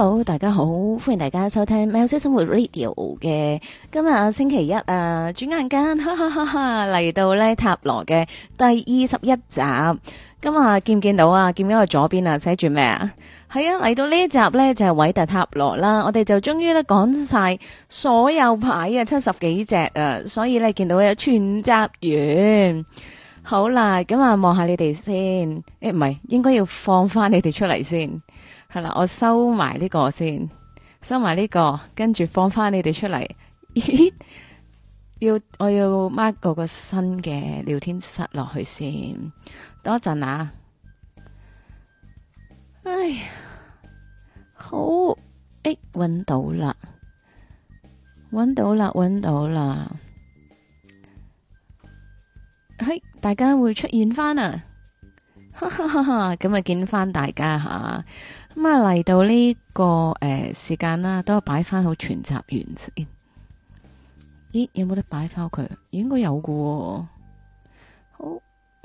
hello，大家好，歡迎大家收聽《喵式生活 Radio》嘅今日星期一啊，轉眼間哈哈哈，嚟到咧塔羅嘅第二十一集。咁啊，見唔見到啊？見唔見到我左邊啊？寫住咩啊？係啊，嚟到呢一集咧就係、是、偉特塔羅啦。我哋就終於咧講晒所有牌啊，七十幾隻啊，所以咧見到有全集完。好啦，咁啊望下你哋先，誒，唔係，應該要放翻你哋出嚟先。係、嗯、啦，我先收埋呢、這個先，收埋呢、這個，跟住放翻你哋出嚟。要我要 mark 個新嘅聊天室落去先，多一陣啊！哎呀，好，誒、欸，搵到啦，搵到啦，搵到啦！係，大家會出現翻啊！咁哈啊哈，見翻大家吓。咁啊、這個，嚟到呢個誒時間啦，都係擺翻好全集完先。咦，有冇得擺翻佢？應該有噶、哦。好，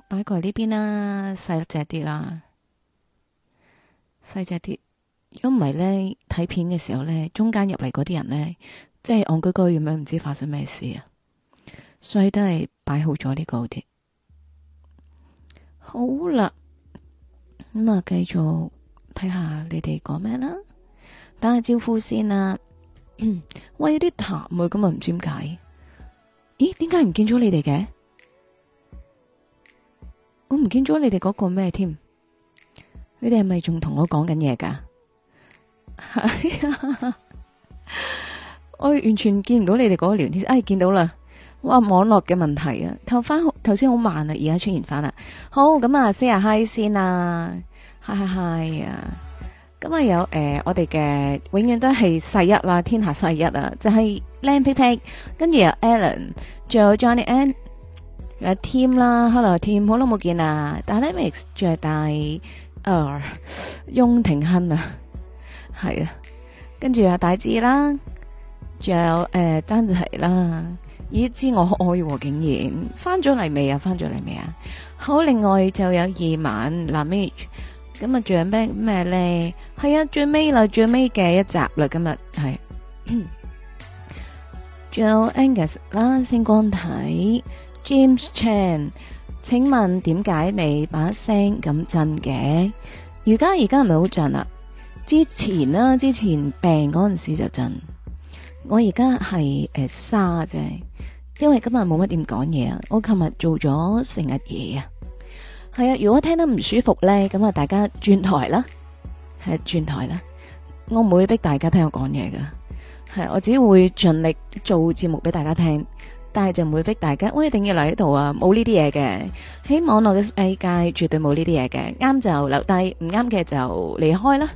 擺過嚟呢邊啦，細隻啲啦，細隻啲。如果唔係咧，睇片嘅時候咧，中間入嚟嗰啲人咧，即係戇居居咁樣，唔知發生咩事啊。所以都係擺好咗呢個好啲。好啦，咁啊，繼續。睇下你哋講咩啦，打下招呼先啦。 喂，有啲痰味，咁啊唔知點解。咦？點解唔見咗你哋嘅？我唔見咗你哋嗰個咩添？你哋係咪仲同我講緊嘢噶？係 我完全見唔到你哋嗰個聊天。唉、哎，見到啦。哇，網絡嘅問題啊，頭翻頭先好，好慢啊，而家出現翻啦。好，咁啊，先啊嗨，先啦。嗨嗨嗨啊！咁 啊 i mean. 有誒、呃，我哋嘅永遠都係世一啦，天下世一啊，就係靚 pick 跟住有 Alan，仲有 Johnny Ann，仲有 Team 啦，Hello Team，好耐冇見啊！Dynamic 仲係大，誒、哦，翁廷亨啊，係 啊，跟住阿大志啦，仲有誒、呃，單提啦，咦？知我我竟然翻咗嚟未啊？翻咗嚟未啊？好，另外就有夜晚林 m i 今日仲有咩咧？係啊，最尾啦，最尾嘅一集啦，今日係。仲 有 Angus 啦、啊，星光體 James Chan，請問點解你把聲咁震嘅？而家而家係咪好震啊？之前啦，之前病嗰陣時就震。我、欸、而家係誒沙啫，因為今日冇乜點講嘢啊，我琴日做咗成日嘢啊。係啊，如果聽得唔舒服呢，咁啊，大家轉台啦，係轉台啦。我唔會逼大家聽我講嘢噶，係我只會盡力做節目俾大家聽，但係就唔會逼大家喂，我一定要留喺度啊，冇呢啲嘢嘅，喺網絡嘅世界絕對冇呢啲嘢嘅。啱就留低，唔啱嘅就離開啦。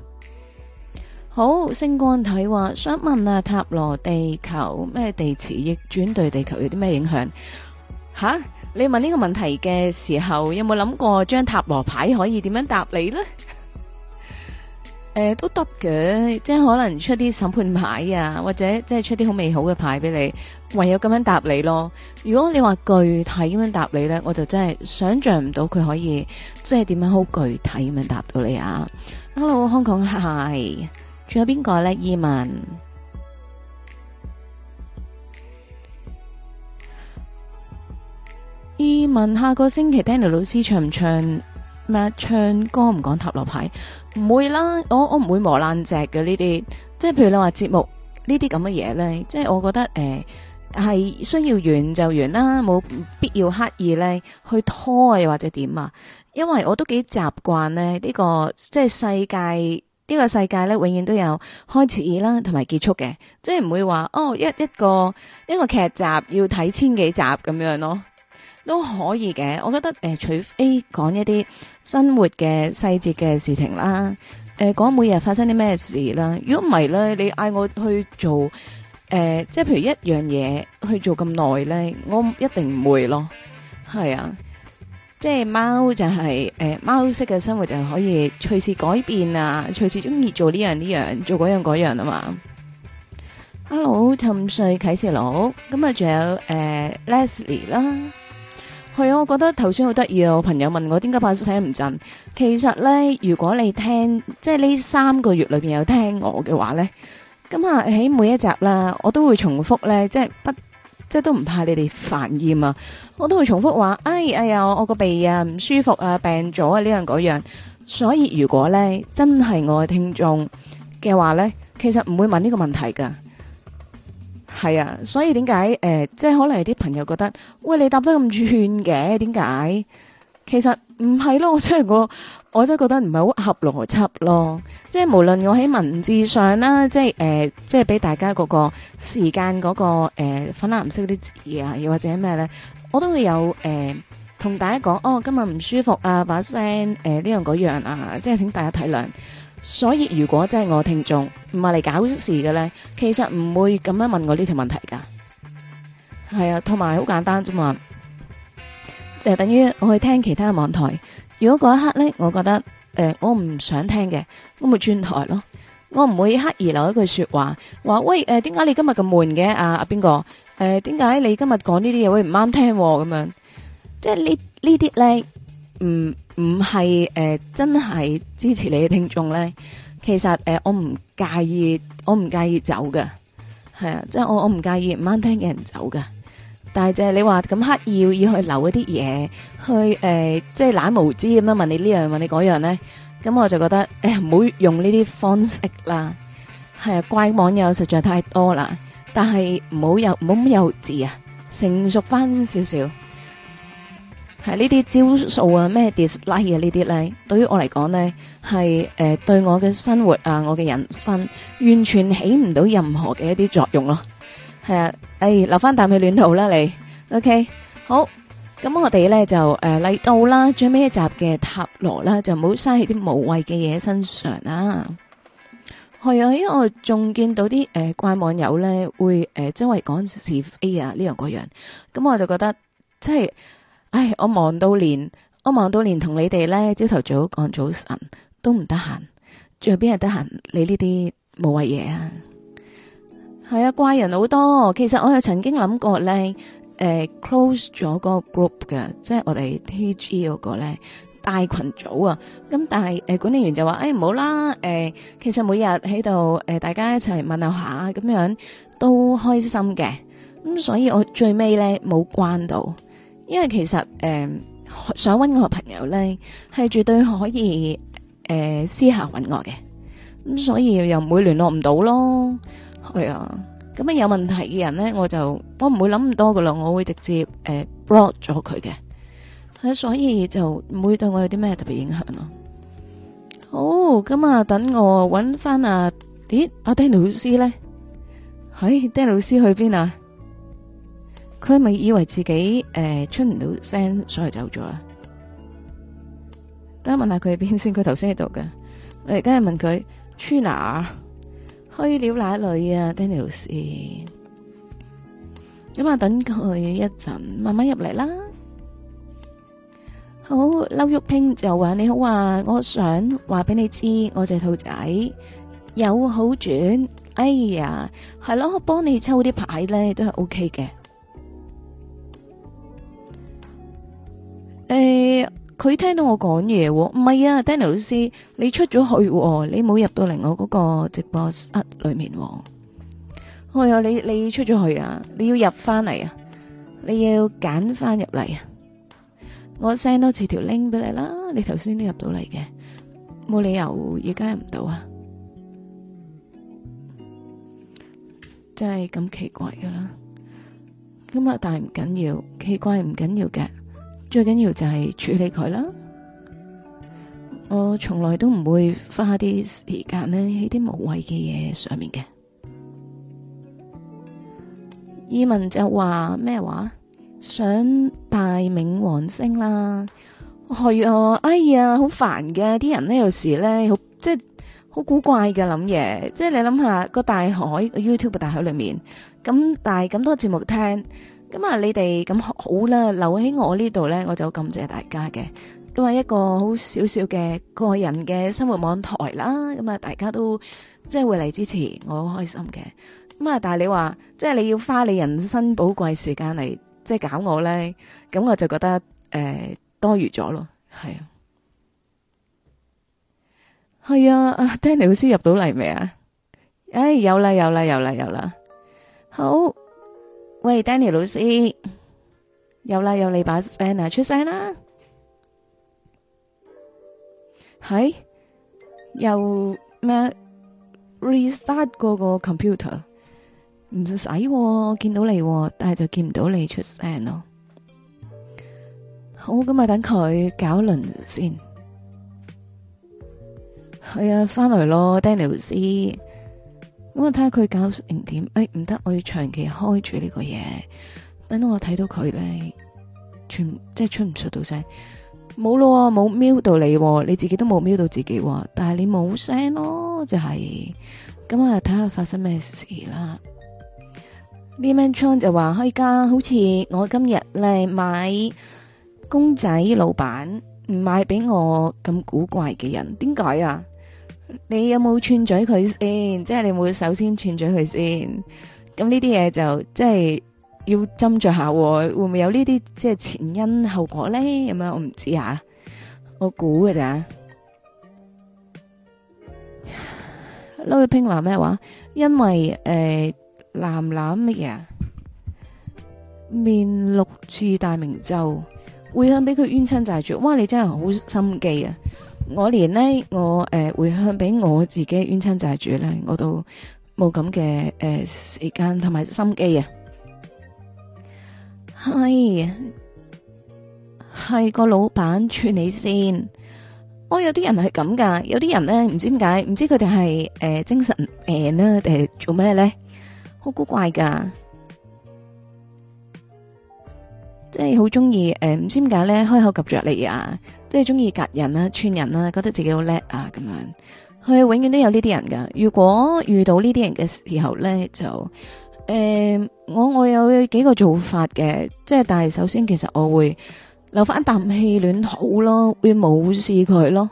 好，星光睇話想問啊，塔羅地球咩地磁逆轉對地球有啲咩影響？吓？你問呢個問題嘅時候，有冇諗過張塔羅牌可以點樣答你呢？誒、呃，都得嘅，即係可能出啲審判牌啊，或者即係出啲好美好嘅牌俾你，唯有咁樣答你咯。如果你話具體咁樣答你呢，我就真係想象唔到佢可以即係點樣好具體咁樣答到你啊！Hello，香港，Hi，仲有邊個呢？伊文。問下下個星期 Danny 老師唱唔唱咩？唱歌唔講塔羅牌？唔會啦，我我唔會磨爛只嘅呢啲，即係譬如你話節目呢啲咁嘅嘢，呢即係我覺得誒係、呃、需要完就完啦，冇必要刻意呢去拖又、啊、或者點啊，因為我都幾習慣呢呢、這個即係世界呢、這個世界呢，永遠都有開始啦同埋結束嘅，即係唔會話哦一一個一個劇集要睇千幾集咁樣咯。都可以嘅，我覺得誒、呃，除非講一啲生活嘅細節嘅事情啦。誒、呃，講每日發生啲咩事啦。如果唔係咧，你嗌我去做誒、呃，即係譬如一樣嘢去做咁耐咧，我一定唔會咯。係啊，即係貓就係、是、誒、呃，貓式嘅生活就係可以隨時改變啊，隨時鍾意做呢樣呢樣，做嗰樣嗰樣啊嘛。Hello，沉睡啟示佬，咁、嗯、啊，仲有誒、呃、Leslie 啦。係啊，我覺得頭先好得意啊！我朋友問我點解把聲唔震？其實咧，如果你聽即係呢三個月裏邊有聽我嘅話咧，咁啊喺每一集啦，我都會重複咧，即係不即係都唔怕你哋煩厭啊！我都會重複話：哎哎呀，我我個鼻啊唔舒服啊，病咗啊，呢樣嗰樣。所以如果咧真係我嘅聽眾嘅話咧，其實唔會問呢個問題㗎。係啊，所以點解誒，即係可能有啲朋友覺得，喂，你答得咁遠嘅，點解？其實唔係咯，我真係我，我真係覺得唔係好合邏輯咯。即係無論我喺文字上啦，即係誒、呃，即係俾大家嗰個時間嗰、那個誒、呃、粉藍色嗰啲字啊，又或者咩咧，我都會有誒同、呃、大家講，哦，今日唔舒服啊，把聲誒呢樣嗰樣啊，即係請大家體諒。所以如果真係我聽眾唔係嚟搞事嘅咧，其實唔會咁樣問我呢條問題噶。係啊，同埋好簡單啫嘛，就係等於我去聽其他嘅網台。如果嗰一刻咧，我覺得誒我唔想聽嘅，我咪轉台咯。我唔會刻意留一句說話，話喂誒，點解你今日咁悶嘅？阿阿邊個？誒，點解你今日講呢啲嘢會唔啱聽咁樣？即係呢呢啲咧，嗯。唔係誒，真係支持你嘅聽眾咧。其實誒、呃，我唔介意，我唔介意走嘅，係啊，即係我我唔介意唔啱聽嘅人走嘅。但係就係你話咁刻意要去留一啲嘢，去誒、呃，即係懶無知咁樣問你呢樣問你嗰樣咧。咁我就覺得誒，唔好用呢啲方式啦。係啊，怪網友實在太多啦。但係唔好幼唔好咁幼稚啊，成熟翻少少。係呢啲招數啊，咩 dislike 啊呢啲咧，對於我嚟講咧，係誒、呃、對我嘅生活啊，我嘅人生完全起唔到任何嘅一啲作用咯。係啊，誒、啊、留翻啖氣暖肚啦，你 OK 好。咁我哋咧就誒嚟、呃、到啦，最尾一集嘅塔羅啦，就唔好嘥喺啲無謂嘅嘢身上啦。係、哎、啊，因為我仲見到啲誒、呃、怪網友咧會誒，周圍講是非啊呢樣嗰樣，咁我就覺得即係。唉，我忙到連我忙到連同你哋咧，朝頭早講早晨都唔得閒，最後邊係得閒你呢啲冇謂嘢啊？係啊，怪人好多。其實我又曾經諗過咧，誒 close 咗個 group 嘅，即係我哋 TG 嗰個咧大群組啊。咁但係誒管理員就話：誒唔好啦，誒其實每日喺度誒大家一齊問候下咁樣都開心嘅。咁所以我最尾咧冇關到。因為其實誒、呃，想揾我嘅朋友咧，係絕對可以誒、呃、私下揾我嘅，咁所以又唔會聯絡唔到咯，係啊。咁有問題嘅人咧，我就我唔會諗咁多噶啦，我會直接誒 block 咗佢嘅，係、呃啊、所以就唔會對我有啲咩特別影響咯。好，咁、嗯、啊、嗯、等我揾翻啊，咦阿、啊、Danny 老師咧，係、哎、Danny 老師去邊啊？佢咪以為自己誒、呃、出唔到聲，所以走咗啊？等下問下佢喺邊先。佢頭先喺度㗎。我而家問佢去哪去了哪裡啊？Danny 老師，咁啊等佢一陣，慢慢入嚟啦。好，劉玉平就話你好啊，我想話俾你知，我隻兔仔有好轉。哎呀，係咯，幫你抽啲牌咧都係 OK 嘅。誒、欸，佢聽到我講嘢，唔係啊，Danny 老師，你出咗去，你冇入到嚟我嗰個直播室裏面。喎、哎。呀，你你出咗去啊，你要入翻嚟啊，你要揀翻入嚟啊。我 send 多次條 link 俾你啦，你頭先都入到嚟嘅，冇理由而家入唔到啊，真係咁奇怪噶啦。咁啊但係唔緊要，奇怪唔緊要嘅。最緊要就係處理佢啦，我從來都唔會花啲時間呢喺啲無謂嘅嘢上面嘅。伊文就話咩話？想大冥王星啦，係、啊、哎呀，好煩嘅，啲人呢，有時呢，好即係好古怪嘅諗嘢，即係你諗下個大海，YouTube 大海裏面，咁大咁多節目聽。咁、嗯、啊，你哋咁好啦，留喺我呢度呢，我就感謝大家嘅。咁、嗯、啊，一個好少少嘅個人嘅生活網台啦，咁、嗯、啊，大家都即係會嚟支持，我好開心嘅。咁、嗯、啊，但係你話即係你要花你人生寶貴時間嚟即係搞我呢，咁、嗯、我就覺得誒、呃、多餘咗咯，係啊，係啊。阿 Danny 老師入到嚟未啊？誒、哎，有啦，有啦，有啦，有啦，好。喂，Danny 老師，有啦，有你把聲啊，出聲啦，係、hey？又咩 restart 過個 computer，唔使、喔，見到你、喔，但係就見唔到你出聲咯、喔。好，咁咪等佢搞輪先，係啊，翻嚟咯，Danny 老師。咁我睇下佢搞成點？哎，唔得，我要長期開住呢個嘢，等到我睇到佢咧，全即係出唔出到聲，冇咯，冇瞄到你，你自己都冇瞄到自己，但係你冇聲咯，就係咁我又睇下發生咩事啦，Leon Chan 就話開家，好似我今日咧，買公仔老闆唔買俾我咁古怪嘅人，點解啊？你有冇串嘴佢先？即係你冇首先串嘴佢先。咁呢啲嘢，就即係要斟酌一下，啊，會唔會有呢啲即係前因後果咧？咁樣我唔知啊，我估噶咋？l o 撈佢拼話咩話？因為誒，男男乜嘢啊？面六字大明咒，迴向俾佢冤親債主。哇！你真係好心機啊！我連呢，我誒、呃、回向俾我自己冤親債主咧，我都冇咁嘅誒時間同埋心機啊！係係 個老闆串你先，我有啲人係咁噶，有啲人咧唔知點解，唔知佢哋係誒精神病咧、啊，誒定係做咩咧？好古怪噶，即係好中意誒，唔、呃、知點解咧，開口及着你啊！即係中意隔人啦、啊、串人啦、啊，覺得自己好叻啊咁樣，佢永遠都有呢啲人噶。如果遇到呢啲人嘅時候咧，就誒、欸，我我有幾個做法嘅，即係但係首先其實我會留翻啖氣暖肚咯，會冇視佢咯。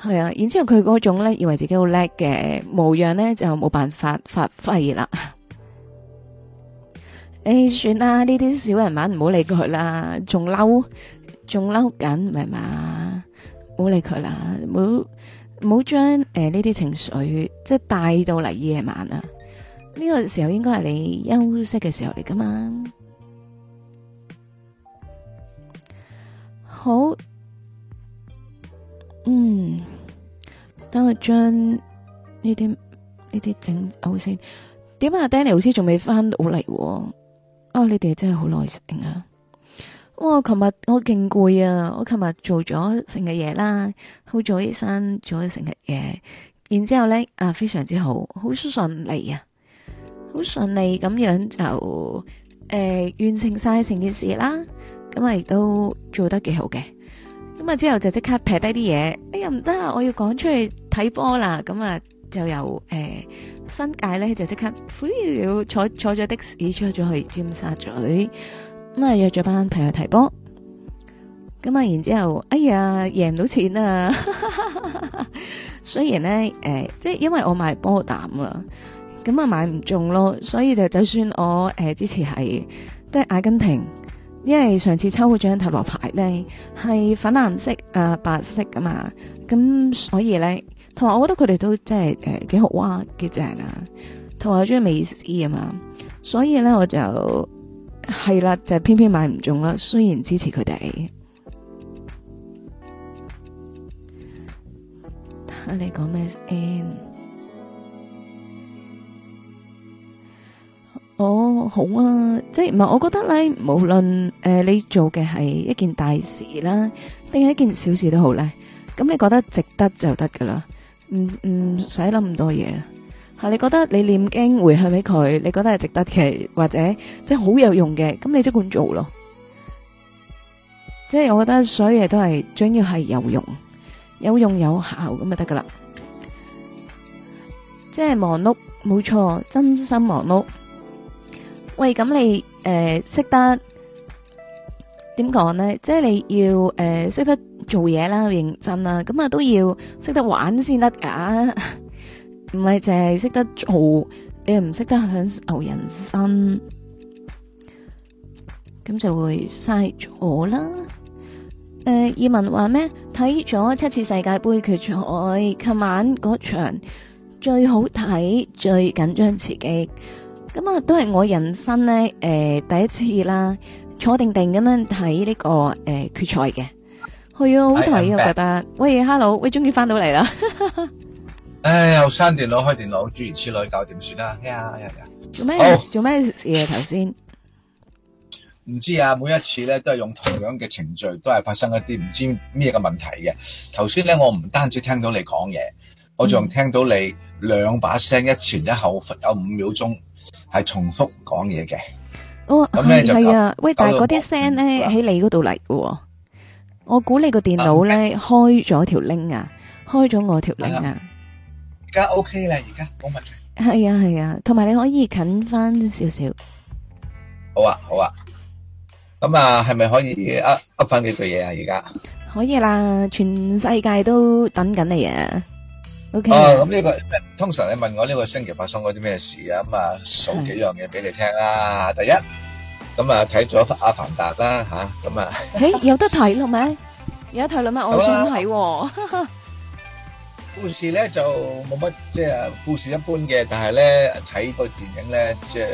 係啊，然之後佢嗰種咧以為自己好叻嘅模樣咧，就冇辦法發揮啦。誒、 哎，算啦，呢啲小人物唔好理佢啦，仲嬲。仲嬲緊，係嘛？唔好理佢啦，唔好唔好將誒呢啲情緒即係帶到嚟夜晚啊！呢、呢個時候應該係你休息嘅時候嚟噶嘛？好，嗯，等我將呢啲呢啲整好先。點解，Danny 老師仲未翻到嚟？啊，你哋真係好耐性啊！我琴日我勁攰啊！我琴日做咗成日嘢啦，好咗醫生做咗成日嘢，然之後咧啊非常之好，好順利啊，好順利咁樣就誒、呃、完成晒成件事啦。咁啊亦都做得幾好嘅。咁啊之後就即刻劈低啲嘢，哎呀唔得啦，我要趕出去睇波啦。咁、嗯、啊就由誒、呃、新界咧就即刻，呃、坐坐了坐坐咗的士出咗去尖沙咀。咁啊約咗班朋友睇波，咁啊然之後，哎呀贏唔到錢啊！ 雖然咧，誒、呃、即係因為我買波膽啦，咁啊買唔中咯，所以就就算我誒之前係即係阿根廷，因為上次抽咗張塔羅牌咧係粉藍色啊、呃、白色噶嘛，咁所以咧，同埋我覺得佢哋都真係誒幾好啊，幾、呃、正啊，同埋鍾意美斯啊嘛，所以咧我就。係啦，就偏偏買唔中啦。雖然支持佢哋，睇下你講咩先？哦，好啊，即係唔係？我覺得咧，無論誒你做嘅係一件大事啦，定係一件小事都好咧，咁你覺得值得就得噶啦。唔、嗯、唔使諗咁多嘢。吓，你覺得你念經回向俾佢，你覺得係值得嘅，或者即係好有用嘅，咁你即管做咯。即係我覺得所有嘢都係，主要係有用，有用有效咁就得噶啦。即係忙碌，冇錯，真心忙碌。喂，咁你誒識、呃、得點講咧？即係你要誒識、呃、得做嘢啦，認真啦，咁啊都要識得玩先得噶。唔係淨係識得做，誒唔識得享受人生，咁就會嘥咗啦。誒、呃，二汶話咩？睇咗七次世界盃決賽，琴晚嗰場最好睇、最緊張刺激，咁、嗯、啊都係我人生呢誒、呃、第一次啦，坐定定咁樣睇呢個誒、呃、決賽嘅，去、嗯、啊、嗯嗯 嗯 嗯嗯嗯、好睇啊覺得。喂，hello，喂，終於翻到嚟啦。哎，又閂電腦開電腦，諸如此類，搞掂算啊？呀呀呀！做咩？做咩事啊？頭先唔知啊，每一次咧都係用同樣嘅程序，都係發生一啲唔知咩嘅問題嘅。頭先咧，我唔單止聽到你講嘢、嗯，我仲聽到你兩把聲一前一後有五秒鐘係重複講嘢嘅。哦，咁係啊，喂，但係嗰啲聲咧喺你嗰度嚟嘅，我估你個電腦咧、okay. 開咗條 link 啊，開咗我條 link 啊。而家 OK 啦，而家冇問題。係啊係啊，同埋你可以近翻少少。好啊好啊，咁啊，係咪可以呃呃返幾句嘢啊？而家可以啦，全世界都等緊你啊！OK。哦，咁呢個通常你問我呢個星期發生過啲咩事啊？咁啊，數幾樣嘢俾你聽啦。第一，咁啊，睇咗阿凡達啦吓，咁啊，誒，有得睇啦咩？有得睇啦咩？我想睇。故事咧就冇乜即係故事一般嘅，但係咧睇個電影咧即係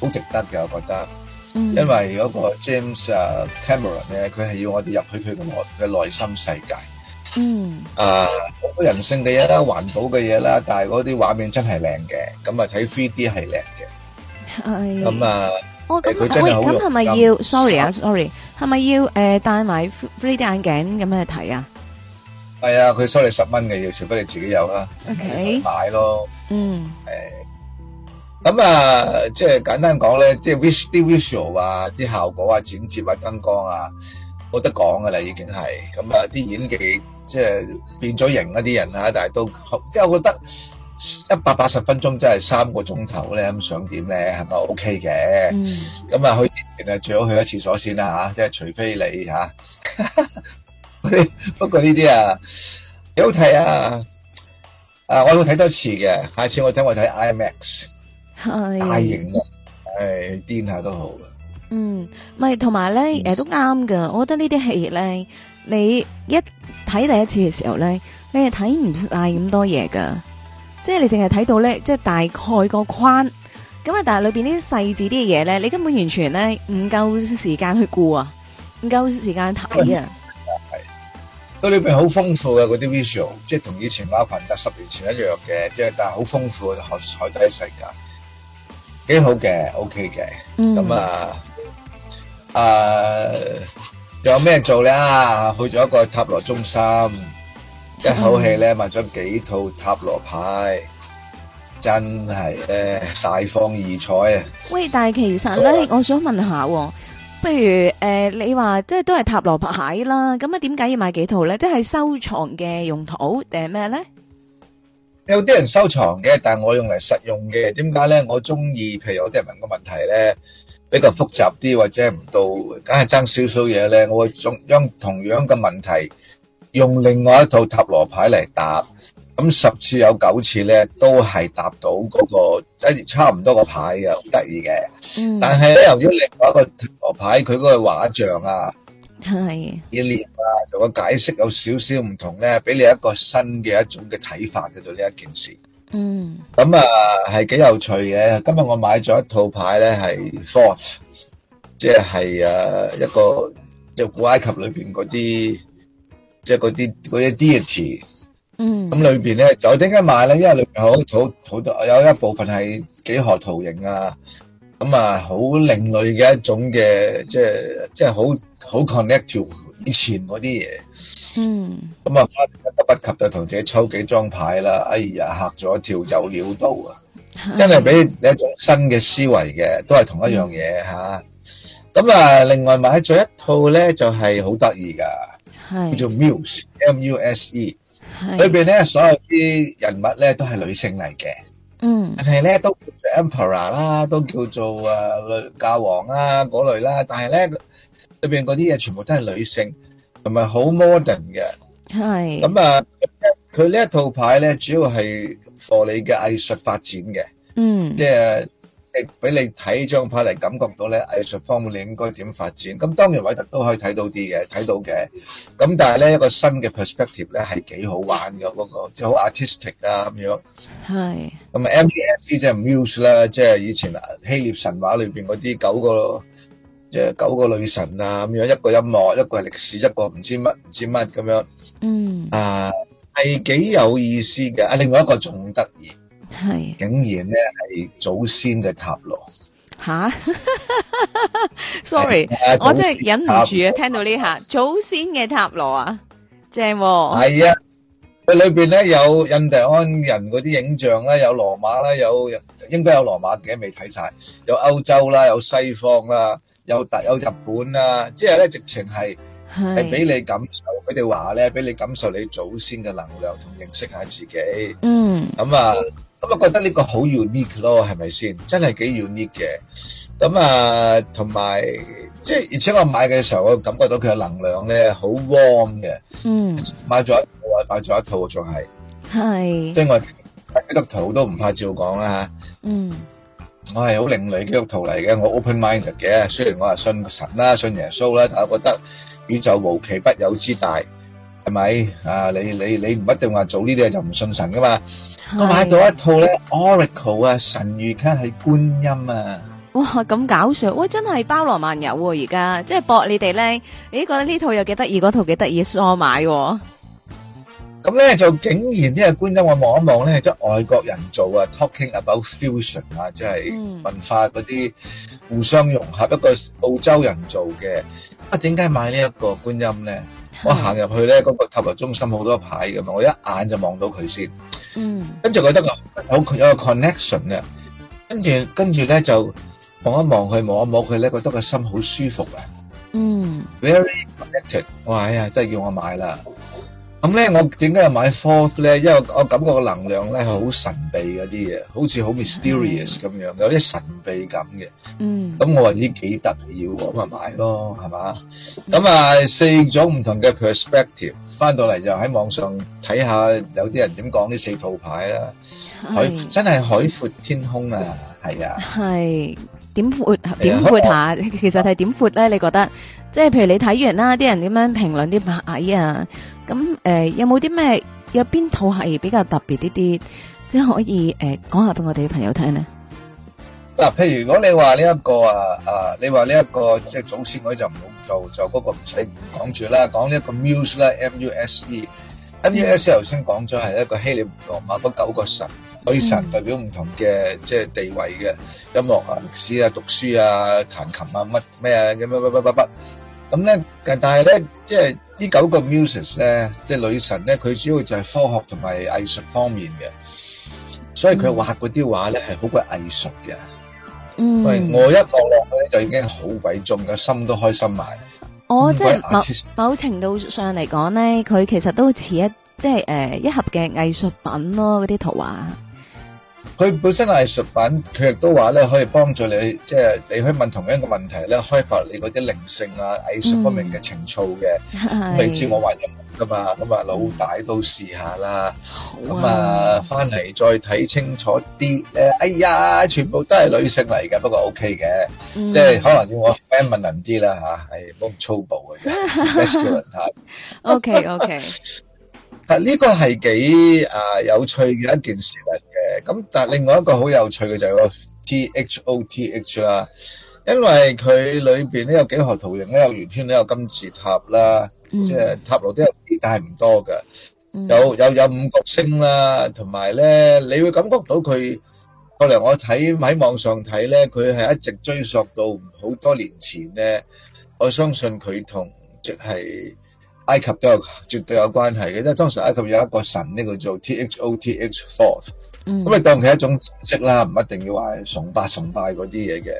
好值得嘅，我覺得。嗯。因為嗰個 James 啊 Cameron 咧，佢係要我哋入去佢個內嘅內心世界。嗯。啊，好多人性嘅嘢啦，環保嘅嘢啦，但係嗰啲畫面真係靚嘅，咁啊睇 3D 係靚嘅。係。咁啊，我咁咁係咪要？Sorry 啊，Sorry，係咪要誒戴埋 3D 眼鏡咁去睇啊？係啊，佢收你十蚊嘅，要除非你自己有啦，okay. 買咯。嗯，誒、嗯，咁啊，即係簡單講咧，啲 visual 啊，啲效果啊，剪接啊，燈光啊，冇得講噶啦，已經係。咁、嗯、啊，啲演技即係變咗型嗰啲人啊，但係都即係我覺得一百八十分鐘真係三個鐘頭咧，咁想點咧，係咪 OK 嘅？咁、嗯、啊，去其實最好去一廁所先啦、啊、吓，即係除非你吓、啊。 不過呢啲啊幾好睇啊！啊，我睇得遲嘅，下次我睇我睇 IMAX 大型咯，係癲下都好嘅。嗯，咪同埋咧，誒、嗯、都啱噶。我覺得這些呢啲戲咧，你一睇第一次嘅時候咧，你係睇唔晒咁多嘢噶，即係你淨係睇到咧，即、就、係、是、大概個框。咁啊，但係裏邊啲細致啲嘅嘢咧，你根本完全咧唔夠時間去顧啊，唔夠時間睇啊。佢裏邊好豐富嘅嗰啲 visual，即係同以前馬群達十年前一樣嘅，即係但係好豐富海海底世界，幾好嘅，OK 嘅。咁啊，啊，仲有咩做咧？去咗一個塔羅中心，一口氣咧買咗幾套塔羅牌，真係咧大放異彩啊！喂，但係其實咧，我想問下。不如誒，你話，即係都係塔羅牌啦，咁啊點解要買幾套咧？即係收藏嘅用途定係咩咧？有啲人收藏嘅，但我用嚟實用嘅。點解咧？我中意，譬如有啲人問個問題咧，比較複雜啲或者唔到，梗係爭少少嘢咧。我會將同樣嘅問題，用另外一套塔羅牌嚟答。咁十次有九次咧，都係搭到嗰個差唔多個牌嘅，好得意嘅。但係咧，由於另外一個牌佢嗰個畫像啊，係啲念啊，做個解釋有少少唔同咧，俾你一個新嘅一種嘅睇法，對呢一件事。嗯，咁啊係幾有趣嘅。今日我買咗一套牌咧，係 Four，即係誒一個即古埃及裏邊嗰啲，即係啲嗰啲 deity。嗯，咁裏邊咧就點解買咧？因為裏邊好好好多有一部分係幾何圖形啊，咁啊好另類嘅一種嘅，即係即係好好 connect 住以前嗰啲嘢。嗯，咁啊，不不及就同自己抽幾張牌啦。哎呀，吓咗跳走料到啊，真係俾你一種新嘅思維嘅，都係同一樣嘢吓。咁啊，另外買咗一套咧就係好得意噶，叫做 Muse M U S E。裏邊咧所有啲人物咧都係女性嚟嘅，嗯，但係咧都叫做 Emperor 啦，都叫做啊女教皇啊嗰類啦，但係咧裏邊嗰啲嘢全部都係女性，同埋好 modern 嘅，係，咁啊，佢呢一套牌咧主要係 for 你嘅藝術發展嘅，嗯，即係。俾你睇張牌嚟感覺到咧藝術方面你應該點發展？咁當然偉特都可以睇到啲嘅，睇到嘅。咁但係咧一個新嘅 perspective 咧係幾好玩嘅嗰個，即係好 artistic 啊咁樣。係。咁啊 m u f e 即係 Muse 啦，即係以前啊希臘神話裏邊嗰啲九個，即係九個女神啊咁樣，一個音樂，一個係歷史，一個唔知乜唔知乜咁樣。嗯。啊，係幾有意思嘅。啊，另外一個仲得意。係，竟然咧係祖先嘅塔羅吓 ，sorry，我真係忍唔住啊！聽到呢下祖先嘅塔羅啊，正喎，係啊，佢裏邊咧有印第安人嗰啲影像啦，有羅馬啦，有應該有羅馬嘅未睇晒，有歐洲啦，有西方啦，有日有日本啦，即係咧直情係係俾你感受，佢哋話咧俾你感受你祖先嘅能量，同認識下自己，嗯，咁啊。咁啊，覺得呢個好 unique 咯，係咪先？真係幾 unique 嘅。咁啊，同埋即係，而且我買嘅時候，我感覺到佢嘅能量咧，好 warm 嘅。嗯，買咗一套買咗一套仲係係，即係我基督徒都唔怕照講啦。嗯，我係好另類嘅基督徒嚟嘅，我 open mind 嘅。雖然我係信神啦，信耶穌啦，但係我覺得宇宙無奇不有之大，係咪啊？你你你唔一定話做呢啲嘢就唔信神㗎嘛。我買到一套咧，Oracle 啊，神諭卡係觀音啊，哇咁搞笑，真係包羅萬有而家，即係博你哋咧。咦，覺得呢套又幾得意，嗰套幾得意，所以我買啊。咁咧就竟然呢個觀音，我望一望咧，係外國人做啊，Talking about fusion 啊，即係文化嗰啲互相融合，一個澳洲人做嘅，嗯。啊，點解買呢一個觀音咧？我行入去咧，嗰、那個購物中心好多牌嘅嘛，我一眼就望到佢先。嗯，跟住覺得好有個 connection 嘅，跟住跟住咧就望一望佢，望一望佢咧，覺得個心好舒服嘅。嗯、mm.，very connected。我話哎呀，真係叫我買啦。咁咧，我點解又買 four 咧？因為我感覺個能量咧係好神秘嗰啲嘢，好似好 mysterious 咁樣，有啲神秘感嘅。嗯，咁我話呢幾特別喎，咁啊買咯，係嘛？咁啊四種唔同嘅 perspective，翻到嚟就喺網上睇下有啲人點講呢四套牌啦，海真係海闊天空啊，係啊，係點闊？點闊下？其實係點闊咧？你覺得即係譬如你睇完啦，啲人點樣評論啲牌啊？咁誒，有冇啲咩有邊套係比較特別啲啲，即係可以誒講下俾我哋嘅朋友聽咧？嗱，譬如如果你話呢一個啊啊，你話呢一個即係祖先嗰啲就唔好做，做嗰個唔使唔講住啦，講呢一個 Muse 啦，M U S E，M U S E 頭先講咗係一個希臘羅馬嗰九個神，女神代表唔同嘅即係地位嘅音樂啊、歷史啊、讀書啊、彈琴啊、乜咩啊咁樣，乜乜乜乜，咁咧但係咧即係。呢九個 muses 咧，即係女神咧，佢主要就係科學同埋藝術方面嘅，所以佢畫嗰啲畫咧係好鬼藝術嘅。嗯，我一望落去咧，就已經好鬼重，個心都開心埋。我、嗯、即係某某程度上嚟講咧，佢其實都似一即係誒一盒嘅藝術品咯，嗰啲圖畫。佢本身係藝術品，佢亦都話咧可以幫助你，即係你去問同一個問題咧，開發你嗰啲靈性啊、藝術方面嘅情操嘅。未、嗯、知我話人務噶嘛，咁、嗯、啊老大都試下啦，咁啊翻嚟再睇清楚啲哎呀，全部都係女性嚟嘅，不過 OK 嘅、嗯，即係可能要我 feminine 啲啦嚇，係冇咁粗暴嘅。 best to learn, OK OK。 係呢個係幾啊有趣嘅一件事嚟嘅，咁但係另外一個好有趣嘅就係個 T H O T H 啦，因為佢裏邊咧有幾何圖形咧有圓圈咧有金字塔啦，即係塔羅都有，但係唔多嘅，有有有五角星啦，同埋咧你會感覺到佢過嚟我睇喺網上睇咧，佢係一直追溯到好多年前咧，我相信佢同即係。埃及都有絕對有關係嘅，即係當時埃及有一個神咧，呢個做 Thoth，咁你當佢係一種知識啦，唔一定要話崇拜崇拜嗰啲嘢嘅。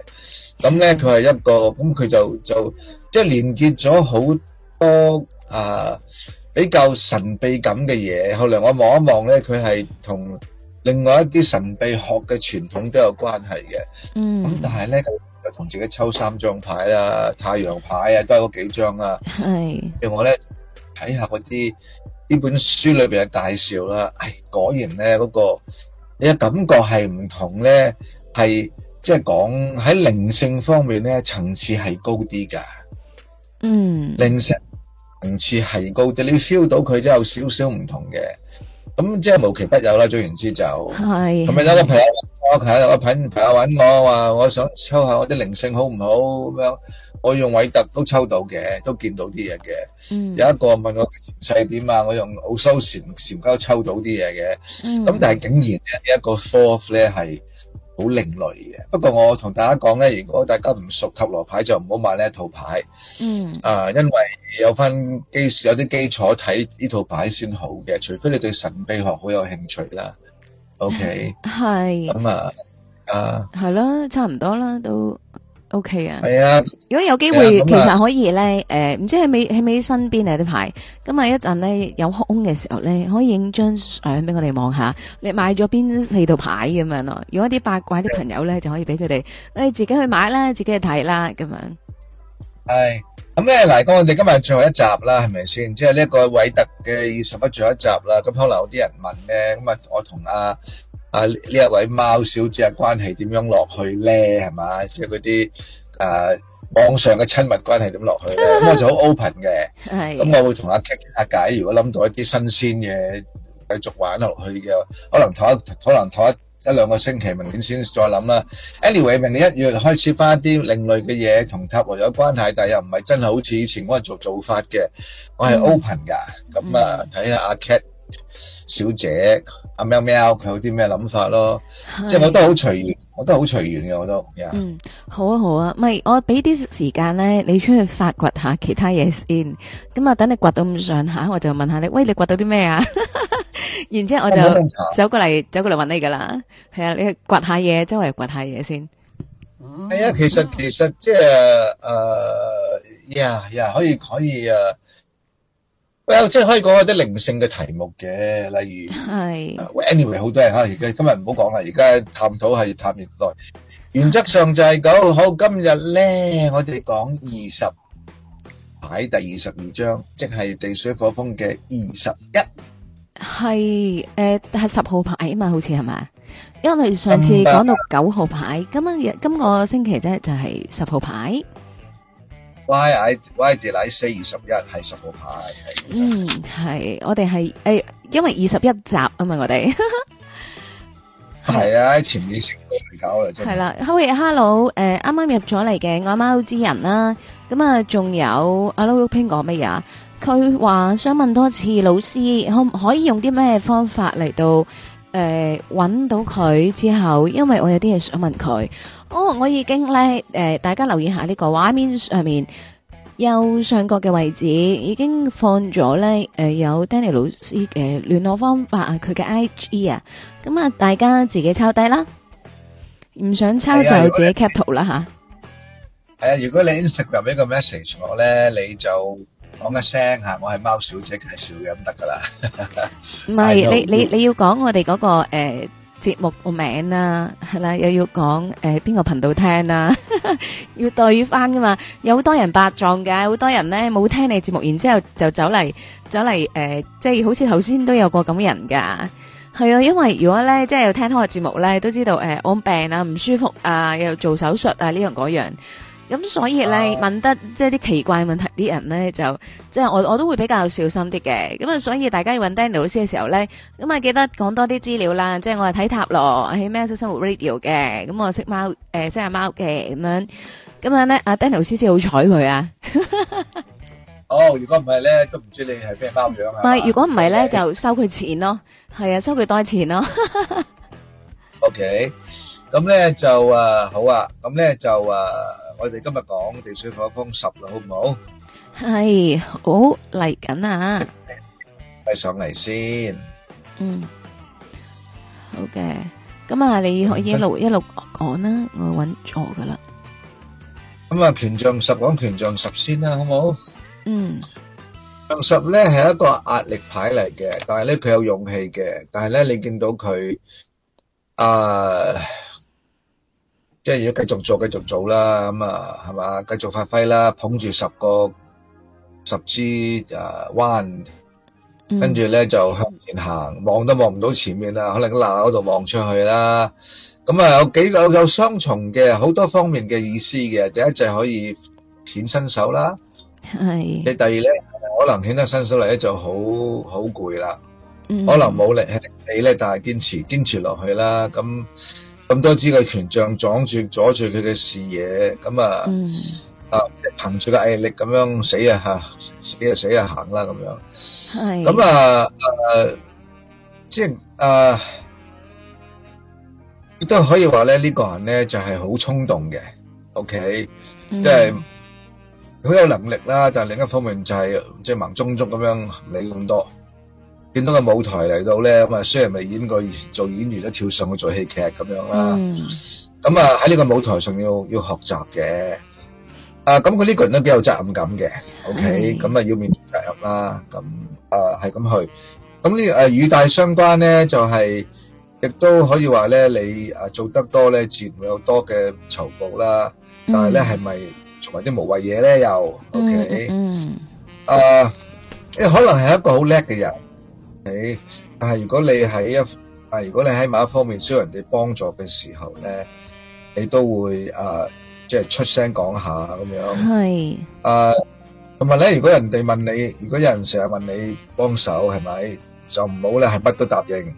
咁咧佢係一個，咁佢就就即係連結咗好多啊比較神秘感嘅嘢。後來我望一望咧，佢係同另外一啲神秘學嘅傳統都有關係嘅。嗯，咁但係咧，佢就同自己抽三張牌啊，太陽牌啊，都係嗰幾張啊。係，譬如我咧。睇下嗰啲呢本書裏邊嘅介紹啦，唉，果然咧，嗰個你嘅感覺係唔同咧，係即係講喺靈性方面咧，層次係高啲噶，嗯，靈性層次係高啲，你 feel 到佢真係有少少唔同嘅，咁即係無奇不有啦，總之就，係咁咪有個朋友我係我朋朋友揾我話我想抽下我啲靈性好唔好咁樣。我用偉特都抽到嘅，都見到啲嘢嘅。嗯，有一個問我細點啊，我用奧修禪禪卡抽到啲嘢嘅。咁、嗯、但係竟然呢一個 four 咧係好另類嘅。不過我同大家講咧，如果大家唔熟塔羅牌，就唔好買呢一套牌。嗯，啊，因為有翻基礎有啲基礎睇呢套牌先好嘅，除非你對神秘學好有興趣啦。O K，係咁啊，啊，係啦差唔多啦，都。O K 啊，係啊，如果有機會，啊，其實可以咧，誒、嗯、唔、呃、知喺咪喺未身邊啊啲牌，咁啊一陣咧有空嘅時候咧，可以影張相俾我哋望下，你買咗邊四道牌咁樣咯，如果啲八卦啲朋友咧，啊、就可以俾佢哋，誒，自己去買啦，自己去睇啦咁啊。係，咁咧嗱，我哋今日最後一集啦，係咪先？即係呢一個韋特嘅二十一最後一集啦，咁可能有啲人問咧，咁啊，我同阿。啊！呢一位貓小姐嘅關係點樣落去咧？係嘛？即係嗰啲網上嘅親密關係點落去咧？咁 我就好 open 嘅，咁 我會同阿 k 阿解，如果諗到一啲新鮮嘢，繼續玩落去嘅，可能拖一可能拖一一兩個星期，明年先再諗啦。Anyway，明年一月開始翻一啲另類嘅嘢同塔羅有關係，但又唔係真係好似以前我係做做法嘅，我係 open 㗎。咁、嗯、啊、睇下阿 Kate。看看啊 Kat, 小姐，阿喵、喵喵，佢有啲咩諗法咯？即係我都好隨緣，我都好隨緣嘅，我都、yeah、嗯，好啊好啊，唔係、啊、我俾啲時間咧，你出去發掘下其他嘢先。咁啊，等你掘到咁上下，我就問下你，喂，你掘到啲咩啊？ 然之後我就走過嚟，走過嚟問你噶啦。係啊，你去掘下嘢，周圍掘下嘢先。係、嗯、啊、yeah，其實其實即係誒，呀、呃、呀、yeah, yeah，可以可以誒。喂，即係可以講下啲靈性嘅題目嘅，例如係，anyway 好多人吓，而家今日唔好講啦，而家探討係談現代，原則上就係九號好，今日咧我哋講二十牌第二十二張，即係地水火風嘅二十一，係誒係十號牌啊嘛，好似係咪，因為上次講到九號牌，今日今個星期啫就係十號牌。Y Y D I 四二十一係十號牌。嗯，係，我哋係誒，因為二十一集啊嘛，我哋係 啊，喺前面成個搞啦，真係係啦。Hi Hello，誒、呃，啱啱入咗嚟嘅愛貓之人啦，咁啊，仲有阿 Lo Ping 講乜嘢啊？佢話想問多次老師，可唔可以用啲咩方法嚟到？誒、呃，揾到佢之後，因為我有啲嘢想問佢。哦，我已經咧，誒、呃，大家留意下呢個畫面上面右上角嘅位置，已經放咗咧，誒、呃，有 Danny 老師嘅聯絡方法啊，佢嘅 IG 啊，咁啊，大家自己抄低啦，唔想抄就自己截圖啦吓。誒、啊啊啊，如果你 Instagram 一個 message 我咧，你就。講一聲吓，我係貓小姐，係小咁得噶啦。唔 係，你你你要講我哋嗰、那個誒節、呃、目個名啦、啊，係啦，又要講誒邊個頻道聽啦、啊， 要對翻噶嘛。有好多人白撞嘅，好多人咧冇聽你節目，然之後就走嚟走嚟誒，即、呃、係、就是、好似頭先都有個咁嘅人噶。係啊，因為如果咧即係有聽開我節目咧，都知道誒，我、呃、病啊，唔舒服啊，又做手術啊，呢樣嗰樣。咁所以咧問得即係啲奇怪問題啲人咧就即係我我都會比較小心啲嘅咁啊所以大家要搵 Danny 老師嘅時候咧咁啊記得講多啲資料啦即係我係睇塔羅喺喵式生活 radio 嘅咁我識貓誒識阿貓嘅咁樣咁樣咧阿 Danny 老師先好彩佢啊哦如果唔係咧都唔知你係咩貓樣啊唔係如果唔係咧就收佢錢咯係啊收佢多錢咯 ok 咁咧就啊好啊咁咧就啊我哋今日講地水火風十啦，好唔好？係好嚟緊啊！上嚟先。嗯，好嘅。咁啊，你可以一路一路講啦，我揾錯㗎喇。咁啊，權杖十講權杖十先啦，好唔好？嗯，權杖十咧係一個壓力牌嚟嘅，但係咧佢有勇氣嘅，但係咧你見到佢誒。即係要繼續做繼續做啦，咁啊係嘛，繼續發揮啦，捧住十個十支誒彎，跟住咧就向前行，望都望唔到前面啦，可能嗱嗰度望出去啦，咁啊有幾個有有雙重嘅好多方面嘅意思嘅，第一就可以顯身手啦，係，即係第二咧，可能顯得身手嚟咧就好好攰啦，可能冇力氣力咧，但係堅持堅持落去啦，咁。咁多支嘅權杖撞住，阻住佢嘅視野，咁啊，、嗯、啊，啊，啊憑住個毅力咁樣死啊吓，死啊死啊行啦咁樣。係。咁啊，啊，即係誒亦都可以話咧，呢、這個人咧就係好衝動嘅。OK，即係好有能力啦，但係另一方面就係即係盲舂舂咁樣理咁多。見到個舞台嚟到咧，咁啊雖然未演過做演員，都跳上去做戲劇咁樣啦。咁啊喺呢個舞台上要要學習嘅。啊，咁佢呢個人都幾有責任感嘅。OK，咁啊要面對責任啦。咁啊係咁去。咁呢啊，語帶相關咧，就係亦都可以話咧，你啊做得多咧，自然會有多嘅酬勞啦。但係咧係咪做埋啲無謂嘢咧？又 OK。嗯。啊，誒，可能係一個好叻嘅人。係，但係如果你喺一，但係如果你喺某一方面需要人哋幫助嘅時候咧，你都會誒，即係出聲講下咁樣。係，誒，同埋咧，如果人哋問你，如果有人成日問你幫手，係咪就唔好咧？係乜都答應，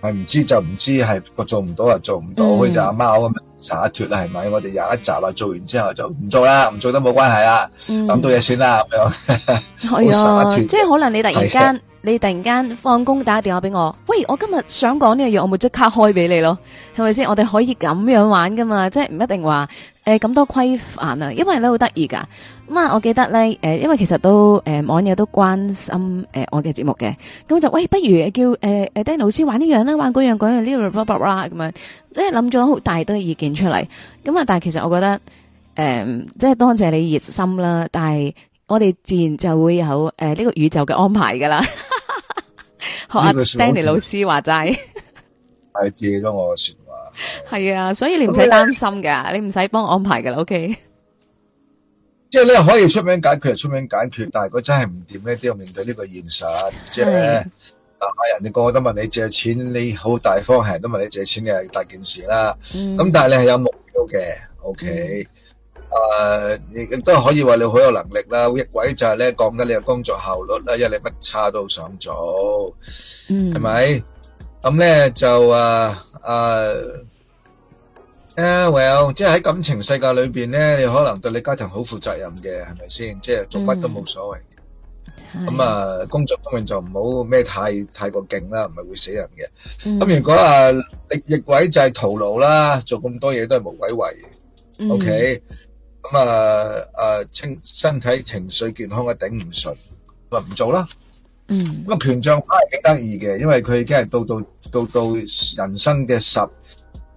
係唔知就唔知，係個做唔到啊，做唔到，佢就阿貓咁灑脫啦，係咪？我哋廿一集啊，做完之後就唔做啦，唔做都冇關係啦，諗到嘢算啦咁樣。係啊，可以灑脫，即係可能你突然間。你突然間放工打電話俾我，喂，我今日想講呢個嘢，我咪即刻開俾你咯，係咪先？我哋可以咁樣玩噶嘛，即係唔一定話誒咁多規範啊，因為咧好得意噶。咁啊，我記得咧，誒、呃，因為其實都誒、呃、網友都關心誒、呃、我嘅節目嘅，咁就喂，不如叫誒誒、呃、Danny 老師玩呢樣啦，玩嗰樣嗰樣，呢個 bra b 咁樣，即係諗咗好大堆意見出嚟。咁啊，但係其實我覺得誒、呃，即係多謝你熱心啦，但係我哋自然就會有誒呢、呃這個宇宙嘅安排噶啦。 學阿 Danny 老師話齋，係借咗我嘅說話，係啊，所以你唔使擔心噶，你唔使幫我安排噶啦，OK。即係你可以出面解決就出面解決，但係如果真係唔掂咧，都要面對呢個現實啫。啊，人哋個個都問你借錢，你好大方，成日都問你借錢嘅大件事啦。咁但係你係有目標嘅，OK。誒，亦都可以話你好有能力啦。逆位就係咧降低你嘅工作效率啦，因為你乜差都想做，嗯，係咪？咁咧就誒誒誒，Well，即係喺感情世界裏邊咧，你可能對你家庭好負責任嘅，係咪先？即係做乜都冇所謂。咁啊，工作方面就唔好咩太太過勁啦，唔係會死人嘅。咁如果啊逆逆位就係徒勞啦，做咁多嘢都係無鬼為。OK。咁啊，啊情身體情緒健康嘅頂唔順，咪唔做啦。嗯。咁啊權杖牌係幾得意嘅，因為佢已經係到到到到人生嘅十，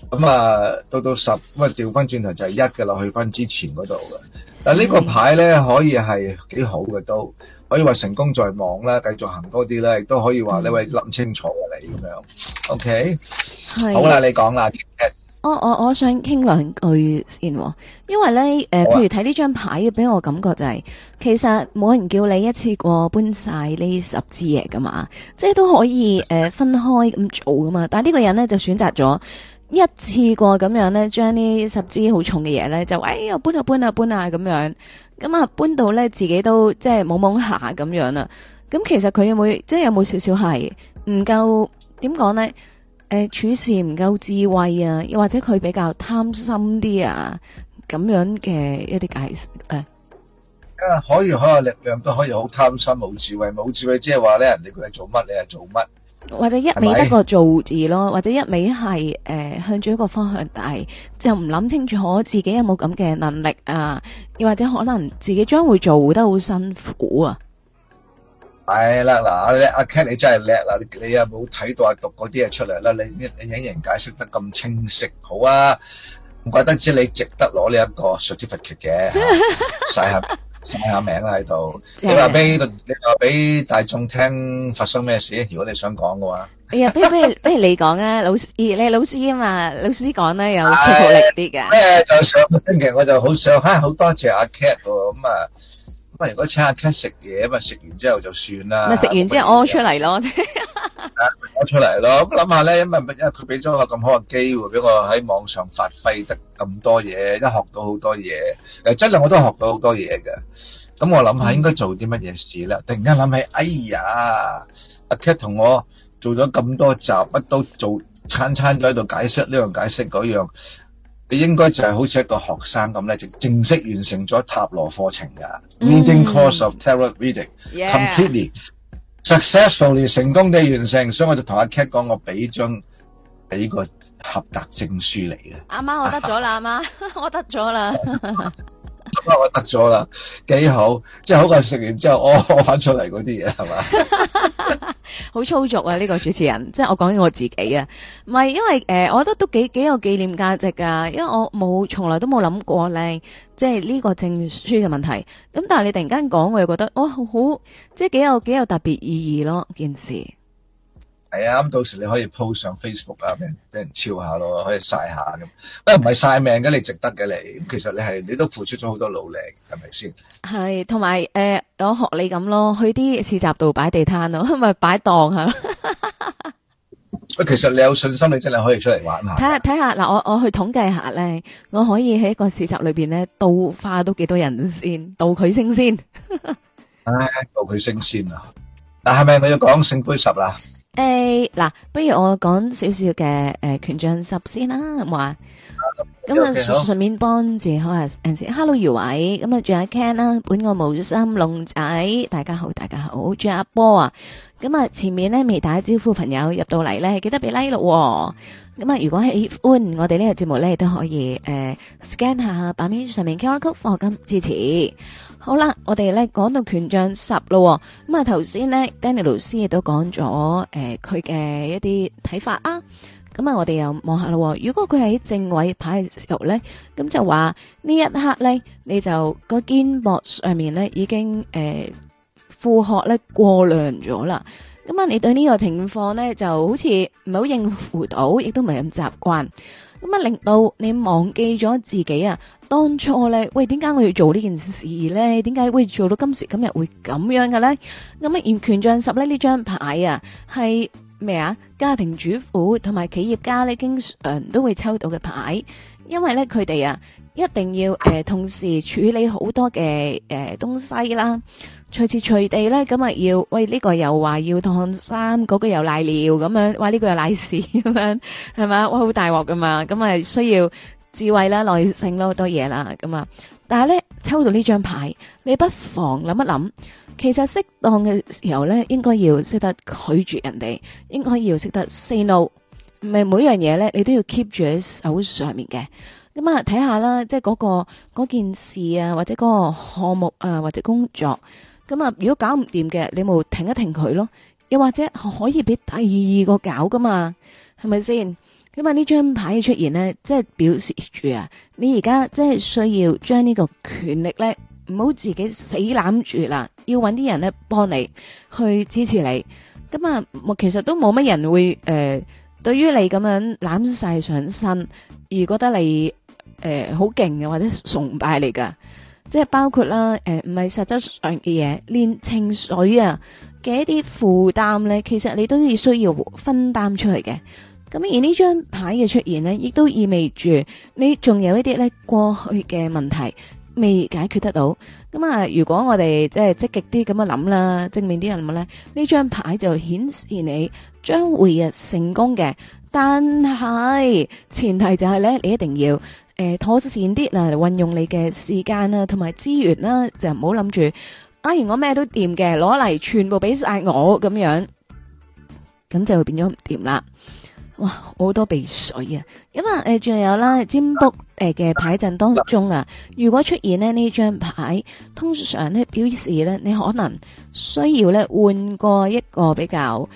咁啊到到十，咁啊調翻轉頭就係一嘅落去翻之前嗰度嘅。但係呢個牌咧可以係幾好嘅都，可以話成功在望啦，繼續行多啲啦，亦都可以話你為諗清楚你咁樣。O K。係。好啦，你講啦。我我我想傾兩句先、哦，因為咧，誒、呃，譬如睇呢張牌，俾我感覺就係、是，其實冇人叫你一次過搬晒呢十支嘢噶嘛，即係都可以誒、呃、分開咁做噶嘛。但呢個人咧就選擇咗一次過咁樣咧，將呢十支好重嘅嘢咧就，誒、哎，我搬啊搬啊搬啊咁樣，咁啊搬到咧自己都即係懵懵下咁樣啦。咁其實佢有冇，即係有冇少少係唔夠？點講咧？誒、哎，處事唔夠智慧啊，又或者佢比較貪心啲啊，咁樣嘅一啲解釋、哎啊、可以好有、啊、力量，都可以好貪心，冇智慧，冇智慧即係話呢，人哋佢係做乜，你係做乜，或者一味得個做字咯，或者一味係誒向住一個方向大，就唔諗清楚自己有冇咁嘅能力啊，又或者可能自己將會做得好辛苦啊。係、哎、啦，嗱，阿阿 Cat、啊、你真係叻啦！你你有冇睇到阿、啊、讀嗰啲嘢出嚟啦，你你影形解釋得咁清晰，好啊！唔怪得知你值得攞呢一個 certificate 嘅，晒、 啊、下晒下名啦喺度。你話俾你話俾大眾聽發生咩事？如果你想講嘅話 哎呀，不如不如你講啊！老師你係老師啊嘛，老師講咧有說服、啊啊、力啲㗎。咩、哎？就上個星期我就好想嚇，好多謝阿 Cat 喎，咁啊～咁如果請阿 Cat 食嘢，食完之後就算啦。咪食完之後屙出嚟咯，屙出嚟咯。咁 諗下咧，因為因為佢俾咗我咁好嘅機會，俾我喺網上發揮得咁多嘢，一學到好多嘢。誒，質量我都學到好多嘢嘅。咁我諗下應該做啲乜嘢事呢？突然間諗起，哎呀，阿 Cat 同我做咗咁多集，乜都做，餐餐都喺度解釋呢樣解釋嗰樣。你應該就係好似一個學生咁咧，正正式完成咗塔羅課程噶，Reading course of tarot reading，completely successfully，成功地完成，所以我就同阿 Kate 講，我俾張俾個合格證書嚟嘅。阿媽，我得咗啦，阿媽，我得咗啦。我得咗啦，幾 好，即係好過食完之後，我我玩出嚟嗰啲嘢係嘛？好粗俗啊！呢、這個主持人，即係我講緊我自己啊，唔係因為誒、呃，我覺得都幾幾有紀念價值噶、啊，因為我冇從來都冇諗過咧，即係呢個證書嘅問題，咁但係你突然間講，我又覺得哦，好即係幾有幾有特別意義咯，件事。係啊，咁到時你可以 post 上 Facebook 啊，俾人俾人超下咯，可以晒下咁。啊，唔係晒命嘅，你值得嘅你。咁其實你係你都付出咗好多努力，係咪先？係，同埋誒，我學你咁咯，去啲市集度擺地攤咯，咪擺檔吓。啊，其實你有信心，你真係可以出嚟玩下。睇下睇下嗱，我我去統計下咧，我可以喺一個市集裏邊咧，到化到幾多人先？到佢升仙？唉，到佢升仙啊！嗱，係咪我要講聖杯十啦？誒、哎，嗱，不如我講少少嘅誒權杖十先啦，咁、嗯、話，咁啊順便幫自己好嗯，Hello 余偉，咁啊仲有 Ken 啦、啊，本我無心龍仔，大家好，大家好，仲有阿波啊，咁啊前面呢，未打招呼朋友入到嚟呢，記得俾 like 咯，咁啊如果喜歡我哋呢個節目呢，都可以誒、呃、scan 下版面上面 QR code 課金支持。 好啦，我哋咧講到權杖十咯、哦，咁啊頭先呢 Danny 老師亦都講咗誒佢嘅一啲睇法啊，咁、嗯、啊我哋又望下咯，如果佢喺正位牌讀咧，咁就話呢一刻咧你就個肩膊上面咧已經誒、呃、負荷咧過量咗啦，咁、嗯、啊你對呢個情況咧就好似唔係好應付到，亦都唔係咁習慣。咁啊，令到你忘記咗自己啊，當初咧，喂，點解我要做呢件事咧？點解要做到今時今日會咁樣嘅咧？咁啊，全權杖十咧呢張牌啊，係咩啊？家庭主婦同埋企業家咧，經常都會抽到嘅牌，因為咧佢哋啊，一定要誒、呃、同時處理好多嘅誒、呃、東西啦。隨時隨地咧，咁啊要餵呢、這個又話要燙衫，嗰、那個又賴尿，咁樣，哇呢、這個又賴屎咁樣，係咪？哇好大鑊噶嘛，咁啊需要智慧啦、耐性啦好多嘢啦，咁啊，但係咧抽到呢張牌，你不妨諗一諗，其實適當嘅時候咧，應該要識得拒絕人哋，應該要識得 say no，唔係每樣嘢咧，你都要 keep 住喺手上面嘅。咁啊睇下啦，即係嗰個嗰件事啊，或者嗰個項目啊、呃，或者工作，咁啊，如果搞唔掂嘅，你咪停一停佢咯，又或者可以俾第二個搞噶嘛，係咪先？咁啊，呢張牌嘅出現咧，即係表示住啊，你而家即係需要將呢個權力咧，唔好自己死攬住啦，要搵啲人咧幫你去支持你。咁啊，其實都冇乜人會誒、呃，對於你咁樣攬晒上身而覺得你誒好勁嘅或者崇拜你噶。即係包括啦，誒、呃，唔係實質上嘅嘢，連情緒啊嘅一啲負擔咧，其實你都要需要分擔出嚟嘅。咁而呢張牌嘅出現咧，亦都意味住你仲有一啲咧過去嘅問題未解決得到。咁、嗯、啊，如果我哋即係積極啲咁樣諗啦，正面啲諗咧，呢張牌就顯示你將會嘅成功嘅，但係前提就係咧，你一定要。誒、嗯，妥善啲嗱，運用你嘅時間啦，同埋資源啦，就唔好諗住，啊，如我咩都掂嘅，攞嚟全部俾晒我咁樣，咁就會變咗唔掂啦。哇，好多鼻水啊！咁啊，誒，仲有啦，占卜誒嘅牌陣當中啊，如果出現咧呢張牌，通常咧表示咧，你可能需要咧換過一個比較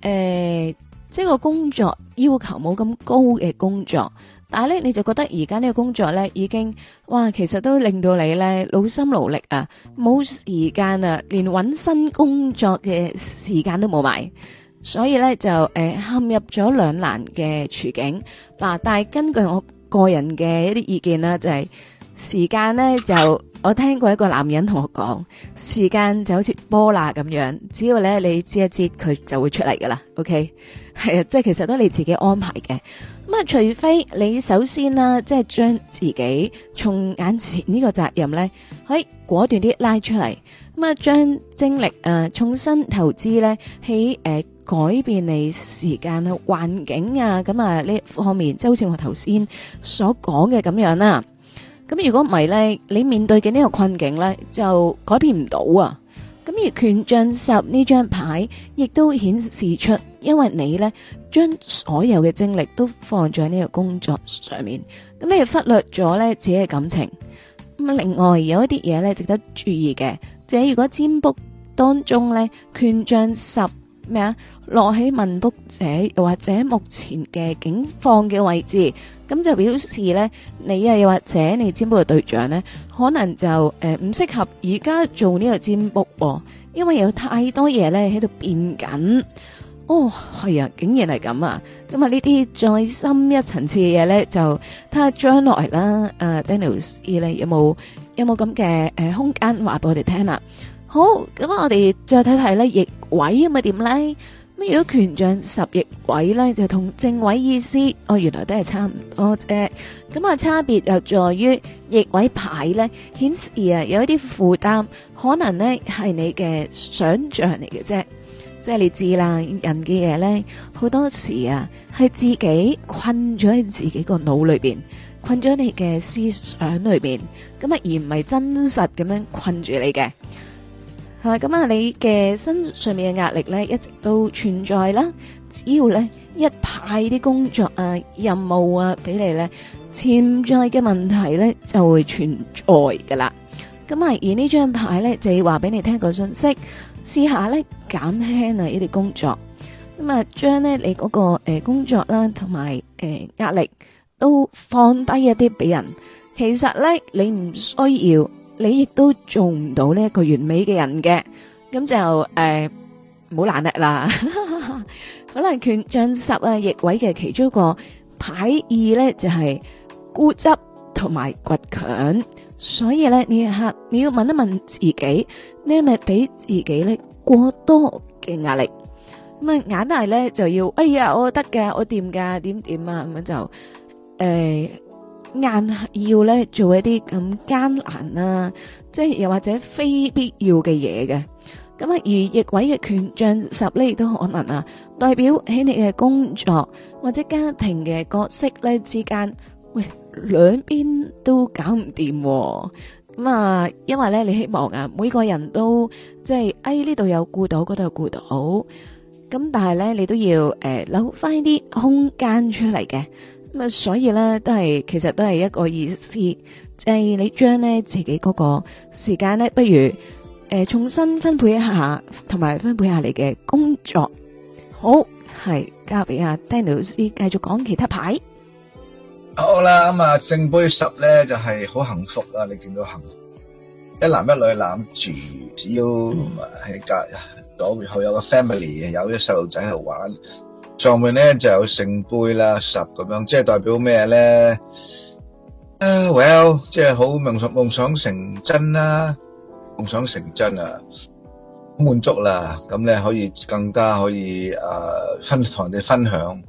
誒、呃，即係個工作要求冇咁高嘅工作。阿、啊、咧，你就覺得而家呢個工作咧已經，哇，其實都令到你咧勞心勞力啊，冇時間啊，連揾新工作嘅時間都冇埋，所以咧就誒、呃、陷入咗兩難嘅處境。嗱、啊，但係根據我個人嘅一啲意見啦、啊，就係、是、時間咧就我聽過一個男人同我講，時間就好似波啦咁樣，只要咧你知一知，佢就會出嚟噶啦。OK。係啊，即係其實都係你自己安排嘅。咁啊，除非你首先啦，即係將自己從眼前呢個責任咧，可以果斷啲拉出嚟。咁啊，將精力啊，重新投資咧，喺誒改變你時間啊、環境啊，咁啊呢方面，就好似我頭先所講嘅咁樣啦。咁如果唔係咧，你面對嘅呢個困境咧，就改變唔到啊。咁而權杖十呢張牌亦都顯示出，因為你呢，將所有嘅精力都放咗喺呢個工作上面，咁你忽略咗呢自己嘅感情。咁另外有一啲嘢呢，值得注意嘅，即係如果占卜當中呢，權杖十。咩啊？落喺問卜者，又或者目前嘅境況嘅位置，咁就表示咧，你啊，又或者你占卜嘅隊長咧，可能就誒唔適合而家做呢個占卜、哦，因為有太多嘢咧喺度變緊。哦，係啊，竟然係咁啊！咁啊，呢啲再深一層次嘅嘢咧，就睇下將來啦。誒、呃、，Danny 咧、e、有冇有冇咁嘅誒空間話俾我哋聽啊？好，咁我哋再睇睇咧，逆位咁啊點咧？咁如果權杖十逆位咧，就同正位意思，哦原來都係差唔多啫。咁、哦呃那個、啊，差別又在於逆位牌咧，顯示啊有一啲負擔，可能咧係你嘅想象嚟嘅啫。即係你知啦，人嘅嘢咧，好多時啊係自己困咗喺自己個腦裏邊，困咗你嘅思想裏邊，咁啊而唔係真實咁樣困住你嘅。咁啊，你嘅身上面嘅壓力咧一直都存在啦。只要咧一派啲工作啊、任務啊俾你咧，潛在嘅問題咧就會存在噶啦。咁啊，而呢張牌咧就要話俾你聽個信息，試下咧減輕啊呢啲工作。咁啊，將咧你嗰個誒工作啦同埋誒壓力都放低一啲俾人。其實咧，你唔需要。你亦都做唔到呢一個完美嘅人嘅，咁就誒，唔好難力啦。可能權杖十啊，逆位嘅其中一個牌意咧就係固執同埋倔強，所以咧你吓你要問一問自己，你係咪俾自己咧過多嘅壓力？咁啊眼大咧就要，哎呀我得嘅，我掂噶，點點啊咁樣就誒。硬要咧做一啲咁艱難啊，即係又或者非必要嘅嘢嘅。咁啊，而逆位嘅權杖十咧，亦都可能啊，代表喺你嘅工作或者家庭嘅角色咧之間，喂兩邊都搞唔掂。咁啊，因為咧你希望啊，每個人都即係喺呢度有顧到，嗰度有顧到。咁但係咧，你都要誒留翻啲空間出嚟嘅。咁啊，所以咧都係，其實都係一個意思，即、就、係、是、你將咧自己嗰個時間咧，不如誒、呃、重新分配一下，同埋分配下你嘅工作。好，係交俾阿 Danny 老師繼續講其他牌。好啦，咁啊，聖杯十咧就係、是、好幸福啦，你見到幸福，一男一女攬住，只要喺、嗯、隔講佢、那個、有個 family，有啲細路仔喺度玩。上面咧就有聖杯啦，十咁樣，即係代表咩咧？啊，Well，即係好夢想夢想成真啦，夢想成真啊，好滿足啦，咁咧可以更加可以誒，分同人哋分享。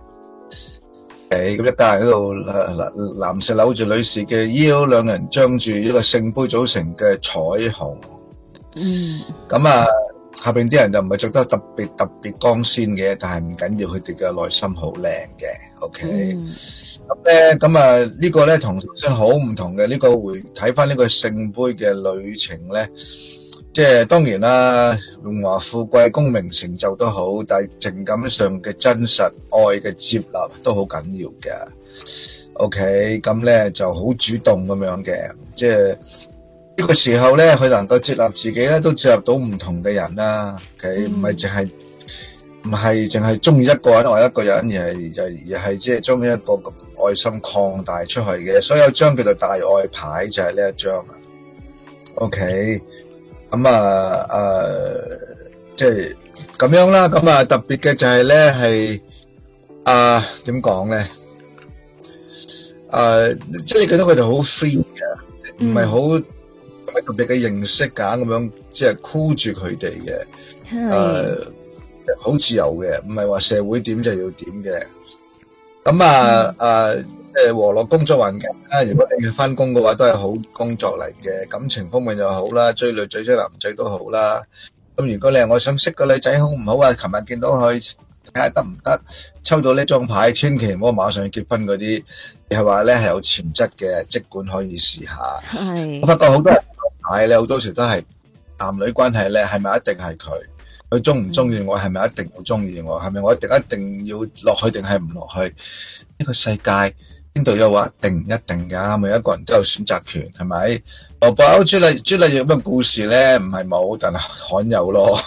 誒，咁一家人喺度，男男士摟住女士嘅腰，兩個人將住一個聖杯組成嘅彩虹。嗯，咁啊。下邊啲人就唔係着得特別特別光鮮嘅，但係唔緊要，佢哋嘅內心好靚嘅，OK。咁咧，咁啊呢個咧同先好唔同嘅，呢個會睇翻呢個聖杯嘅旅程咧，即係當然啦，榮華富貴、功名成就都好，但係情感上嘅真實愛嘅接納都好緊要嘅，OK。咁咧就好主動咁樣嘅，即係。呢個時候呢，佢能夠接納自己呢，都接納到唔同嘅人啦，okay, 佢唔係淨係，唔係淨係鍾意一個人，愛一個人，而係，而係即係鍾意一個愛心擴大出去嘅，所有張叫做大愛牌，就係呢一張。okay, 咁啊，特別嘅認識咁樣，即係箍住佢哋嘅，誒，好自由嘅，唔係話社會點就要點嘅。咁啊，誒，即係和樂工作環境咧。如果你要翻工嘅話，都係好工作嚟嘅。感情方面又好啦，追女仔追男仔都好啦。咁如果你係我想識個女仔好唔好啊？琴日見到佢睇下得唔得？抽到呢張牌，千祈唔好馬上要結婚嗰啲，係話咧係有潛質嘅，即管可以試下。係，我發覺好多人。係咧，好多時都係男女關係咧，係咪一定係佢？佢中唔中意我，係咪一定好中意我？係咪我一定一定要落去定係唔落去？呢個世界邊度有話一定唔一定噶？每一個人都有選擇權，係咪？羅密歐朱麗朱麗有咩故事咧？唔係冇，但係罕有咯，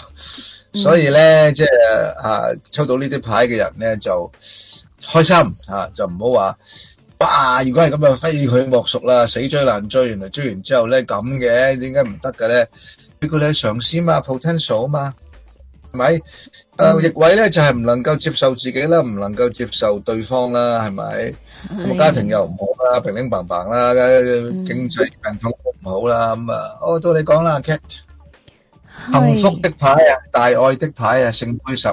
嗯。所以咧，即係啊，抽到呢啲牌嘅人咧，就開心啊，就唔好話。哇！如果係咁樣，非佢莫屬啦，死追難追。原來追完之後咧咁嘅，點解唔得嘅咧？呢個你上司嘛，potential 嘛，係咪？誒，逆位咧就係唔能夠接受自己啦，唔能夠接受對方啦，係咪？咁啊，家庭又唔好啦，乒乒乓乓啦，經濟病痛都唔好啦。咁啊，我到你講啦，Cat。幸福的牌啊，大愛的牌啊，聖杯十。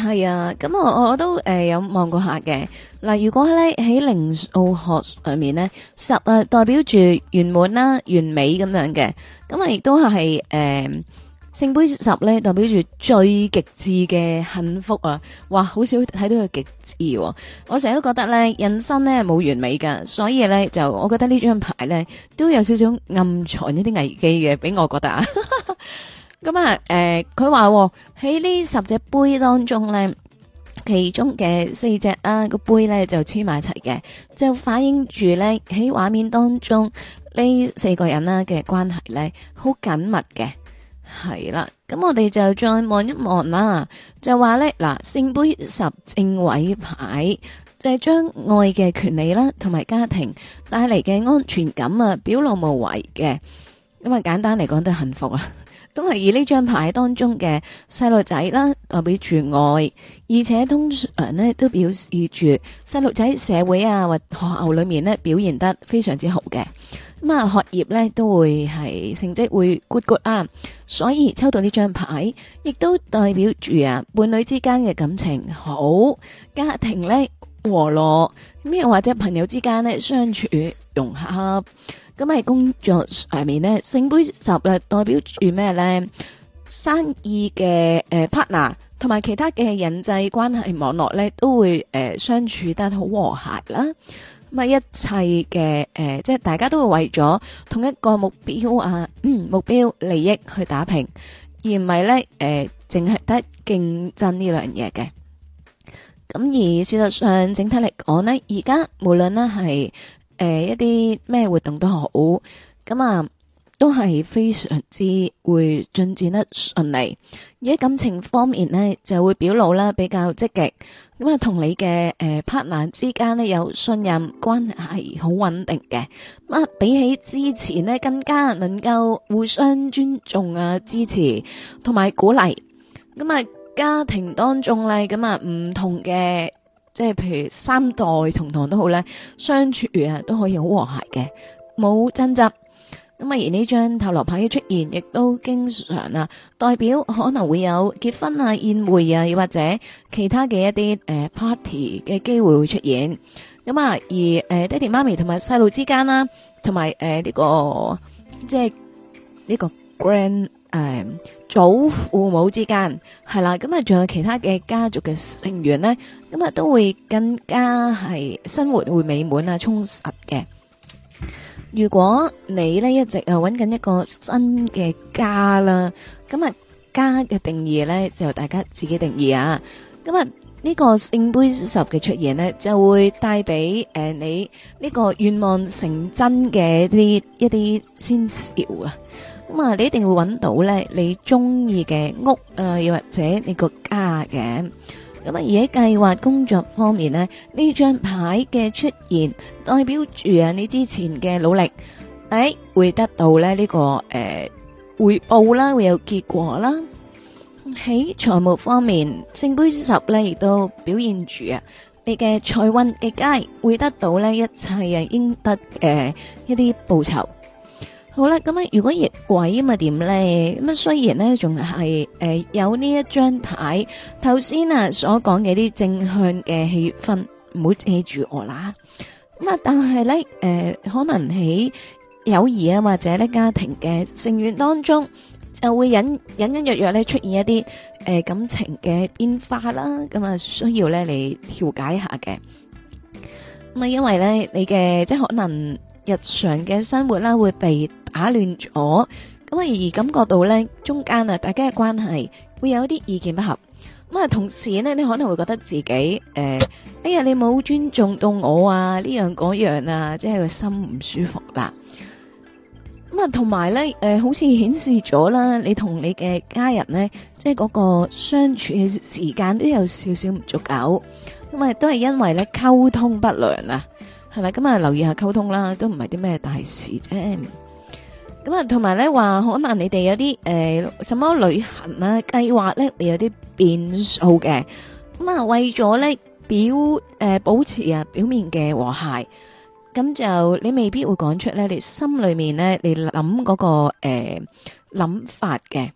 係啊，咁我我我都誒、呃、有望過下嘅。嗱，如果咧喺靈數學裏面咧，十代表住圓滿啦、完美咁樣嘅。咁啊亦都係誒聖杯十咧，代表住最極致嘅幸福啊！哇，好少睇到嘅極致、哦。我成日都覺得咧，人生咧冇完美㗎，所以咧就我覺得張呢張牌咧都有少少暗藏一啲危機嘅，俾我覺得啊。 咁啊，誒、呃，佢話喺呢十隻杯當中咧，其中嘅四隻啊個杯咧就黐埋齊嘅，就反映住咧喺畫面當中呢四個人啦嘅關係咧好緊密嘅係啦。咁我哋就再望一望啦，就話咧嗱聖杯十正位牌，就係、將愛嘅權利啦，同埋家庭帶嚟嘅安全感啊，表露無遺嘅。咁啊，簡單嚟講都幸福啊。都係而呢張牌當中嘅細路仔啦，代表住愛，而且通常咧都表示住細路仔社會啊或學校裏面咧表現得非常之好嘅，咁啊學業咧都會係成績會 good good 啊，所以抽到呢張牌亦都代表住啊伴侶之間嘅感情好，家庭咧和樂，咩或者朋友之間咧相處融洽。咁喺工作上面呢，聖杯十呢代表住咩呢？生意嘅誒 partner 同埋其他嘅人際關係網絡咧，都會誒相處得好和諧啦。咁啊，一切嘅誒，即係大家都會為咗同一個目標啊目標利益去打拼，而唔係咧誒，淨係得競爭呢兩嘢嘅。咁而事實上，整體嚟講呢，而家無論呢係。誒、呃，一啲咩活動都好，咁啊，都係非常之會進展得順利。而喺感情方面呢，就會表露啦，比較積極。咁啊，同你嘅誒、呃、partner 之間呢，有信任關係，好穩定嘅。咁啊，比起之前呢，更加能夠互相尊重啊，支持同埋鼓勵。咁啊，家庭當中咧，咁啊唔同嘅。即係譬如三代同堂都好咧，相處啊都可以好和諧嘅，冇爭執。咁啊而呢張塔羅牌嘅出現，亦都經常啊，代表可能會有結婚啊、宴會啊，又或者其他嘅一啲誒、呃、party 嘅機會會出現。咁啊而誒、呃、爹哋媽咪同埋細路之間啦，同埋誒呢個即係呢、這個 grand 誒、呃。祖父母之間係啦，咁啊，仲有其他嘅家族嘅成員咧，咁啊，都會更加係生活會美滿啊，充實嘅。如果你咧一直啊揾緊一個新嘅家啦，咁啊，家嘅定義咧就大家自己定義啊。咁啊，呢個聖杯十嘅出現咧，就會帶俾誒你呢個願望成真嘅一啲一啲先兆啊。咁啊，你一定會揾到咧你中意嘅屋啊，又或者你個家嘅。咁啊，而喺計劃工作方面咧，呢張牌嘅出現，代表住啊你之前嘅努力，誒會得到咧呢個誒回報啦，會有結果啦。喺財務方面，聖杯之十咧亦都表現住啊你嘅財運極佳，會得到咧一切啊應得嘅一啲報酬。好啦，咁啊，如果逆位咁嘛點咧？咁啊雖然咧仲係誒有呢一張牌，頭先啊所講嘅啲正向嘅氣氛，唔好遮住我啦。咁啊，但係咧誒，可能喺友誼啊或者咧家庭嘅成員當中，就會隱隱隱約約咧出現一啲誒、呃、感情嘅變化啦。咁啊，需要咧嚟調解下嘅。咁啊，因為咧你嘅即係可能日常嘅生活啦會被。打亂咗咁啊，而感覺到咧中間啊，大家嘅關係會有一啲意見不合咁啊。同時咧，你可能會覺得自己誒、呃、 哎呀，你冇尊重到我啊，呢樣嗰樣啊，即係個心唔舒服啦。咁啊，同埋咧誒，好似顯示咗啦，你同你嘅家人咧，即係嗰個相處嘅時間都有少少唔足夠咁啊，都係因為咧溝通不良啊，係咪咁啊？留意一下溝通啦，都唔係啲咩大事啫。咁、嗯、啊，同埋咧，話可能你哋有啲誒、呃，什麼旅行啊，計劃咧會有啲變數嘅。咁、嗯、啊，為咗咧表誒、呃、保持啊表面嘅和諧，咁就你未必會講出咧，你心裏面咧你諗嗰、那個誒諗、呃、法嘅。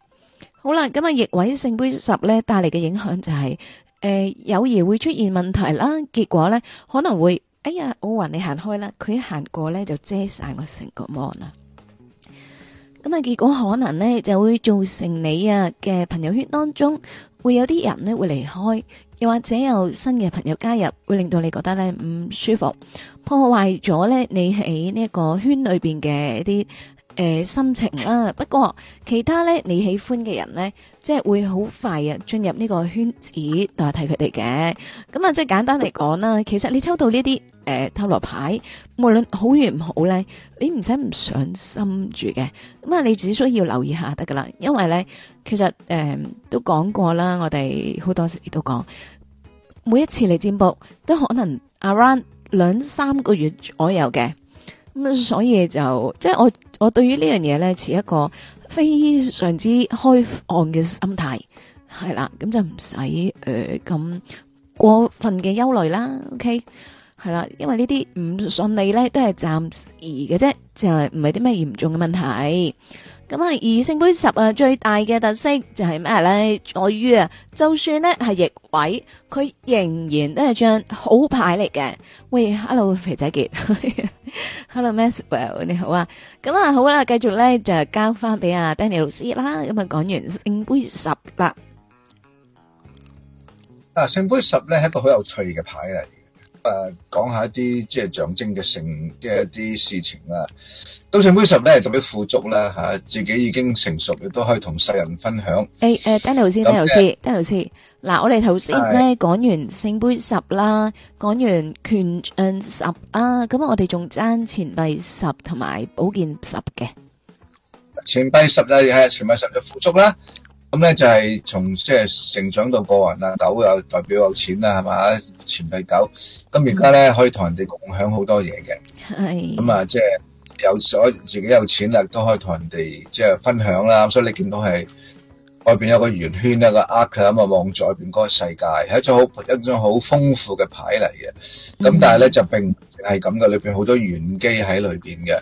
好啦，咁、嗯、啊，逆位聖杯十咧帶嚟嘅影響就係誒友誼會出現問題啦。結果咧可能會哎呀，我話你行開啦，佢一行過咧就遮晒我成個蒙啦。咁啊，結果可能呢，就會造成你啊嘅朋友圈當中會有啲人呢會離開，又或者有新嘅朋友加入，會令到你覺得呢唔、嗯、舒服，破壞咗呢你喺呢個圈裏邊嘅一啲。誒、呃，心情啦、啊。不過其他咧，你喜歡嘅人咧，即係會好快啊，進入呢個圈子代替佢哋嘅。咁啊，即係簡單嚟講啦，其實你抽到呢啲誒塔羅牌，無論好與唔好咧，你唔使唔上心住嘅。咁啊，你只需要留意下得噶啦。因為咧，其實誒、呃、都講過啦，我哋好多時都講，每一次嚟占卜都可能 around 兩三個月左右嘅。咁、嗯、所以就即係我我對於呢樣嘢咧持一個非常之開放嘅心態係啦，咁就唔使誒咁過分嘅憂慮啦。OK，係啦，因為呢啲唔順利咧都係暫時嘅啫，就係唔係啲咩嚴重嘅問題。咁啊，而聖杯十啊，最大嘅特色就係咩咧？在於啊，就算咧係逆位，佢仍然都係張好牌嚟嘅。喂，Hello 肥仔杰 ，Hello Maxwell，你好啊！咁啊，好啦，繼續咧就交翻俾阿 Danny 老師啦。咁啊，講完聖杯十啦。啊，聖杯十咧係一個好有趣嘅牌嚟。啊，講下一啲即係象徵嘅性，即係一啲事情啦。到聖杯十咧，代表富足啦，吓，自己已經成熟，亦都可以同世人分享。誒誒，Danny 老師，Danny 老師，Danny 老師，嗱，我哋頭先咧講完聖杯十啦，講完權嗯十啊，咁啊，我哋仲爭錢幣十同埋寶劍十嘅。錢幣十就係錢幣十嘅富足啦。咁咧就係從即係成長到個人啊，狗又代表有錢啦，係嘛？錢幣狗，咁而家咧可以同人哋共享好多嘢嘅。係。咁啊，即係有所自己有錢啦，都可以同人哋即係分享啦。所以你見到係外邊有一個圓圈咧個 arch 咁啊嘛，望在邊望住外邊嗰個世界，係一種好一種好豐富嘅牌嚟嘅。咁但係咧就並係咁嘅，裏邊好多玄機喺裏邊嘅。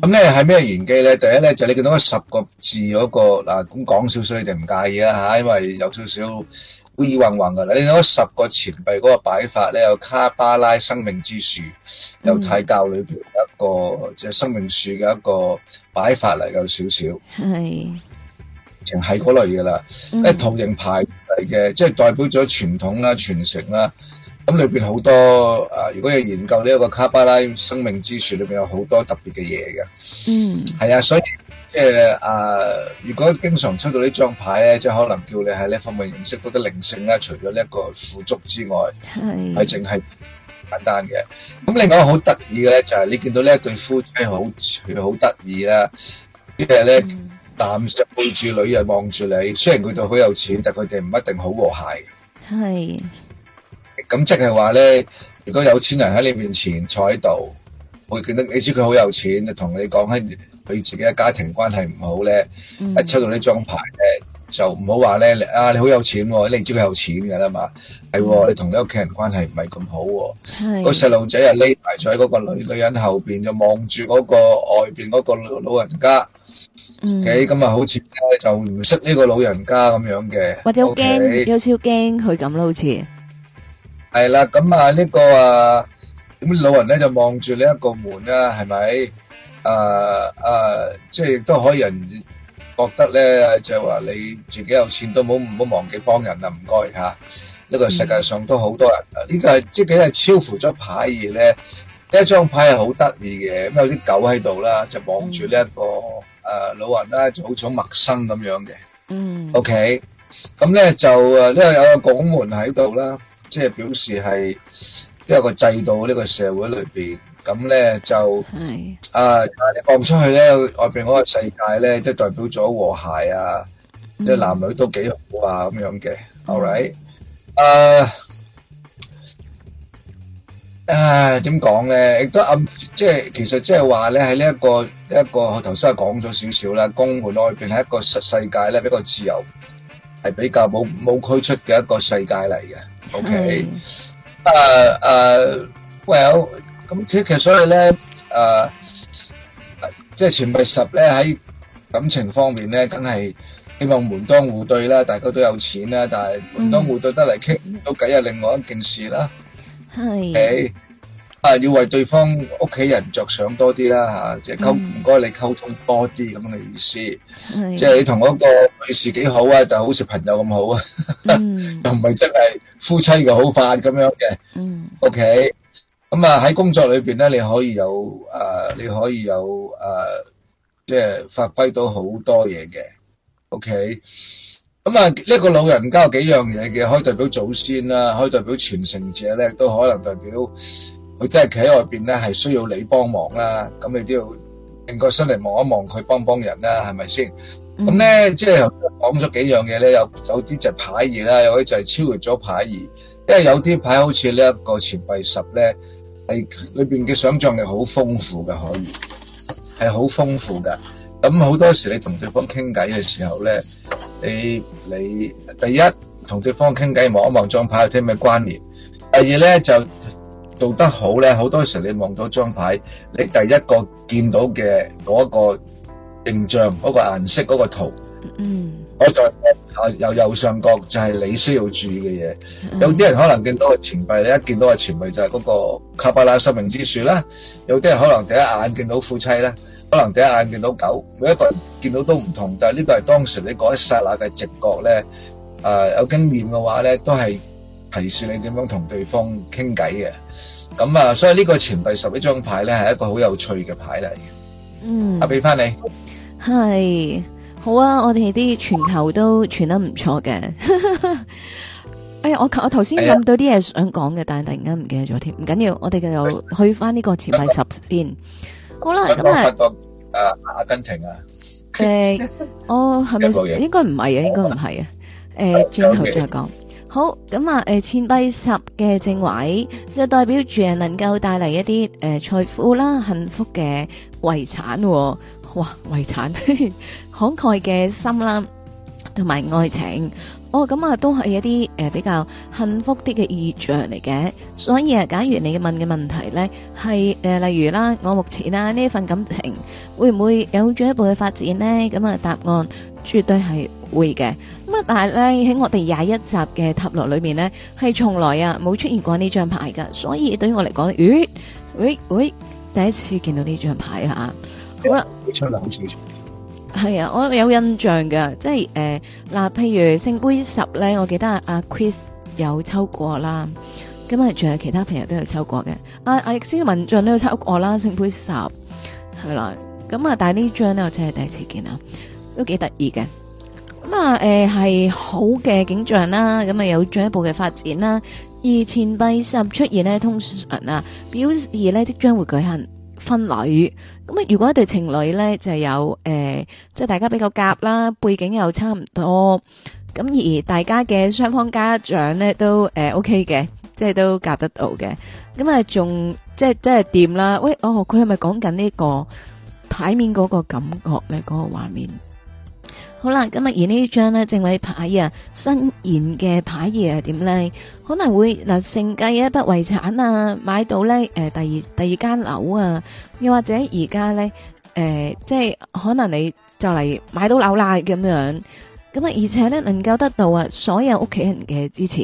咁咧係咩玄機咧？第一咧就是、你見到嗰十個字嗰、嗰個嗱，咁講少少你哋唔介意啦，吓，因為有少少詭異混混噶啦。你見到十個錢幣嗰個擺法咧，有卡巴拉生命之樹，有太教裏邊一個即係、嗯就是、生命樹嘅一個擺法嚟，有少少係，全係嗰類噶啦、嗯，即係圖形牌嚟嘅，即係代表咗傳統啦、啊、傳承啦、啊。咁裏邊好多誒，如果要研究呢一個卡巴拉生命之樹，裏邊有好多特別嘅嘢嘅。嗯，係啊，所以即係誒，如果經常抽到呢張牌咧，即係可能叫你喺呢方面認識到啲靈性咧。除咗呢一個富足之外，係淨係簡單嘅。咁另外好得意嘅咧，就係你見到呢一對夫妻好好得意啦，即係咧男生，望住女人望住你。雖然佢哋好有錢，但佢哋唔一定好和諧。係。咁即係話咧，如果有錢人喺你面前坐喺度，會見得你知佢好有錢，同你講喺佢自己嘅家庭關係唔好咧、嗯，一抽到呢張牌咧，就唔好話咧，啊你好有錢喎、哦，你知佢有錢㗎啦嘛，係、嗯、喎、哦，你同你屋企人關係唔係咁好喎、哦，個細路仔又匿埋坐喺嗰個女女人後邊，就望住嗰個外邊嗰個老人家咁啊、嗯 okay? 好似就唔識呢個老人家咁樣嘅，或者好驚，okay? 有少驚佢咁咯，好似。係啦，咁啊呢個啊，咁老人咧就望住呢一個門啦，係咪？誒誒，即係亦都可以人覺得咧，就係話你自己有錢都唔好唔好忘記幫人啊！唔該吓，呢個世界上都好多人啊，呢個係即係超乎咗牌嘢咧。呢一張牌係好得意嘅，咁有啲狗喺度啦，就望住呢一個誒老人啦，就好似陌生咁樣嘅。嗯。OK，咁咧就誒，呢個有個拱門喺度啦。即係表示係，即係個制度呢個社會裏邊咁咧就啊，你放唔出去咧，外邊嗰個世界咧，即係代表咗和諧啊，即係男女都幾好啊咁樣嘅。All right，啊啊點講咧？亦都暗即係其實即係話咧喺呢一個一個，我頭先係講咗少少啦。公園外邊係一個世世界咧，比較自由，係比較冇冇區出嘅一個世界嚟嘅。OK，誒誒，Well，咁即係其實所以咧，誒，即係全部十咧喺感情方面咧，梗係希望門當戶對啦，大家都有錢啦，但係門當戶對得嚟傾都幾係另外一件事啦，係。啊！要為對方屋企人着想多啲啦，吓即係溝唔該你溝通多啲咁嘅意思，即、mm. 係你同嗰個女士幾好啊，但好似朋友咁好啊，mm. 又唔係真係夫妻嘅好法咁樣嘅。O K，咁啊喺工作裏邊咧，你可以有誒、啊，你可以有誒，即、啊、係、就是、發揮到好多嘢嘅。O K，咁啊一、呢個老人家有幾樣嘢嘅，可以代表祖先啦、啊，可以代表傳承者咧，都可能代表。佢真係企喺外邊咧，係需要你幫忙啦，咁你都要定個心嚟望一望佢，幫幫人啦，係咪先？咁咧，即係講咗幾樣嘢咧，有有啲就係牌義啦，有啲就係超越咗牌義，因為有啲牌好似呢一個錢幣十咧，係裏邊嘅想像力好豐富嘅，可以係好豐富嘅。咁好多時你同對方傾偈嘅時候咧，你你第一同對方傾偈望一望張牌有啲咩關聯，第二咧就。做得好咧，好多時你望到張牌，你第一個見到嘅嗰個形象、嗰個顏色、嗰個圖，我再啊由右上角就係你需要注意嘅嘢。有啲人可能見到個錢幣，你一見到個錢幣就係嗰個卡巴拉生命之樹啦；有啲人可能第一眼見到夫妻啦，可能第一眼見到狗，每一個人見到都唔同。但係呢個係當時你嗰一剎那嘅直覺咧，誒有經驗嘅話咧，都係。提示你點樣同對方傾偈嘅，咁啊，所以呢個錢幣十一張牌咧係一個好有趣嘅牌嚟。嗯，阿俾翻你，係好啊！我哋啲全球都傳得唔錯嘅。 哎呀，我我頭先諗到啲嘢想講嘅，但係突然間唔記得咗添。唔緊要，我哋就去翻呢個錢幣十先。好啦，咁、嗯、啊，誒，阿根廷啊，誒、 呃，我係咪應該唔係啊？應該唔係啊？誒，轉頭、呃、再講。Okay. 好咁啊！誒，錢幣十嘅正位就代表住能夠帶嚟一啲誒財富啦、幸福嘅遺產，、哦、遺產，哇遺產慷慨嘅心啦，同埋愛情哦，咁啊都係一啲誒、呃、比較幸福啲嘅意象嚟嘅。所以啊，假如你問嘅問題咧，係誒、呃、例如啦，我目前啦、啊、呢份感情會唔會有進一步嘅發展咧？咁啊，答案絕對係會嘅。乜但係咧喺我哋廿一集嘅塔羅裏面咧，係從來啊冇出現過呢張牌噶，所以對於我嚟講，咦、哎，喂、哎、喂、哎，第一次見到呢張牌啊！好啦，你出兩支先。係啊，我有印象噶，即係誒嗱，譬如聖杯十咧，我記得阿、啊啊、Chris 有抽過啦，咁啊仲有其他朋友都有抽過嘅，阿阿葉先文進都有抽過啦，聖杯十係啦，咁啊但係呢張咧我真係第一次見啊，都幾得意嘅。咁、嗯、啊，誒、嗯、係、嗯、好嘅景象啦，咁、嗯、啊有進一步嘅發展啦。而錢幣十出現咧，通常啊，表示咧即將會舉行婚禮。咁、嗯、啊、嗯，如果一對情侶咧就有誒、嗯，即係大家比較夾啦，背景又差唔多，咁、嗯、而大家嘅雙方家長咧都誒、嗯、OK 嘅，即係都夾得到嘅。咁、嗯、啊，仲、嗯、即係即係掂啦。喂，哦，佢係咪講緊呢個牌面嗰個感覺咧？嗰、嗰個畫面？好啦，今日而呢張咧正位牌啊，新然嘅牌嘢係點咧？可能會嗱，承繼一筆遺產啊，買到咧誒，第二第二間樓啊，又或者而家咧誒，即、呃、係、就是、可能你就嚟買到樓啦咁樣，咁啊，而且咧能夠得到啊所有屋企人嘅支持，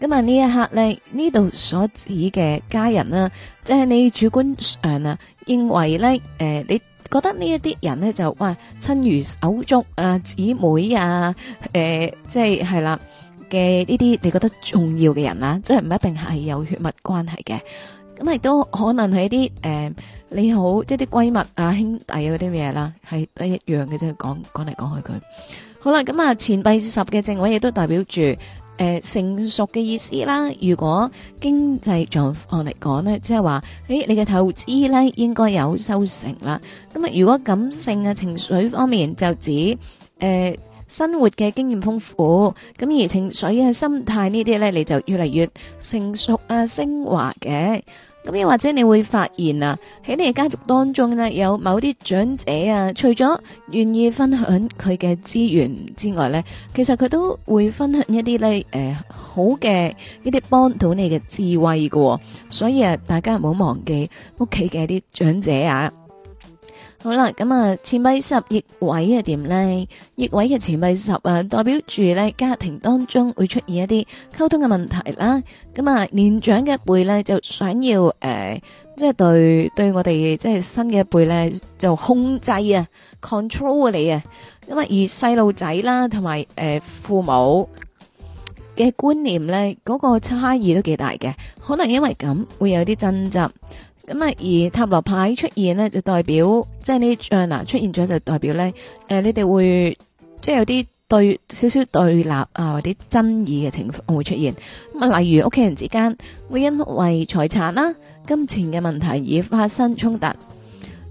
咁啊呢一刻咧呢度所指嘅家人啦，即、就、係、是、你主觀上啊認為咧誒、呃、你。覺得呢一啲人咧就，哇，親如手足啊，姊妹啊，呃、即係係啦嘅呢啲，你覺得重要嘅人啊，即係唔一定係有血脈關係嘅。咁亦都可能係啲誒你好，即係啲閨蜜啊、兄弟啊嗰啲嘢啦，係都一樣嘅啫。講講嚟講去佢，好啦，咁、嗯、啊，錢幣十嘅正位亦都代表住。誒，成熟嘅意思啦。如果經濟狀況嚟講呢，即係話，誒，你嘅投資呢應該有收成啦。咁啊，如果感性啊、情緒方面就指，誒，生活嘅經驗豐富，咁而情緒嘅心態呢啲呢，你就越嚟越成熟啊，升華嘅。咁又或者你會發現啊，喺你嘅家族當中咧，有某啲長者啊，除咗願意分享佢嘅資源之外咧，其實佢都會分享一啲咧，誒、呃，好嘅一啲幫到你嘅智慧喎。所以啊，大家唔好忘記屋企嘅啲長者啊。好啦，咁啊，錢幣十逆位係點咧？逆位嘅錢幣十啊，代表住咧家庭當中會出現一啲溝通嘅問題啦。咁啊，年長嘅一輩咧就想要誒，即、呃、係、就是、對對我哋即係新嘅一輩咧就控制啊，control 你啊。咁啊，而細路仔啦，同埋誒父母嘅觀念咧，嗰、那個差異都幾大嘅，可能因為咁會有啲爭執。咁啊，而塔羅牌出現呢，就代表即係呢張嗱出現咗就代表咧，誒、呃，你哋會即係有啲對少少對立啊，或、呃、者爭議嘅情況會出現。咁啊，例如屋企人之間會因為財產啦、金錢嘅問題而發生衝突。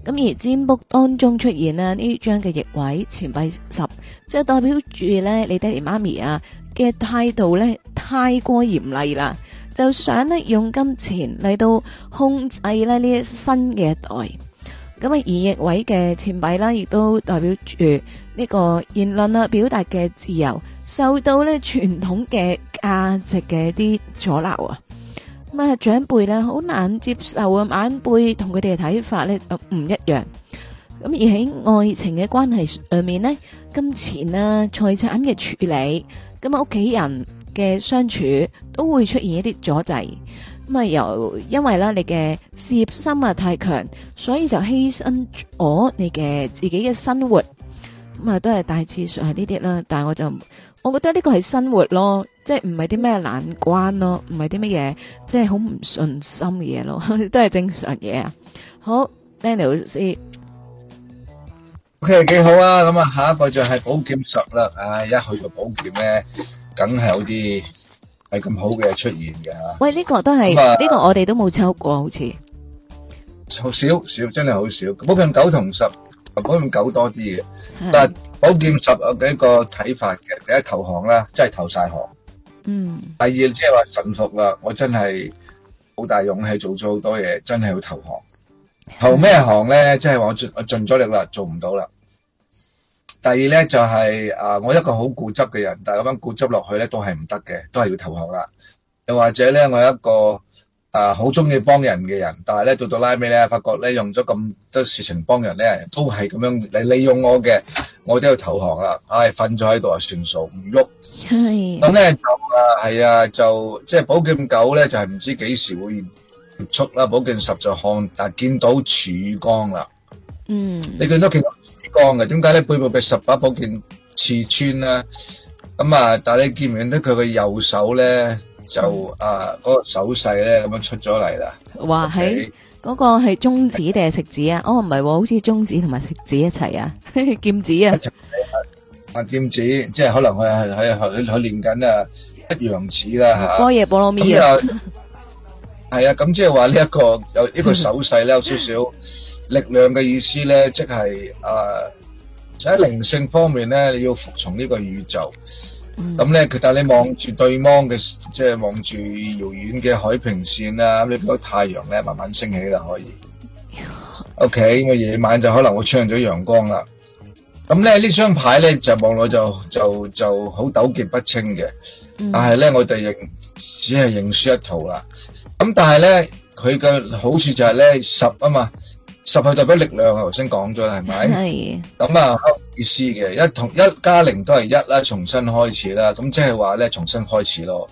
咁而占卜當中出現呢張嘅逆位錢幣十，即係代表住咧你爹哋媽咪啊嘅態度咧太過嚴厲啦。就想咧用金錢嚟到控制咧呢一新嘅一代，咁啊逆位嘅錢幣啦，亦都代表住呢個言論啊表達嘅自由受到咧傳統嘅價值嘅啲阻撓啊，咁啊長輩咧好難接受啊晚輩同佢哋嘅睇法咧就唔一樣，咁而喺愛情嘅關係上面咧，金錢啊財產嘅處理，咁啊屋企人嘅相處都會出現一啲阻滯咁啊，由因為咧你嘅事業心啊太強，所以就犧牲咗你嘅自己嘅生活咁啊，都係大致上係呢啲啦。但係我就我覺得呢個係生活咯，即係唔係啲咩難關咯，唔係啲乜嘢，即係好唔順心嘅嘢咯，都係正常嘢啊。好，Danny 老師，OK 幾好啊。咁啊，下一個就係寶劍十啦。唉、啊，一去到寶劍咧。梗係有啲係咁好嘅出現嘅吓，喂，呢個都係呢個我哋都冇抽過好似，少少少，真係好少。寶劍九同十，寶劍九多啲嘅，但寶劍十啊一個睇法嘅，第一投降啦，真係投晒降，嗯，第二即係話臣服啦，我真係好大勇氣做咗好多嘢，真係要投降。投咩降咧？即係我盡我盡咗力啦，做唔到啦。第二咧就係啊，我一個好固執嘅人，但係咁樣固執落去咧都係唔得嘅，都係要投降啦。又或者咧，我一個啊好中意幫人嘅人，但係咧到到拉尾咧，發覺咧用咗咁多事情幫人咧，都係咁樣你利用我嘅，我都要投降啦。唉，瞓咗喺度啊，算數唔喐。咁咧就啊，係啊，就即係寶劍九咧，就係唔知幾時會結束啦。寶劍十就看，但係見到曙光啦。嗯，你見到幾多？光嘅，點解咧？背部被十把寶劍刺穿啦！咁啊，但係你見唔見得佢嘅右手咧？就啊，嗰、那個手勢咧，咁樣出咗嚟啦。話喺嗰個係中指定係食指啊？哦，唔係喎，好似中指同埋食指一齊啊， 劍指啊。啊，劍指，即係可能佢係喺喺練緊啊，一樣指啦嚇。菠蘿菠蘿咪啊！係啊，咁即係話呢一個有呢、這個手勢咧，有少少。 力量嘅意思咧，即係誒、呃，在靈性方面咧，你要服從呢個宇宙。咁、嗯、咧，其實你望住對望嘅，即係望住遙遠嘅海平綫啊，咁呢個太陽咧慢慢升起啦，可以。O K，我夜晚就可能會出現咗陽光啦。咁咧呢張牌咧就望落就就就好糾結不清嘅、嗯，但係咧我哋亦只係認輸一途啦。咁但係咧佢嘅好處就係咧十啊嘛。十係代表力量，我頭先講咗啦，係咪？係。咁啊，意思嘅，一同一加零都係一啦，重新開始啦。咁即係話咧，重新開始咯，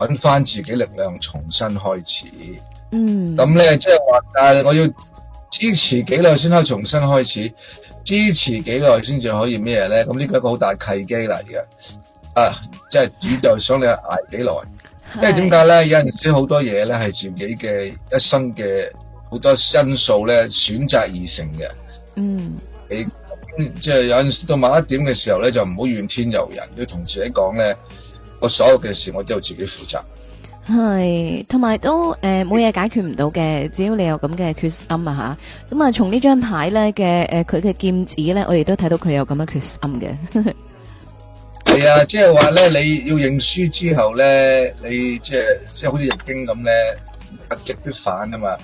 揾返自己力量，重新開始。嗯。咁咧，即係話，但係我要支持幾耐先可以重新開始？支持幾耐先至可以咩嘢咧？咁呢個係一個好大契機嚟嘅。啊，即係主就想你捱幾耐？因為點解咧？有陣時好多嘢咧係自己嘅一生嘅。好多因素咧，選擇而成嘅。嗯，你即係、就是、有陣時到某一點嘅時候咧，就唔好怨天尤人。要同自己講咧，我所有嘅事我都要自己負責。係，同埋都誒，冇、呃、嘢解決唔到嘅。只要你有咁嘅決心啊，吓咁、呃、 啊。從、就是、呢張牌咧嘅誒，佢嘅劍指咧，我亦都睇到佢有咁嘅決心嘅。係啊，即係話咧，你要認輸之後咧，你即係即係好似《易經》咁咧，物極必反啊嘛。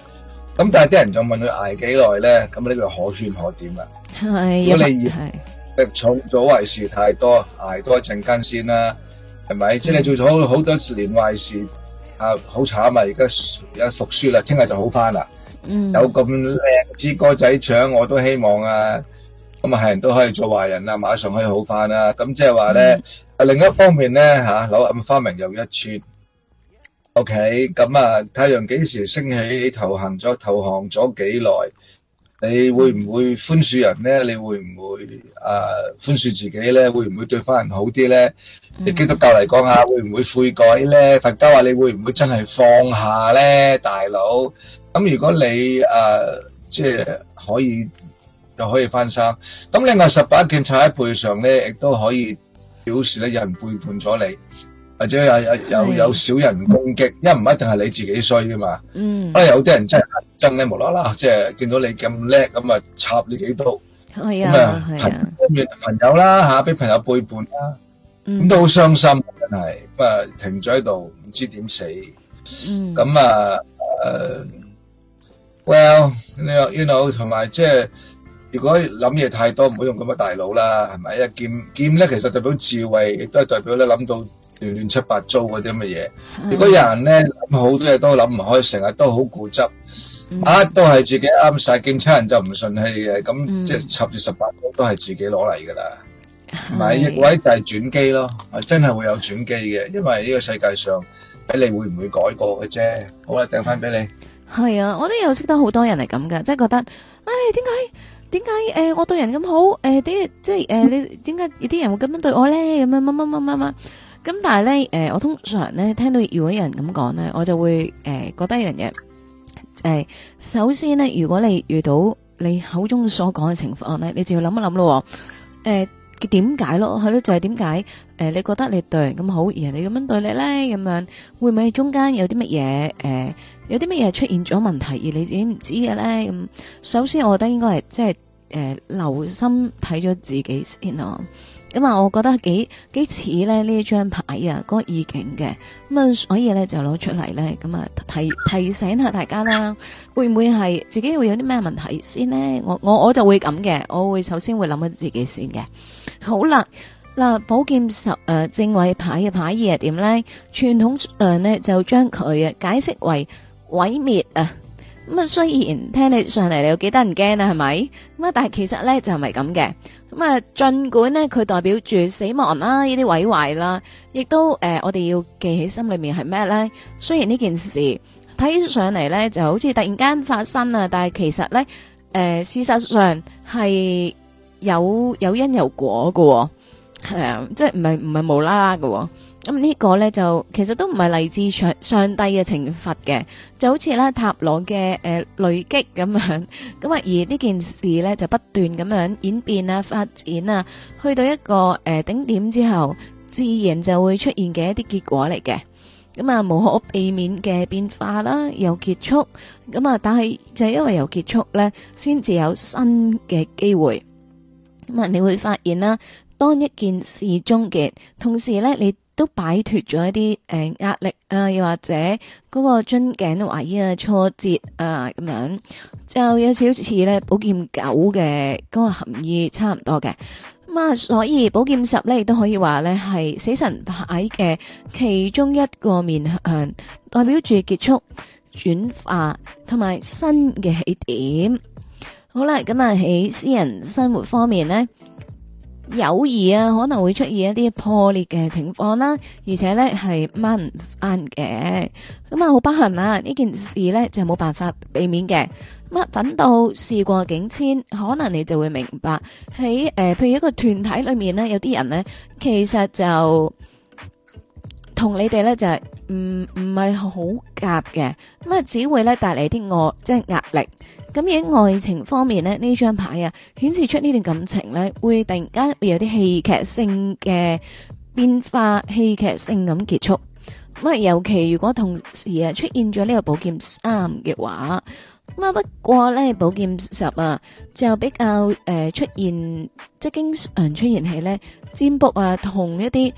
咁、嗯、但係啲人就問佢挨幾耐咧？咁呢個可圈可點呀、啊？係，如果你而重做壞事太多，挨多一陣間先啦、啊，係咪、嗯？即係你做咗好，好多年壞事，啊，好慘啊！而家有復蘇啦，聽日就好翻啦。嗯，有咁靚支歌仔唱我都希望啊。咁、嗯、啊，係人都可以做壞人啊，馬上可以好翻啦。咁即係話咧，啊、嗯，另一方面咧，吓、啊，柳暗花明又一村。O K，咁啊，太陽幾時升起？投降咗，投降咗幾耐？你會唔會寬恕人咧？你會唔會誒寬恕自己咧？會唔會對翻人好啲咧？你基督教嚟講下，會唔會悔改咧？佛家話你會唔會真係放下咧，大佬？咁如果你誒即係可以就可以翻生，咁另外十把劍插喺背上咧，亦都可以表示咧，有人背叛咗你。或者有有有有小人攻擊，因為唔一定係你自己衰㗎嘛。嗯，啊有啲人真係憎你無啦啦，即係見到你咁叻咁啊，插你幾刀咁啊，跟住朋友啦嚇，俾朋友背叛啦，咁都好傷心真係不過，停咗喺度唔知點死。嗯，咁啊誒，Well 你又 you know 同埋即係如果諗嘢太多，唔好用咁嘅大腦啦，係咪？一劍劍咧其實代表智慧，亦都係代表咧諗到。亂七八糟嗰啲咁嘅嘢，如果有人咧諗好多嘢都諗唔開，成日都好固執，啊都係自己啱晒，見親人就唔順氣嘅，咁即係插住十八刀都係自己攞嚟噶啦。唔係逆位就係轉機咯，真係會有轉機嘅，因為呢個世界上睇你會唔會改過嘅啫。好啦，掟翻俾你。係啊，我都有識得好多人係咁噶，即係覺得唉，點解點解誒？我對人咁好誒，啲即係誒，你點解有啲人會咁樣對我咧？咁樣乜乜乜乜乜。咁但係咧，誒、呃，我通常咧聽到如果有人咁講咧，我就會誒、呃、覺得一樣嘢。誒、呃，首先咧，如果你遇到你口中所講嘅情況咧，你就要諗一諗咯，誒、呃，點解咯？係咯，就係點解？誒、呃，你覺得你對人咁好，而你咁樣對你咧，咁樣會唔會中間有啲乜嘢？誒、呃，有啲乜嘢出現咗問題而你自己唔知嘅咧？咁、嗯、首先，我覺得應該係即係，誒、呃，留心睇咗自己先咯。咁、嗯、啊，我覺得幾幾似咧呢張牌啊，嗰個意境嘅，咁啊，所以咧就攞出嚟咧，咁啊提提醒下大家啦，會唔會係自己會有啲咩問題先呢？我我我就會咁嘅，我會首先會諗下自己先嘅。好啦，嗱，寶劍十誒、呃、正位牌嘅牌意係點咧？傳統上咧就將佢啊解釋為毀滅啊。咁啊，雖然聽起上嚟你有幾得人驚呀，係咪？咁啊，但係其實咧就唔係咁嘅。咁啊，盡管咧佢代表住死亡啦，呢啲毀壞啦，亦都誒、呃，我哋要記起心裏面係咩咧？雖然呢件事睇上嚟咧就好似突然間發生啊，但係其實咧誒、呃，事實上係有有因有果噶、哦，係、呃、啊，即係唔係唔係無啦啦噶。咁呢個咧就其實都唔係嚟自上上帝嘅懲罰嘅，就好似咧塔羅嘅誒累積咁樣，咁啊而呢件事咧就不斷咁樣演變啊發展啊，去到一個誒頂點之後，自然就會出現嘅一啲結果嚟嘅，咁啊無可避免嘅變化啦，又結束，咁啊但係就係因為又結束咧，先至有新嘅機會，咁啊你會發現啦，當一件事終結，同時咧你。都擺脫咗一啲誒壓力啊，又或者嗰個樽頸懷疑啊挫折啊咁樣，就有少少似咧寶劍九嘅嗰個含義差唔多嘅。咁啊，所以寶劍十咧亦都可以話咧係死神牌嘅其中一個面向，代表住結束、轉化同埋新嘅起點。好啦，咁啊喺私人生活方面咧。友誼啊，可能會出現一啲破裂嘅情況啦，而且咧係掹唔返嘅，咁啊好不幸啊！呢件事咧就冇辦法避免嘅。咁等到事過境遷，可能你就會明白，喺誒、呃，譬如一個團體裏面咧，有啲人咧，其實就同你哋咧就係唔唔係好夾嘅，咁啊只會咧帶嚟啲惡即係壓力。咁喺愛情方面咧，呢張牌啊，顯示出呢段感情咧，會突然間會有啲戲劇性嘅變化，戲劇性咁結束。咁啊，尤其如果同時啊出現咗呢個寶劍三嘅話，咁啊，不過咧寶劍十啊就比較誒出現即經常出現係咧，占卜啊同一啲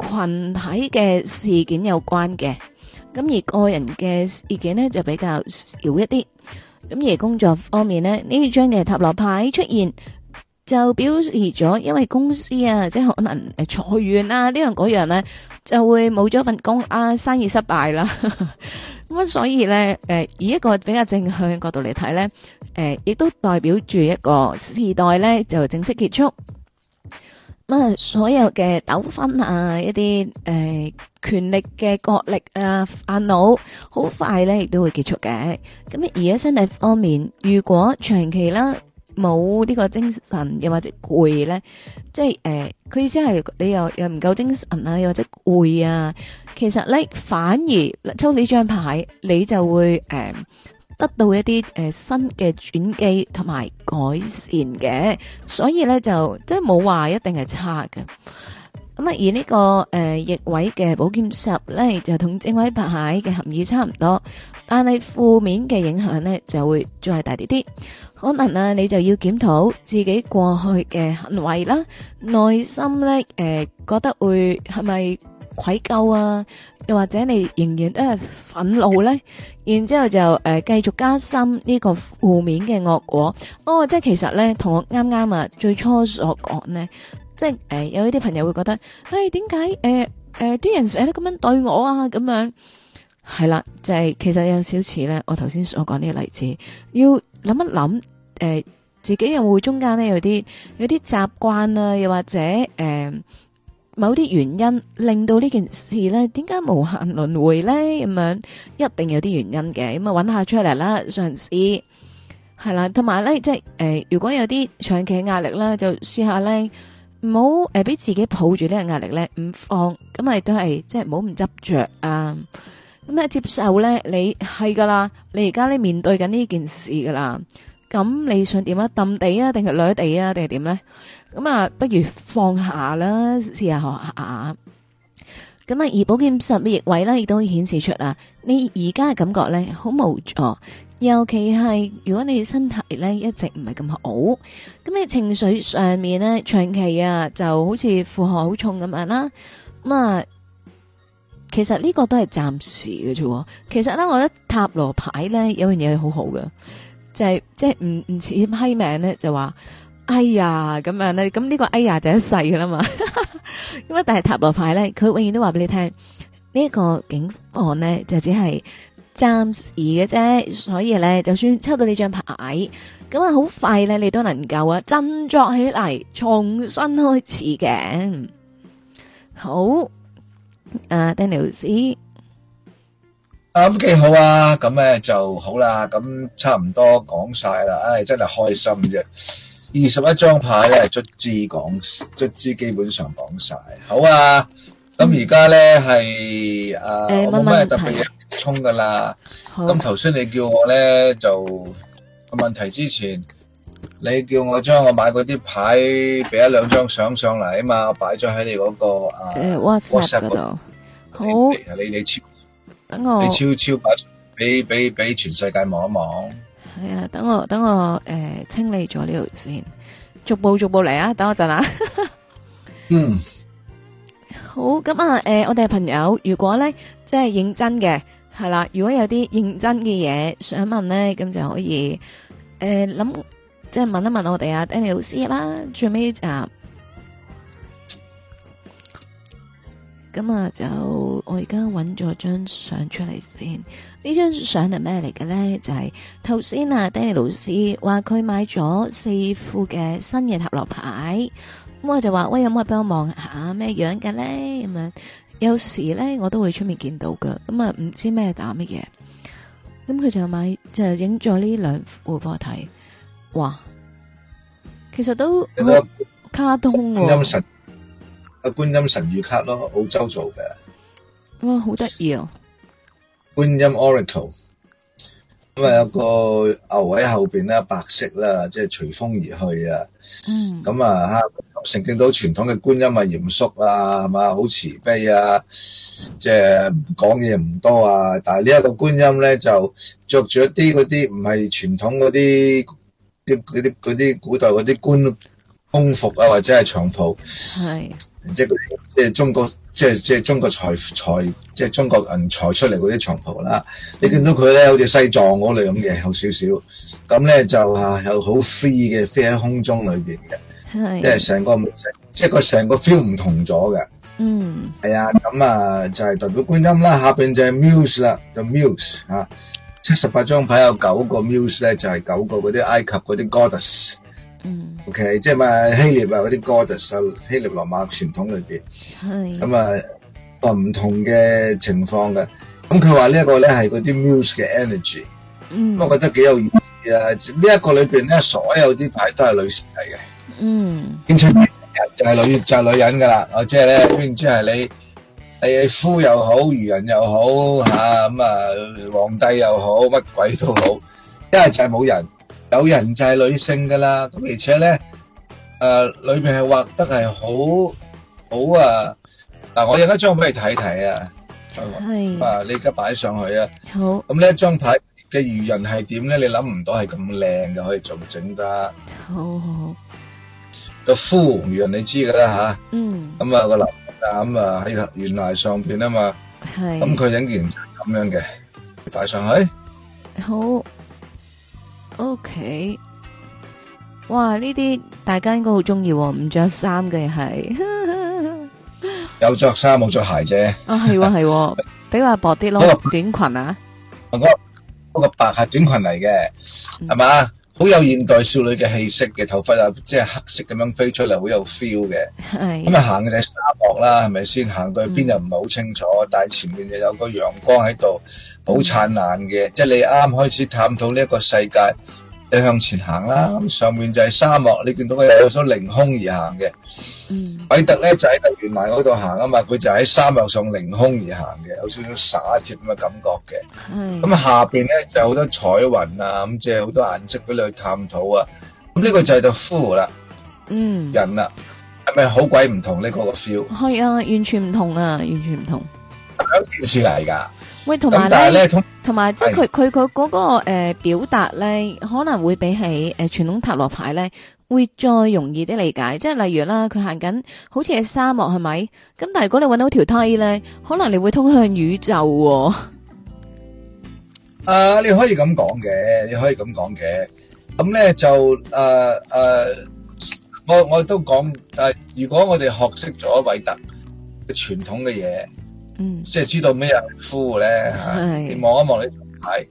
群體嘅事件有關嘅。咁而個人嘅事件咧就比較少一啲。咁而工作方面咧，呢張嘅塔羅牌出現就表示咗，因為公司啊，即係可能誒裁員啊，呢樣嗰樣咧就會冇咗份工啊，生意失敗啦。咁啊，所以咧，誒以一個比較正向嘅角度嚟睇咧，誒亦都代表住一個時代咧就正式結束。咁啊，所有嘅糾紛啊，一啲誒、呃、權力嘅角力啊、煩惱，好快咧，亦都會結束嘅。咁而喺身體方面，如果長期啦冇呢個精神，又或者攰咧，即係誒，佢、呃、意思係你又又唔夠精神啊，又或者攰啊，其實咧反而抽呢張牌，你就會誒。呃得到一啲誒新嘅轉機同埋改善嘅，所以咧就即係冇話一定係差嘅。咁啊而呢個誒逆位嘅寶劍十咧就同正位牌解嘅含義差唔多，但係負面嘅影響咧就會再係大啲啲。可能啊你就要檢討自己過去嘅行為啦，內心咧誒覺得會係咪愧疚啊？又或者你仍然都係憤怒咧，然之後就誒、呃、繼續加深呢個負面嘅惡果。哦，即係其實咧，同我啱啱啊最初所講咧，即係誒、呃、有一啲朋友會覺得，誒點解誒誒啲人成日都咁樣對我啊咁樣？係啦，就係其實有少少似咧，我頭先所講呢個例子，要諗一諗誒、呃、自己人會中間咧有啲有啲習慣啊，又或者誒。呃某啲原因令到呢件事咧，點解無限輪回咧？咁樣一定有啲原因嘅，咁啊，揾下出嚟啦，嘗試係啦。同埋咧，即係誒、呃，如果有啲長期嘅壓力啦，就試下咧，唔好誒，俾、呃、自己抱住呢個壓力咧，唔放，咁咪都係即係唔好唔執着啊。咁、嗯、咧接受咧，你係噶啦，你而家咧面對緊呢件事噶啦，咁你想點啊？揼地啊，定係掠地啊，定係點咧？咁啊，不如放下啦，試下學下。咁啊，而寶劍十嘅逆位咧，亦都顯示出啊，你而家嘅感覺咧，好無助。尤其係如果你身體咧一直唔係咁好，咁你情緒上面咧，長期啊就好似負荷好重咁樣啦。咁啊，其實呢個都係暫時嘅啫。其實咧，我覺得塔羅牌咧有樣嘢係好好嘅，就係即係唔唔似批命咧，就話、是。哎呀，咁樣咧，咁呢個哎呀就一世噶啦嘛。咁啊，但係塔羅牌咧，佢永遠都話俾你聽，呢一個警案咧就只係暫時嘅啫。所以咧，就算抽到呢張牌，咁啊好快咧，你都能夠啊振作起嚟，重新開始嘅。好，阿 Danny 老師，咁幾好啊。咁咧就好啦。咁差唔多講晒啦。唉，真係開心啫。二十一張牌咧，卒之講，卒之基本上講晒。好啊。咁而家咧係啊，誒我冇咩特別嘢衝噶啦。咁頭先你叫我咧就個問題之前，你叫我將我買嗰啲牌俾一兩張相上嚟啊嘛，擺咗喺你嗰、嗰個啊 WhatsApp 度。好，你你，你超，等我，你超超擺俾俾俾全世界望一望。係啊、呃，等我等我誒清理咗呢條線，逐步逐步嚟啊！等我陣啊，嗯，好咁啊，誒、呃，我哋朋友如果咧即係認真嘅係啦，如果有啲認真嘅嘢想問咧，咁就可以誒諗、呃、即係問一問我哋阿 Danny 老師啦，最尾咁啊，就我而家揾咗張相出嚟先。呢張相係咩嚟嘅咧？就係頭先啊 Danny 老師話佢買咗四副嘅新嘅塔羅牌。咁我就話喂，有冇人俾我望下咩樣嘅咧？咁樣有時咧，我都會出面見到嘅。咁啊，唔知咩打乜嘢。咁佢就買就影咗呢兩副俾我睇。哇，其實都卡通喎、啊。個觀音神語卡咯，澳洲做嘅，哇，好得意啊。觀音 Oracle。咁啊，有個牛喺後邊啦，白色啦，即係隨風而去啊。嗯，咁啊，嚇成見到傳統嘅觀音啊，嚴肅啊，係嘛？好慈悲啊，即係唔講嘢唔多啊。但係呢一個觀音咧，就着住一啲嗰啲唔係傳統嗰啲，啲啲古代嗰啲官服啊，或者係長袍。係。即係即係中國，即係即係中國財財，即係中國人才出嚟嗰啲長袍啦。Mm. 你見到佢咧，好似西藏嗰類咁嘅，有少少。咁咧就啊，有好 free 嘅，free 喺空中裏面嘅，hey. 即係成個，即係成個 feel 唔同咗嘅。嗯，係啊，咁啊就係、是、代表觀音啦，下面就係 Muse 啦，就 Muse 嚇、啊。七十八張牌有九個 Muse 咧，就係、是、九個嗰啲埃及嗰啲 Goddess。嗯，OK，即係咪希臘啊啲 Gods 希臘羅馬傳統裏邊，咁啊唔同嘅情況嘅，咁佢話呢一個咧係啲 Muse 嘅 energy，嗯，我覺得幾有意思啊，呢、這、一個裏邊咧所有啲牌都係女士嚟嘅，嗯，青春就係女就係、是、女人噶啦，哦即係咧，即係你誒夫又好，愚人又好吓，咁啊、嗯、皇帝又好，乜鬼都好，一係就係冇人。有人就係女性噶啦，咁而且咧，誒，裏邊係畫得係好，好啊，嗱，我有一張俾你睇睇啊，係，啊，你而家擺上去啊，好，咁呢一張牌嘅愚人係點咧？你諗唔到係咁靚嘅，可以做整得，好好好，個夫愚人你知噶啦吓，嗯，咁啊個流啊，咁啊喺懸崖上邊啊嘛，係，咁佢整完就咁樣嘅，擺上去，好。O、okay. K，哇！呢啲大家應該好中意，唔着衫嘅係，有着衫冇着鞋啫。 啊，係喎係喎，啊啊、 比話薄啲咯，那個那個、短裙啊，我我個白鞋短裙嚟嘅，係嘛？好有現代少女嘅氣息嘅頭髮啊，即係黑色咁樣飛出嚟，好有 feel 嘅。咁啊行嘅就沙漠啦，係咪先？行到去邊又唔係好清楚，嗯、但係前面又有個陽光喺度，好燦爛嘅、嗯。即係你啱開始探討呢一個世界。你向前行啦，上面就係沙漠，你見到佢有少少凌空而行嘅。韋、嗯、特咧就喺條泥嗰度行啊嘛，佢就喺沙漠上凌空而行嘅，有少少灑脫咁嘅感覺嘅。咁下邊咧就好、是、多彩雲啊，咁即係好多顏色俾你去探討啊。咁呢個就係個 feel 啦，嗯，人啦、啊，係咪好鬼唔同呢個、嗰個 feel？係啊，完全唔同啊，完全唔同。故事嚟噶。喂，同埋咧，同埋即係佢佢佢嗰個誒表達咧，可能會比起誒傳統塔羅牌咧，會再容易啲理解。即係例如啦，佢行緊好似係沙漠係咪？咁但係如果你搵到條梯咧，可能你會通向宇宙。啊，你可以咁講嘅，你可以咁講嘅。咁咧就誒誒，我我都講誒，如果我哋學識咗韋特嘅傳統嘅嘢。嗯，即係知道咩人夫咧吓，你望一望啲牌，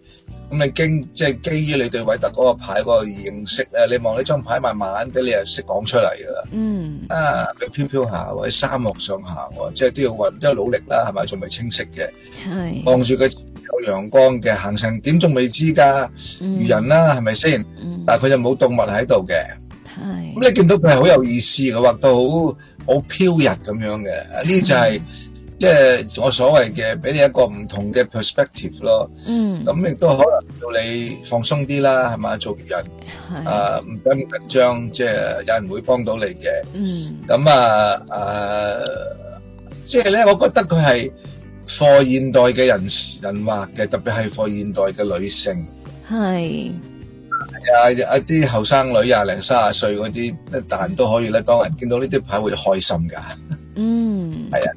咁你基即係基於你對偉特嗰個牌嗰個認識咧，你望呢張牌慢慢俾你啊識講出嚟噶啦。嗯，啊，飄飄下或者沙漠上行，即係都要運都要努力啦，係咪仲未清晰嘅？係望住佢有陽光嘅行程點仲未知噶？愚人啦，係咪先？但係佢就冇動物喺度嘅。係咁你見到佢係好有意思嘅，畫到好好飄逸咁樣嘅，呢就係。即係我所謂嘅，俾你一個唔同嘅 perspective 咯。嗯，咁亦都可能令到你放鬆啲啦，係嘛？做人，係唔使咁緊張。即係有人會幫到你嘅。嗯，咁啊，誒、呃，即係咧，我覺得佢係 for 現代嘅人人畫嘅，特別係 for 現代嘅女性。係係啊，一啲後生女廿零三啊歲嗰啲，但係都可以咧，當人見到呢啲牌會開心㗎。嗯，係啊。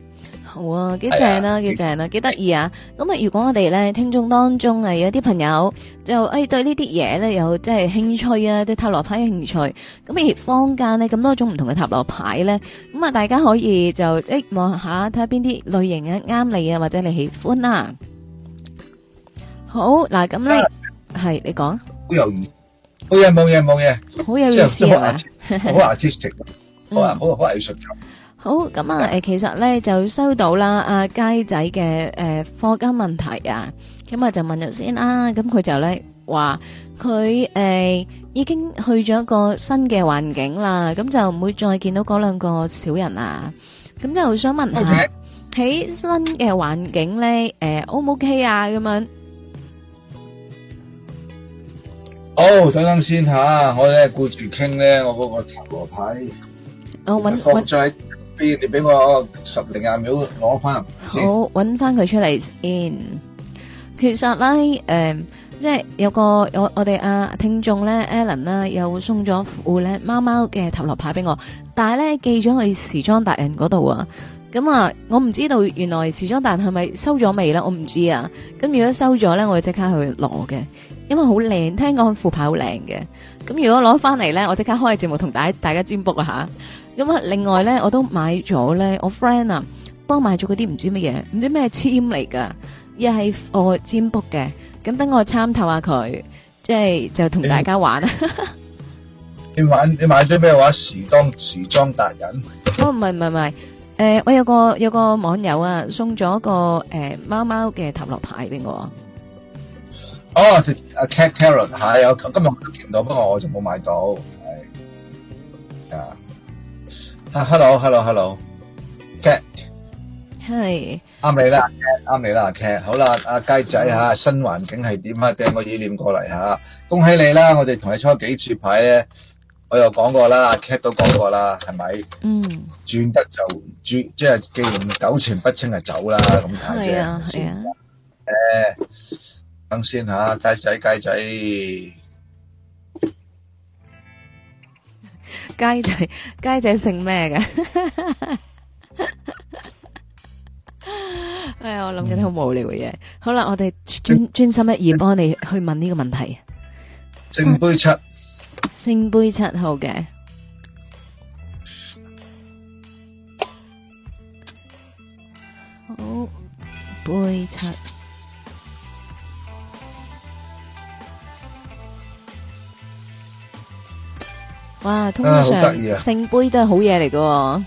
好啊，幾、哎，正啦，幾正啦，幾得意啊！咁啊，如果我哋咧聽眾當中誒有啲朋友就誒、哎、對呢啲嘢咧有即係興趣啊，對塔羅牌有興趣，咁而坊間呢，咁多種唔同嘅塔羅牌咧，咁啊大家可以就即望下睇下邊啲類型啊啱你啊或者你喜歡啦、啊。好，嗱咁咧係你講，好有好冇嘢冇嘢冇嘢，好有意思好藝術，好有藝好咁啊！誒，其實咧就收到啦，阿佳仔嘅誒課間問題啊，咁啊就問咗先啦。咁佢就咧話佢誒已經去咗一個新嘅環境啦，咁就唔會再見到嗰兩個小人啦。咁就想問下喺新嘅環境咧，誒 O 唔 OK 啊？咁樣好等等先吓，我咧顧住傾咧，我嗰個塔羅牌，我問問。俾我十零廿秒攞翻，好揾翻佢出嚟 In，其實咧，誒、呃，即係有個有我我哋阿聽眾咧，Alan 啦、啊，又送咗副咧貓貓嘅塔羅牌俾我，但係咧寄咗去時裝達人嗰度啊。咁、嗯、啊，我唔知道原來時裝達人係咪收咗未咧？我唔知啊。咁如果收咗咧，我會即刻去攞嘅，因為好靚。聽講副牌好靚嘅。咁如果攞翻嚟咧，我即刻開個節目同大家大家占卜啊吓。咁啊！另外咧，我都買咗咧，我 friend 啊，幫買咗嗰啲唔知乜嘢，唔知咩籤嚟嘅，又係我占卜嘅，咁等我參透下佢，即係就同、是、大家玩啊！你買你買啲咩玩？時裝時裝達人？唔係唔係唔係，誒、呃，我有個有個網友啊，送咗個誒貓貓嘅塔羅牌俾我。哦，阿 Cat Tarot 係，我今日我都見到，不過我就冇買到，係啊。Yeah. hello，hello，hello，cat，係，啱你啦，cat，啱你啦，cat，好啦，阿、啊、雞仔吓，mm. 新環境係點啊？掟個意念過嚟吓，恭喜你啦！我哋同你抽咗幾次牌咧，我又講過啦、啊、，cat 都講過啦，係咪？嗯、mm.。轉得就轉，即係既然，糾纏不清就走啦，咁解啫。係、mm. mm. 啊，係啊。誒，等先吓，雞仔，雞仔。佳仔，佳仔姓咩㗎？哎呀，我諗緊好無聊嘅嘢。好啦，我哋專專心一意幫你去問呢個問題。聖杯七，聖杯七號嘅，好杯七。哇，通常聖杯都係好嘢嚟㗎。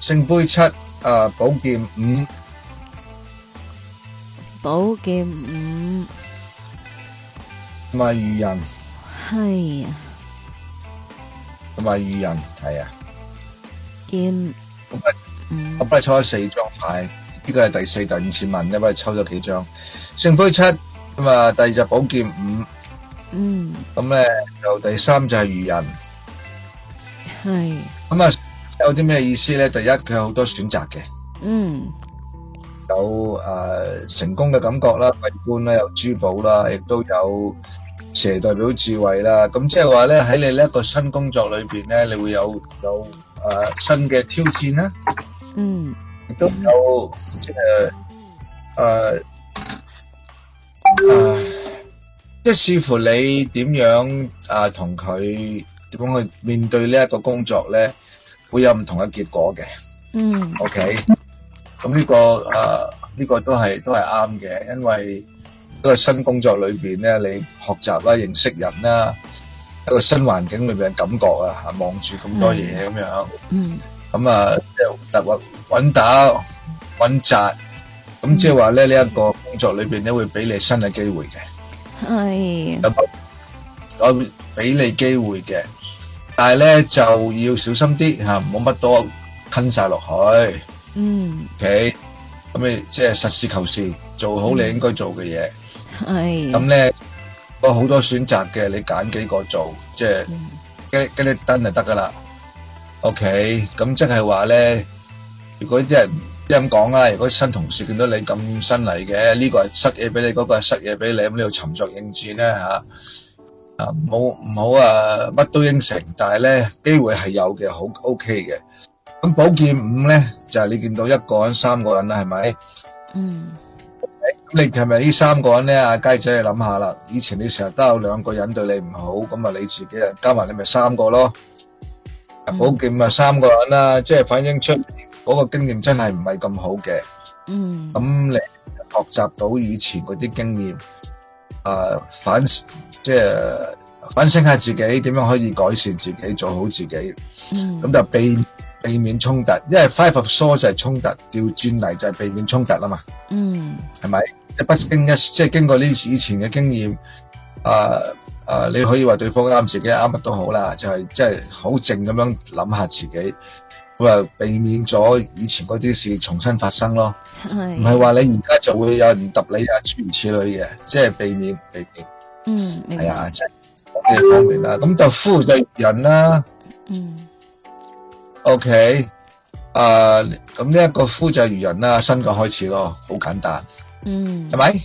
聖杯七，啊，寶劍五。寶劍五。同埋愚人。係啊。同埋愚人，係啊。劍。五。我幫你抽咗四張牌，呢個係第四、第五次問，因為抽咗幾張聖杯七，咁啊，第二隻寶劍五。嗯，咁咧又第三就係愚人，係，咁啊有啲咩意思咧？第一佢有好多選擇嘅，嗯，有誒成功嘅感覺啦，桂冠啦，有珠寶啦，亦都有蛇代表智慧啦，咁即係話咧喺你呢一個新工作裏邊咧，你會有有誒新嘅挑戰啦，嗯，亦都有誒誒。即係視乎你點樣啊，同佢點樣去面對呢一個工作咧，會有唔同嘅結果嘅。嗯，OK，咁呢個誒，呢個都係都係啱嘅，因為呢個新工作裏邊咧，你學習啦，認識人啦，一個新環境裏邊嘅感覺啊，吓望住咁多嘢咁樣，嗯，咁啊，即係穩穩打穩紮，咁即係話咧呢一個工作裏邊咧會俾你新嘅機會嘅。係，我俾你機會嘅，但係咧就要小心啲吓，冇乜多吞晒落去。嗯，OK，咁你即係實事求是，做好你應該做嘅嘢。係，咁咧我好多選擇嘅，你揀幾個做，即係跟跟啲單就得噶啦。OK，咁即係話咧，如果啲人。即咁講啦，如果新同事見到你咁新嚟嘅，呢個係塞嘢俾你，嗰個係塞嘢俾你，咁你要沉著應戰咧嚇，啊唔好唔好啊乜都應承，但係咧機會係有嘅，好 OK 嘅。咁寶劍五咧就係你見到一個人、三個人啦，係咪？嗯。咁你係咪呢三個人咧，阿佳仔你諗下啦，以前你成日都有兩個人對你唔好，咁啊你自己啊加埋你咪三個咯。寶劍啊三個人啦，即係反映出。嗰、那個經驗真係唔係咁好嘅，咁、嗯、你學習到以前嗰啲經驗，誒、呃，反即係反省下自己，點樣可以改善自己，做好自己，咁、嗯、就避免避免衝突，因為 Five of Swords 係衝突，調轉嚟就係避免衝突啦嘛，係、嗯、咪？一不經一，即係經過呢啲以前嘅經驗，誒、呃、誒、呃，你可以話對方啱自己啱乜都好啦，就係即係好靜咁樣諗下自己。佢話避免咗以前嗰啲事重新發生咯，唔係話你而家就會有人揼你啊，諸如此類嘅，即係避免，避免。嗯，係啊，即係呢方面啦。咁就呼就如人啦。嗯。OK，啊，咁呢一個呼就如人啦，新嘅開始咯，好簡單。嗯。係咪？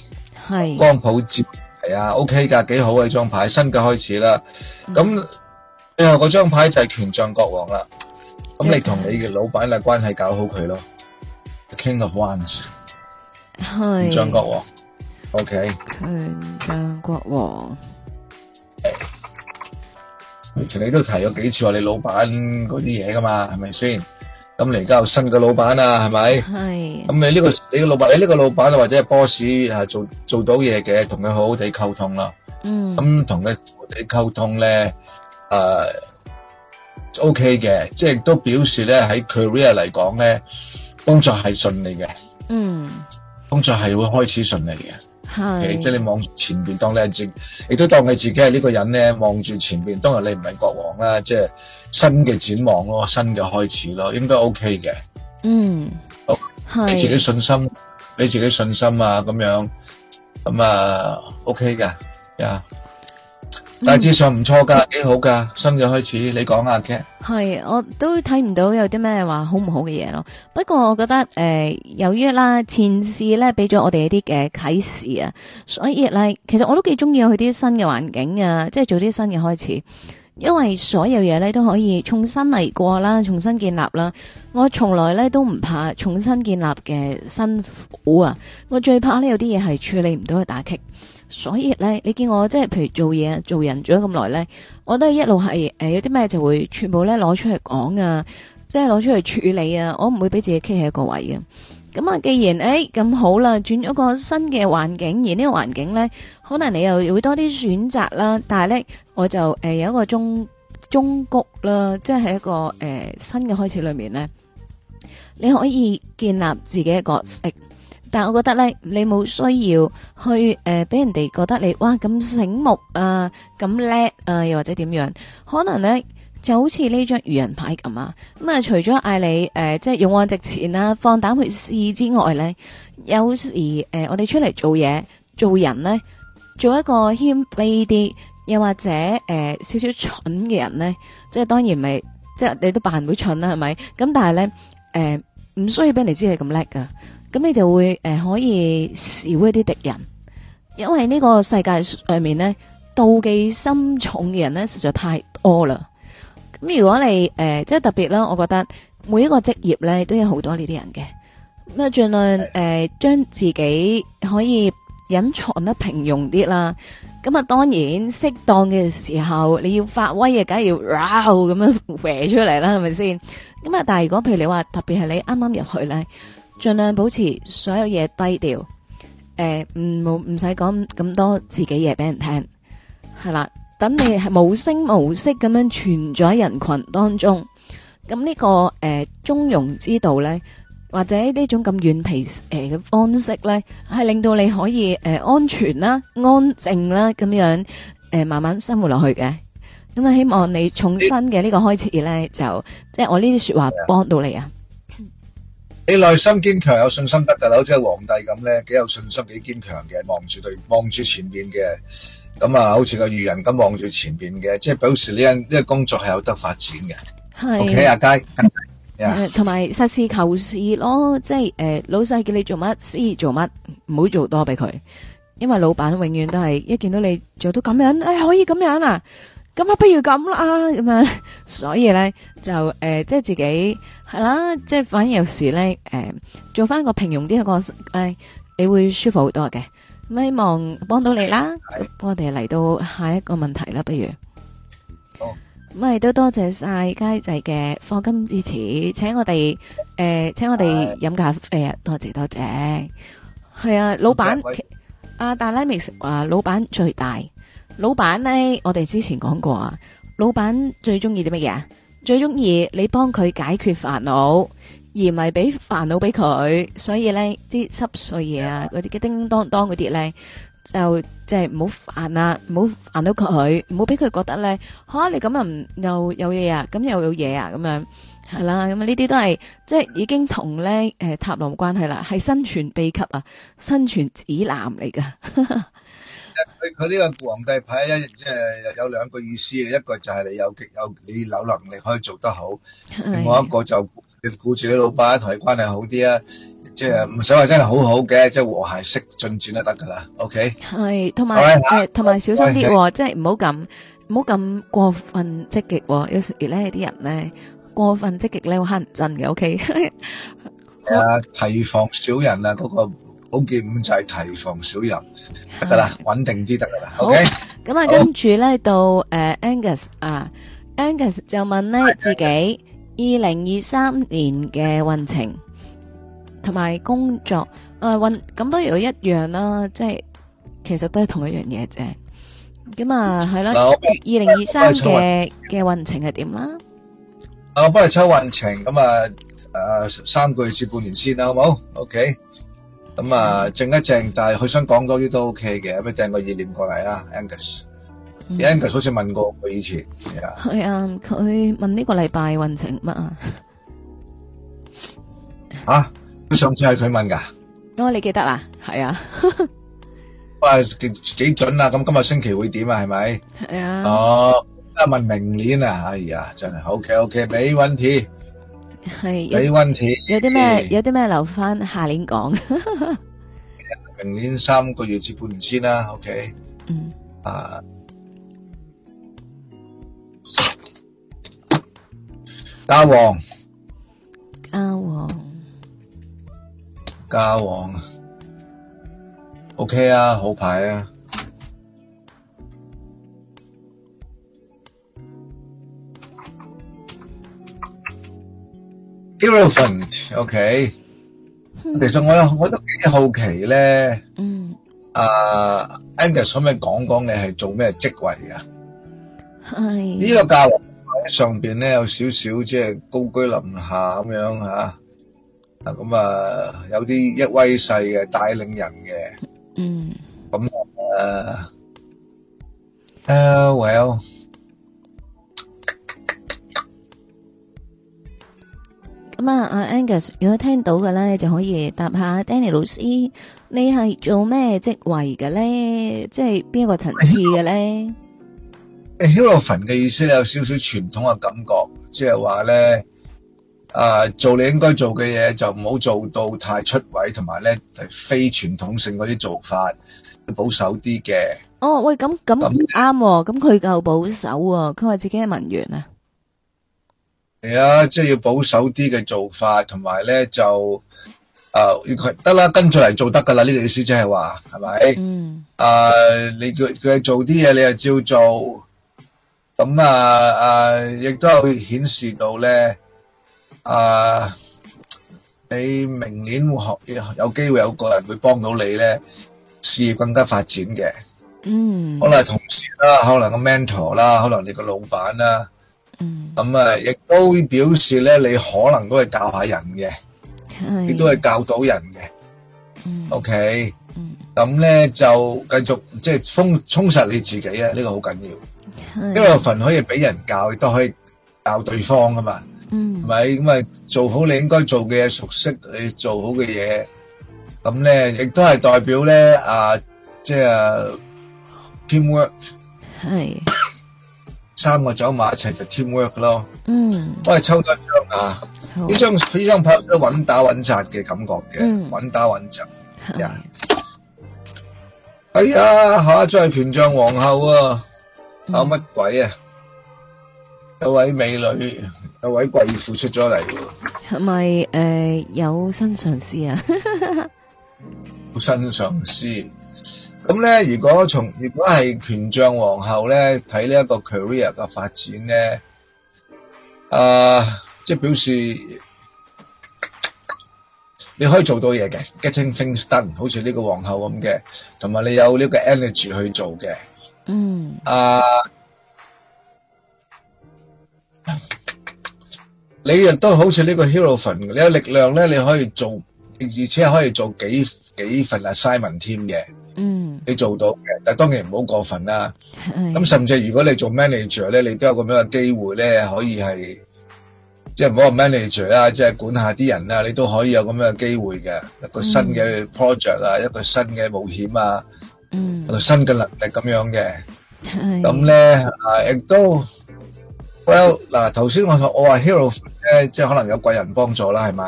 係。光譜接，係啊，OK 噶，幾、OK、好嘅張牌，新嘅開始啦。咁、嗯、最後嗰張牌就係權杖國王啦。咁 你同你嘅老闆嘅關係搞好佢咯、The King of Wands，係。權杖國王，OK。權杖國王。以、okay. 前你都提過幾次話你老闆嗰啲嘢噶嘛，係咪先？咁你而家有新嘅老闆啊，係咪？係。咁你呢、這個你嘅老闆，你呢個老闆或者係 boss 啊，做做到嘢嘅，同佢好好地溝通啦。嗯。咁同佢哋溝通咧，誒、呃。O K 嘅，即係都表示咧喺 career 嚟講咧，工作係順利嘅。嗯、mm.，工作係會開始順利嘅。係，okay? 即係你望前邊，當你係自己，亦都當你自己係呢個人咧，望住前邊。當然你唔係國王啦，即係新嘅展望咯，新嘅開始咯，應該 O K 嘅。嗯、mm. okay?，好，俾自己信心，俾自己信心啊，咁樣，咁啊，O K 噶，呀、okay。Yeah. 大致上唔錯噶，幾好噶，新嘅開始，你講下嘅，係，我都睇唔到有啲咩話好唔好嘅嘢咯。不過我覺得，誒、呃，由於啦前世咧俾咗我哋一啲嘅啟示啊，所以咧，其實我都幾中意去啲新嘅環境啊，即係做啲新嘅開始，因為所有嘢咧都可以重新嚟過啦，重新建立啦。我從來咧都唔怕重新建立嘅辛苦啊，我最怕呢有啲嘢係處理唔到去打擊。所以咧，你見我即係譬如做嘢、做人做咗咁耐咧，我都係一路係誒有啲咩就會全部咧攞出嚟講啊，即係攞出嚟處理啊，我唔會俾自己企喺一個位嘅。咁啊，既然誒咁、欸、好啦，轉咗個新嘅環境，而個環境呢個環境咧，可能你又會多啲選擇啦。但係咧，我就誒、呃、有一個中中谷啦，即係一個誒、呃、新嘅開始裏面咧，你可以建立自己一個。但係我覺得咧，你冇需要去誒，俾、呃、人哋覺得你哇咁醒目啊，咁叻啊，又或者點樣？可能咧就好似呢張愚人牌咁啊！咁、嗯、啊，除咗嗌你誒、呃，即係勇往直前啊，放膽去試之外咧，有時誒、呃，我哋出嚟做嘢、做人咧，做一個謙卑啲，又或者誒、呃，少少蠢嘅人咧，即係當然咪，即係你都扮唔到蠢啦，係咪？咁但係咧，誒、呃，唔需要俾人知你咁叻噶。咁你就會誒、呃、可以少一啲敵人，因為呢個世界上面呢，妒忌心重嘅人呢實在太多啦。咁如果你誒、呃、即係特別啦，我覺得每一個職業呢都有好多呢啲人嘅。咁啊盡量誒、呃、將自己可以隱藏得平庸啲啦。咁啊當然適當嘅時候你要發威啊，梗係要 raw 咁樣搲出嚟，啦係咪先？咁啊但係如果譬如你話特別係你啱啱入去呢。盡量保持所有嘢低調，誒、呃，唔冇唔使講咁多自己嘢俾人聽，係啦。等你係無聲無息咁樣存在人群當中，咁呢、這個誒、呃、中庸之道呢，或者呢種咁軟皮誒嘅、呃、方式呢，係令到你可以誒、呃、安全啦、安靜啦咁樣誒、呃、慢慢生活落去嘅。咁啊，希望你重新嘅呢個開始呢，就即係、就是、我呢啲說話幫到你啊。你內心堅強有信心得噶啦，好似皇帝咁咧，幾有信心，幾堅強嘅，望住對望住前面嘅，咁啊，好似個愚人咁望住前面嘅，即係表示呢樣呢個工作係有得發展嘅。係，OK，阿佳，同埋實事求是咯，即係誒，老細叫你做乜，先做乜，唔好做多俾佢，因為老闆永遠都係一見到你做到咁樣，誒，可以咁樣啊。咁啊，不如咁啦咁樣，所以咧就誒、呃，即係自己係啦，即係反而有時咧，誒、呃，做翻個平庸啲一,一個，誒、哎，你會舒服好多嘅。咁、嗯、希望幫到你啦，我哋嚟到下一個問題啦，不如，咁、哦、係都多謝晒佳仔嘅課金支持，請我哋誒、呃，請我哋飲咖啡啊，多謝多謝，係啊，老闆，阿大 a mix 啊，老闆最大。老闆咧，我哋之前講過啊，老闆最中意啲乜嘢啊？最中意你幫佢解決煩惱，而唔係俾煩惱俾佢。所以咧，啲濕碎嘢啊，嗰啲叮叮噹噹嗰啲咧，就即係唔好煩啊，唔好煩到佢，唔好俾佢覺得咧，吓你咁又有嘢啊，咁又有嘢啊，咁樣係啦。咁啊，呢啲都係即係已經同咧誒塔羅冇關係啦，係生存秘笈啊，生存指南嚟噶 佢佢呢個皇帝牌，即係有兩個意思嘅，一個就係你有有你有能力可以做得好，冇一個就顧住你老闆同你關係好啲啊，即係唔使話真係好好嘅，即係和諧式進展都得噶啦。OK。係，同埋即係同埋小心啲，即係唔好咁唔好咁過分積極，有時咧啲人咧過分積極咧好乞人憎嘅。OK。係啊，提防小人啊，嗰個。好嘅，五就係提防小人得噶啦，穩定啲得噶啦。OK，咁啊，跟住咧到誒 Angus 啊，Angus 就問咧自己二零二三年嘅運程同埋工作誒運，咁不如一樣啦，即係其實都係同一樣嘢啫。咁啊，係啦，二零二三嘅嘅運程係點啦？啊，我幫佢抽運程，咁啊誒，三個月至半年先啦，好冇？OK。咁啊，靜一靜，但係佢想講多啲都 O K 嘅，咁樣掟個意念過嚟啊，Angus，你 Angus 好似問過我以前，係啊，佢問呢個禮拜運程乜啊？啊，上次係佢問噶，咁你記得啊？係啊，哇，幾幾準啊！咁今日星期會點啊？係咪？係啊。哦，家問明年啊，哎呀，真係 O K O K，沒問題。係有啲問題，有啲咩有啲咩留翻下年講，明年三個月至半年先啦。OK，嗯，啊，家旺，家旺，家旺，OK 啊，好牌啊！different，OK。其實我有，我都幾好奇咧。嗯。啊，Angus 可唔可以講講你係做咩職位㗎？係。呢個價位上邊咧有少少即係高居臨下咁樣吓。啊，咁啊，有啲一威勢嘅帶領人嘅。嗯。咁啊，啊，Well。咁啊，阿 Angus，如果聽到嘅咧，就可以答下 Danny 老師，你係做咩職位嘅咧？即係邊一個層次嘅咧？Hierophant 嘅意思有少少傳統嘅感覺，即係話咧，啊，做你應該做嘅嘢，就唔好做到太出位，同埋咧，係非傳統性嗰啲做法，保守啲嘅。哦，喂，咁咁啱，咁佢夠保守啊！佢話自己係文員啊。係啊，即係要保守啲嘅做法，同埋咧就誒，得啦，跟住嚟做得噶啦，呢個意思即係話，係咪？嗯。誒，你叫佢做啲嘢，你又照做。咁啊啊，亦都有顯示到咧，啊，你明年學有有機會有個人會幫到你咧，事業更加發展嘅。嗯。可能係同事啦，可能個 mentor 啦，可能你個老闆啦。咁啊，亦都表示咧，你可能都係教下人嘅，亦都係教到人嘅。OK，咁咧就繼續即係充充實你自己啊！呢個好緊要，因為份可以俾人教，亦都可以教對方噶嘛。嗯，係咪咁啊？做好你應該做嘅嘢，熟悉你做好嘅嘢，咁咧亦都係代表咧啊，即係 team work。係。三個走埋一齊就 teamwork 咯。嗯，我係抽緊張啊，呢張，呢張牌都穩打穩紮嘅感覺嘅，穩打穩紮。呀，哎呀，下一張係權杖皇后啊，搞乜鬼啊？有位美女，有位貴婦出咗嚟。係咪誒有新上司啊？新上司。咁咧，如果從如果係權杖皇后咧，睇呢一個 career 嘅發展咧，誒，即係表示你可以做到嘢嘅，getting things done，好似呢個皇后咁嘅，同埋你有呢個 energy 去做嘅。嗯。誒，你亦都好似呢個 heroine，你有力量咧，你可以做，而且可以做幾幾份 assignment 添嘅。嗯，你做到嘅，但係當然唔好過分啦。咁甚至如果你做 manager 咧，你都有咁樣嘅機會咧，可以係即係唔好話 manager 啦，即係管下啲人啦，你都可以有咁樣嘅機會嘅，一個新嘅 project 啊，一個新嘅冒險啊，嗯，個新嘅能力咁樣嘅，咁咧啊亦都。Well，嗱，頭先我我話 Hero 咧，即係可能有貴人幫助啦，係咪？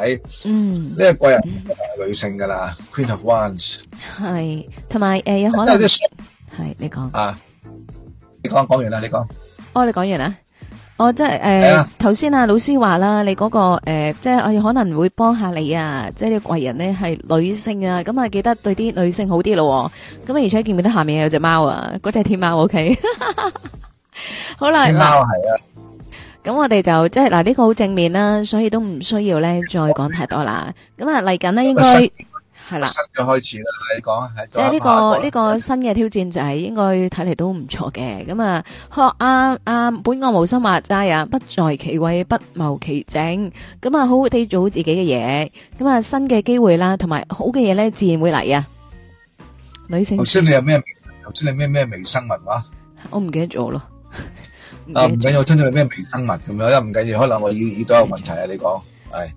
嗯，呢個貴人係女性噶啦，Queen of Wands。係，同埋誒有可能係你講。啊，你講講完啦，你講。哦你講完啦，哦即係誒，頭先啊老師話啦，你嗰個誒，即係我可能會幫下你啊，即係呢貴人咧係女性啊，咁啊記得對啲女性好啲咯。咁啊而且見唔見得下面有隻貓啊？嗰隻天貓，OK。好啦，貓係啊。咁我哋就即係嗱，呢、這個好正面啦，所以都唔需要咧再講太多啦。咁、就是這個這個、啊，嚟緊呢應該係啦，新嘅開始啦。你講即係呢個呢個新嘅挑戰就係應該睇嚟都唔錯嘅。咁啊，學啊，阿本我無心話齋啊，不在其位不謀其政。咁啊，好好地做好自己嘅嘢。咁啊，新嘅機會啦，同埋好嘅嘢咧，自然會嚟啊。女性頭先你有咩？頭先你咩咩微生物啊？我唔記得咗咯。 啊唔緊要，真聽到咩微生物咁樣，一唔緊要，可能我耳耳都有問題啊！你講係、哎，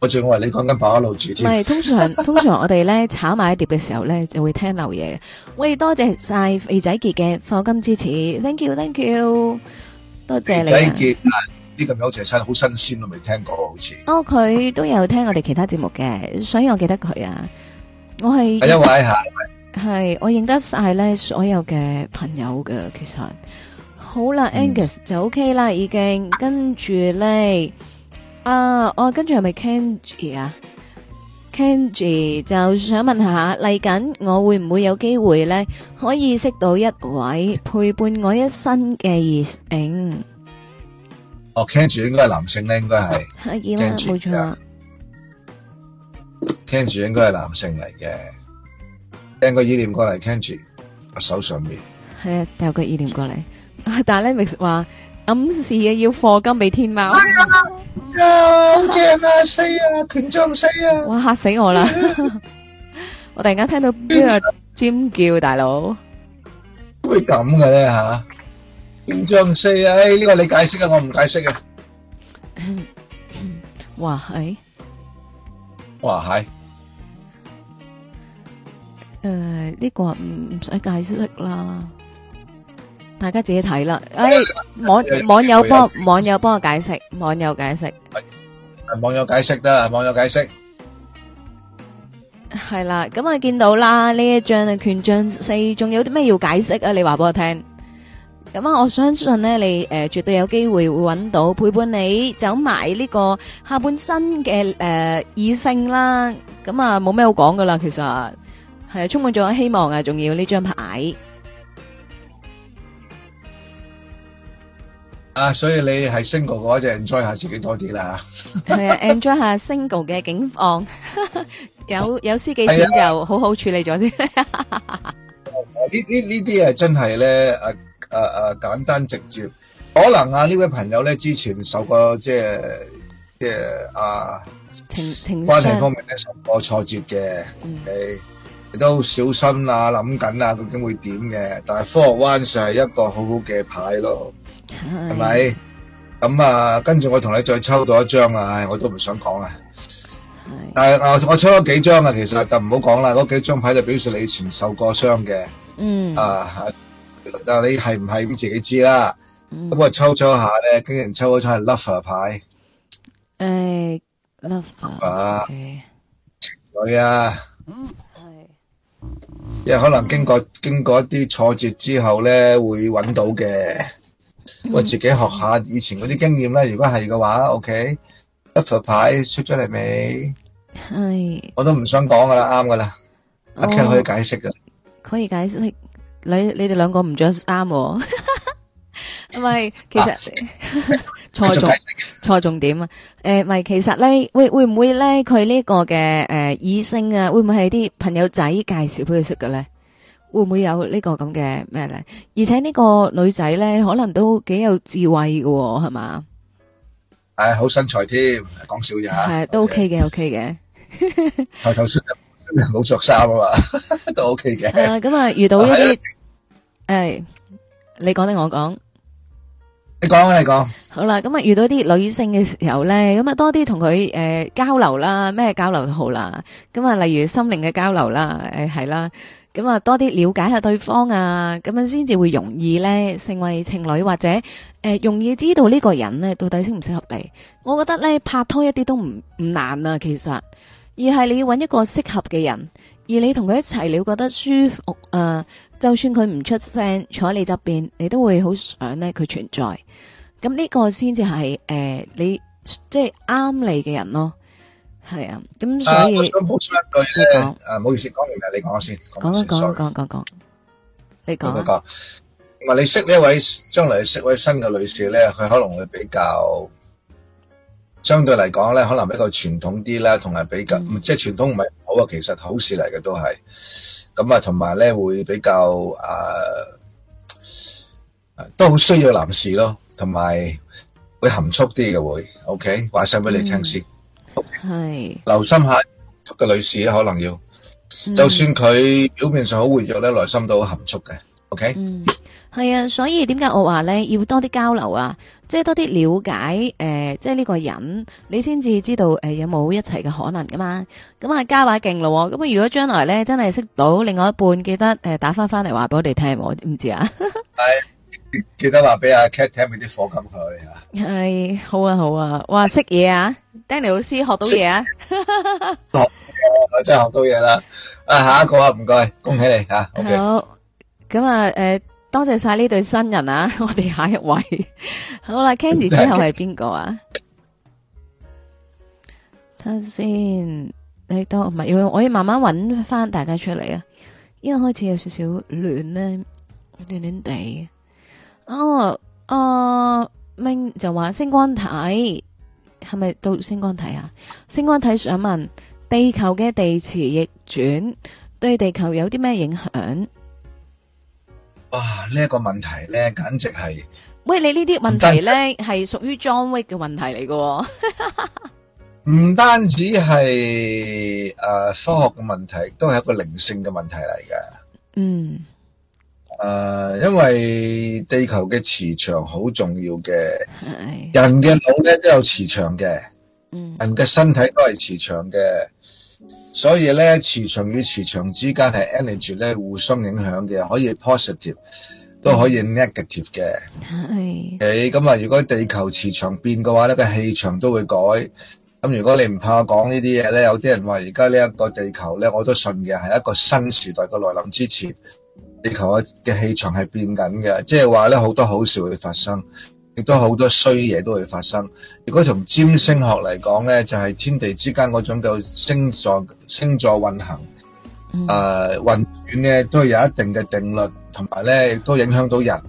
我仲我話你講緊跑路住添。係通常， 通常我哋咧炒埋一碟嘅時候咧，就會聽漏嘢。喂，多謝晒肥仔杰嘅課金支持，thank you，thank you，多謝你、啊。肥仔杰呢咁有請親，好新鮮都未聽過，好似。哦，佢都有聽我哋其他節目嘅，所以我記得佢啊。我係係一位吓，係 我認得晒咧所有嘅朋友嘅，其實。好啦，Angus 就 OK 啦，已經跟住咧啊，我跟住係咪 Kenji 啊？Kenji 就想問下，嚟緊我會唔會有機會咧，可以識到一位陪伴我一生嘅異性？哦，Kenji 應該係男性咧，應該係係嘅，冇錯。Kenji 應該係男性嚟嘅，聽個意念過嚟，Kenji 手上面係啊，帶個意念過嚟。但係咧，咪話暗示嘅要貨金俾天貓。係啊，啊好正啊，四啊，權杖四啊。哇吓死我啦！我突然間聽到邊個尖叫，大佬，會咁嘅咧吓？權杖四啊？誒，呢個你解釋啊，我唔解釋嘅。哇係，哇係。誒，呢個唔唔使解釋啦。大家自己睇啦！誒、哎， 網友幫網友幫網友幫我解釋，網友解釋，係 網友解釋得啦，網友解釋係啦。咁啊，見到啦，呢一張嘅權杖四，仲有啲咩要解釋啊？你話俾我聽。咁啊，我相信咧，你誒、呃、絕對有機會會揾到陪伴你走埋呢個下半生嘅誒異性啦。咁啊，冇咩好講噶啦，其實係充滿咗希望啊！仲要呢張牌。啊，所以你係 single 嘅話就 enjoy 下自己多啲啦。係啊，enjoy 下 single 嘅境況，有有司機先就好好處理咗先。呢呢呢啲係真係咧，誒誒誒，簡單直接。可能啊，呢位朋友咧之前受過即係即係啊情情關係方面咧受過挫折嘅，亦都小心啦，諗緊啦究竟會點嘅。但係 Four Wands 是係一個好好嘅牌咯。係咪咁啊？跟住我同你再抽到一張啊！我都唔想講啦。但係我，我抽咗幾張啊？其實就唔好講啦。嗰幾張牌就表示你以前受過傷嘅。嗯。啊但你係唔係你自己知啦？咁、嗯、我抽咗下咧，竟然抽咗張係 lover 牌。誒，lover。情侶啊。嗯、啊。係。亦可能經過經過一啲挫折之後咧，會揾到嘅。我、嗯、自己學下以前嗰啲經驗咧，如果係嘅話，OK，一副牌出咗嚟未？係，我都唔想講噶啦，啱噶啦，阿、哦、強可以解釋噶，可以解釋。你你哋兩個唔着衫，唔 咪其實錯、啊、 重錯重點啊。誒、呃，唔係，其實咧會會唔會咧佢呢個嘅誒異性啊，會唔會係啲朋友仔介紹俾佢識嘅咧？會唔會有呢個咁嘅咩咧？而且呢個女仔咧，可能都幾有智慧嘅，係嘛？係好身材添，講少嘢。係都 OK 嘅，OK 嘅。頭頭先唔好着衫啊嘛，都 OK 嘅。誒，咁啊，遇到一啲誒，你講定我講？你講，你講。好啦，咁啊，遇到啲女性嘅時候咧，咁啊，多啲同佢誒交流啦，咩交流都好啦。咁啊，例如心靈嘅交流啦，誒，係啦。咁啊，多啲了解下對方啊，咁樣先至會容易呢成為情侶或者誒、呃、容易知道呢個人呢到底適唔適合你。我覺得呢，拍拖一啲都唔唔難啊，其實而係你要搵一個適合嘅人，而你同佢一齊，你覺得舒服啊，呃，就算佢唔出聲坐喺你側邊，你都會好想呢佢存在。咁呢個先至係誒你即係啱你嘅人咯。係啊，咁所以唔好相對咧，誒、啊、唔、啊、好意思，講完嘅，你講先，講講講講講，你講、啊，同埋你識呢一位，將來識位新嘅女士咧，佢可能會比較相對嚟講咧，可能比較傳統啲啦，同埋比較，嗯、即係傳統唔係好啊，其實好事嚟嘅都係，咁啊，同埋咧會比較誒、呃，都好需要男士咯，同埋會含蓄啲嘅會，OK，話晒俾你聽先。嗯係留心下，嘅女士咧可能要，嗯、就算佢表面上好活躍咧，內心都好含蓄嘅。OK，係啊，所以點解我話咧要多啲交流啊，即、就、係、是、多啲了解誒，即係呢個人你先至知道誒、呃、有冇一齊嘅可能噶、啊、嘛。咁啊加把勁咯、哦，咁啊如果將來咧真係識到另外一半，記得誒打翻翻嚟話俾我哋聽，我唔知啊係。 記得話俾阿 Cat 聽金去，俾啲課金佢吓。係好啊，好啊，哇，識嘢啊。 Danny 老師學到嘢啊，學我真係學到嘢啦。啊，下一個啊，唔該，恭喜你吓，啊 okay。好，咁啊，誒、呃，多謝晒呢對新人啊。我哋下一位 好啦 ，Candy 之後係邊個啊？睇下先，你都唔係要，我要慢慢揾翻大家出嚟啊。因為開始有少少亂咧，亂亂地。哦，阿、啊、明就話星光體係咪到星光體啊？星光體想問地球嘅地磁逆轉對地球有啲咩影響？哇！呢、這、一個問題咧，簡直係喂，你呢啲問題咧，係屬於 John Wick 嘅問題嚟嘅。哦，唔 單止係誒、呃、科學嘅問題，都係一個靈性嘅問題嚟嘅，嗯。誒、uh，因為地球嘅磁場好重要嘅，yes. 人嘅腦咧都有磁場嘅，mm. 人嘅身體都係磁場嘅，所以咧磁場與磁場之間係 energy 咧互相影響嘅，可以 positive 都可以 negative 嘅。yes. 咁啊，如果地球磁場變嘅話咧，個氣場都會改。咁如果你唔怕講呢啲嘢咧，有啲人話而家呢一個地球咧，我都信嘅，係一個新時代嘅來臨之前。地球嘅氣場係變緊嘅，即係話咧，好多好事會發生，亦都好多衰嘢都會發生。如果從占星學嚟講咧，就係天地之間嗰種叫星座，星座運行，誒，運轉咧都有一定嘅定律，同埋咧亦都影響到人，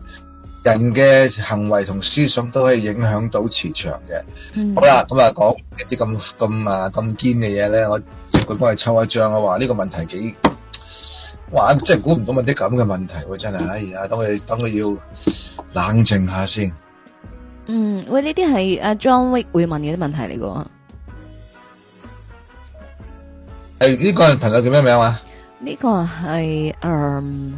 人嘅行為同思想都可以影響到磁場嘅。好啦，咁啊講一啲咁，咁啊，咁堅嘅嘢咧，我即係會幫你抽一張，我話呢個問題幾？哇！真係估唔到問啲咁嘅問題，真係，哎呀，等佢等佢要冷靜下先。嗯，喂，呢啲係阿 John Wick 會問嘅啲問題嚟噶。誒、哎，呢、這個朋友叫咩名、這個嗯、啊？呢個係誒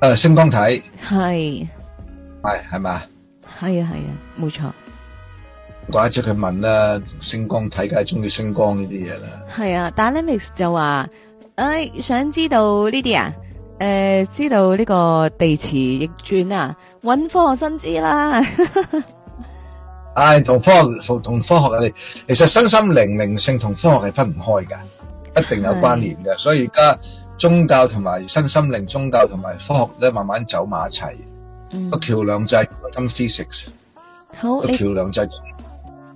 誒，星光體係係係咪啊？係啊係啊，冇錯。怪之得佢問啦、啊，星光體界梗係中意星光呢啲嘢啦。係啊，但係 Alex 就話。唉、哎，想知道呢啲啊？誒、呃，知道呢個地磁逆轉啊？搵科學新知啦！唉、 哎，同科學同科學嘅，你，其實身心靈靈性同科學係分唔開嘅，一定有關聯嘅。所以而家宗教同埋身心靈、宗教同埋科學咧，慢慢走埋一齊，個橋梁劑，金 physics，好個橋梁劑，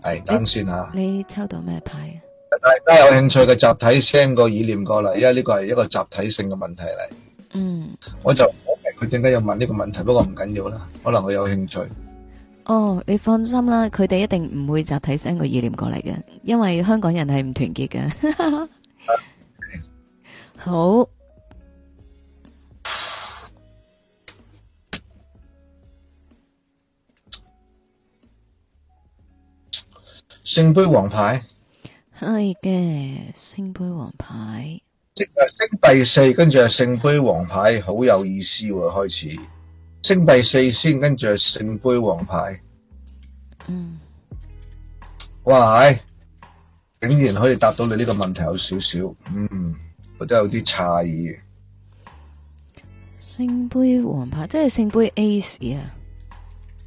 係等先吓。你抽到咩牌？大家有興趣嘅集體聲個意念過嚟，因為呢個係一個集體性嘅問題嚟。嗯，我就唔明佢點解要問呢個問題，不過唔緊要啦。可能佢有興趣。哦，你放心啦，佢哋一定唔會集體聲個意念過嚟嘅，因為香港人係唔團結嘅。好，聖杯王牌。係、哎、嘅，聖杯王牌，星啊星幣四，跟住係聖杯王牌，好有意思喎！開始星幣四先，跟住係聖杯王牌。嗯，哇，竟然可以答到你呢個問題，有少少，嗯，我都有啲詫異。聖杯王牌即係聖杯 A 呀，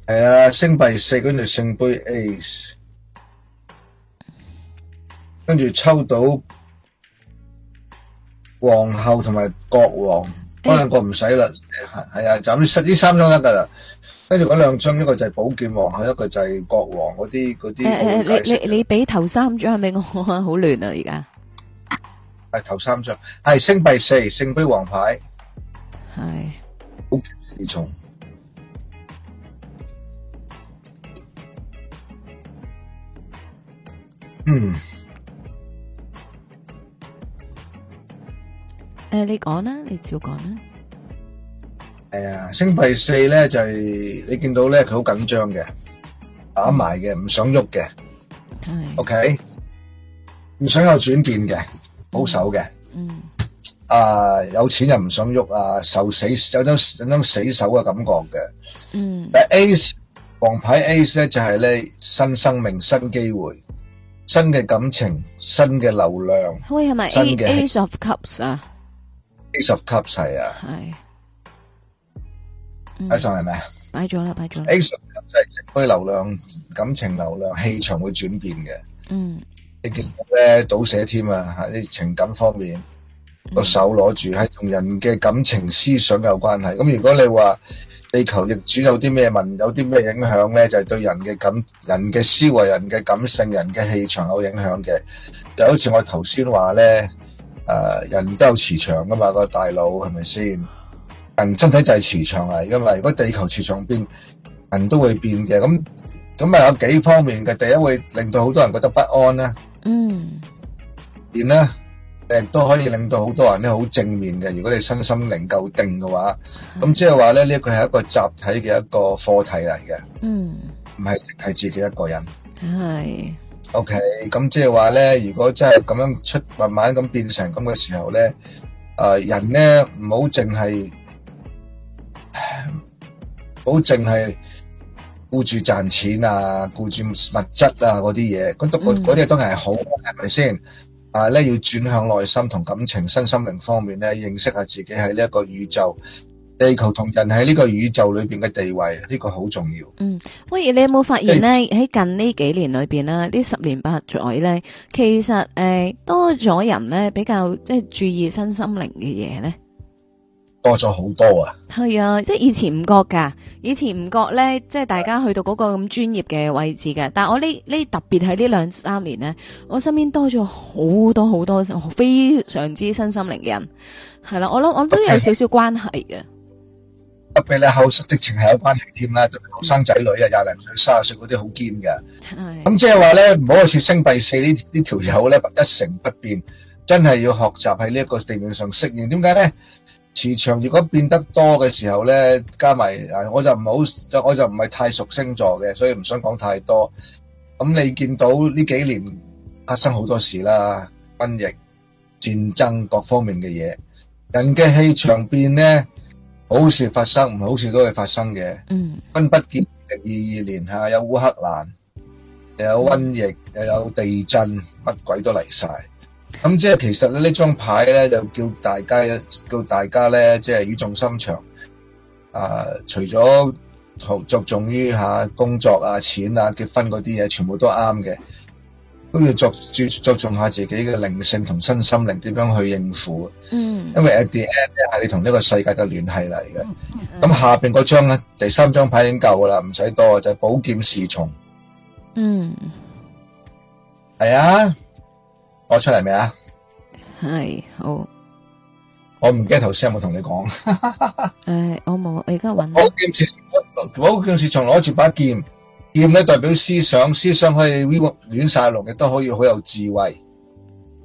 係啊，星、嗯、幣四跟住聖杯 A。跟住抽到皇后同埋國王，嗰兩個唔使啦，係啊，就呢三呢三張得噶啦。跟住嗰兩張，一個就係寶劍皇后，一個就係國王嗰啲嗰啲。誒誒，你你你俾頭三張係咪我？好亂啊，而家係頭三張，係星幣四、聖杯王牌，係。嗯。誒，你講啦，你照講啦。係啊，星幣四咧就係你見到咧，佢好緊張嘅，打埋嘅，唔想喐嘅。係。OK，唔想有轉變嘅，保守嘅。嗯。啊，有錢人唔想喐啊，受死有種有種死守嘅感覺嘅。嗯。誒，Ace，王牌 Ace 咧就係咧新生命、新機會、新嘅感情、新嘅流量。喂，係咪 A Ace of Cups 啊？A 十級勢啊！係，擺上係咪啊？擺咗啦，擺咗啦。A 十級勢，即係流量、感情、流量、氣場會轉變嘅。嗯，你其實咧倒寫添啊，喺啲情感方面，個手攞住，喺同人嘅感情、思想有關係。咁如果你話地球亦主有啲咩問，有啲咩影響咧，就係對人嘅感、人嘅思維、人嘅感性、人嘅氣場有影響嘅。就好似我頭先話咧。誒、啊，人都有磁場噶嘛，個大腦係咪先？人真體就係磁場嚟噶嘛，如果地球磁場變，人都會變嘅。咁咁咪有幾方面嘅，第一會令到好多人覺得不安啦。嗯。然啦，誒都可以令到好多人咧好正面嘅。如果你身心靈夠定嘅話，咁即係話咧，呢、呢個係一個集體嘅一個課題嚟嘅。嗯。唔係係自己一個人。係。O K，咁即係話咧，如果真係咁樣出，慢慢咁變成咁嘅時候咧，誒、呃，人咧唔好淨係，唔好淨係顧住賺錢啊，顧住物質啊嗰啲嘢。咁都嗰啲都係好，係咪先？啊，咧要轉向內心同感情、身心靈方面咧，認識下自己喺呢一個宇宙。地球同人喺呢個宇宙裏邊嘅地位，呢個好重要。嗯，不如你有冇發現咧？喺近呢幾年裏邊啦，呢十年八載咧，其實誒多咗人咧，比較即係注意身心靈嘅嘢咧，多咗好多啊！係啊，即係以前唔覺噶，以前唔覺咧，即係大家去到嗰個咁專業嘅位置嘅。但係我呢呢特別喺呢兩三年咧，我身邊多咗好多好多非常之身心靈嘅人，係啦，我諗我都有少少關係嘅。特別你後生，直情係有關係添啦。後生仔女啊，廿零歲、卅歲嗰啲好堅嘅。咁即係話咧，唔好去說星幣四呢呢條友咧一成不變，真係要學習喺呢一個地面上適應。點解咧？磁場如果變得多嘅時候咧，加埋誒，我就唔好，我就唔係太熟星座嘅，所以唔想講太多。咁你見到呢幾年發生好多事啦，瘟疫、戰爭，各方面嘅嘢，人嘅氣場變咧。好事發生，唔好事都會發生嘅。嗯，分不結敵二二年吓，有烏克蘭，又有瘟疫，又有地震，乜鬼都嚟晒。咁即係其實呢張牌咧，就叫大家叫大家咧，即係語重心長。啊，除咗同着重於吓、啊、工作啊、錢啊、結婚嗰啲嘢，全部都啱嘅。都要注注注重下自己嘅靈性同身心靈點樣去應付。嗯，因為 ADN 係你同呢個世界嘅聯繫嚟嘅。咁下邊嗰張咧，第三張牌已經夠噶啦，唔使多就係寶劍侍從。嗯，係啊，攞出嚟未啊？係好，我唔記得頭先有冇同你講。唉，我冇，我而家揾。寶劍侍從，寶劍侍從攞住把劍。劍咧代表思想，思想可以亂晒龍，亦都可以好有智慧。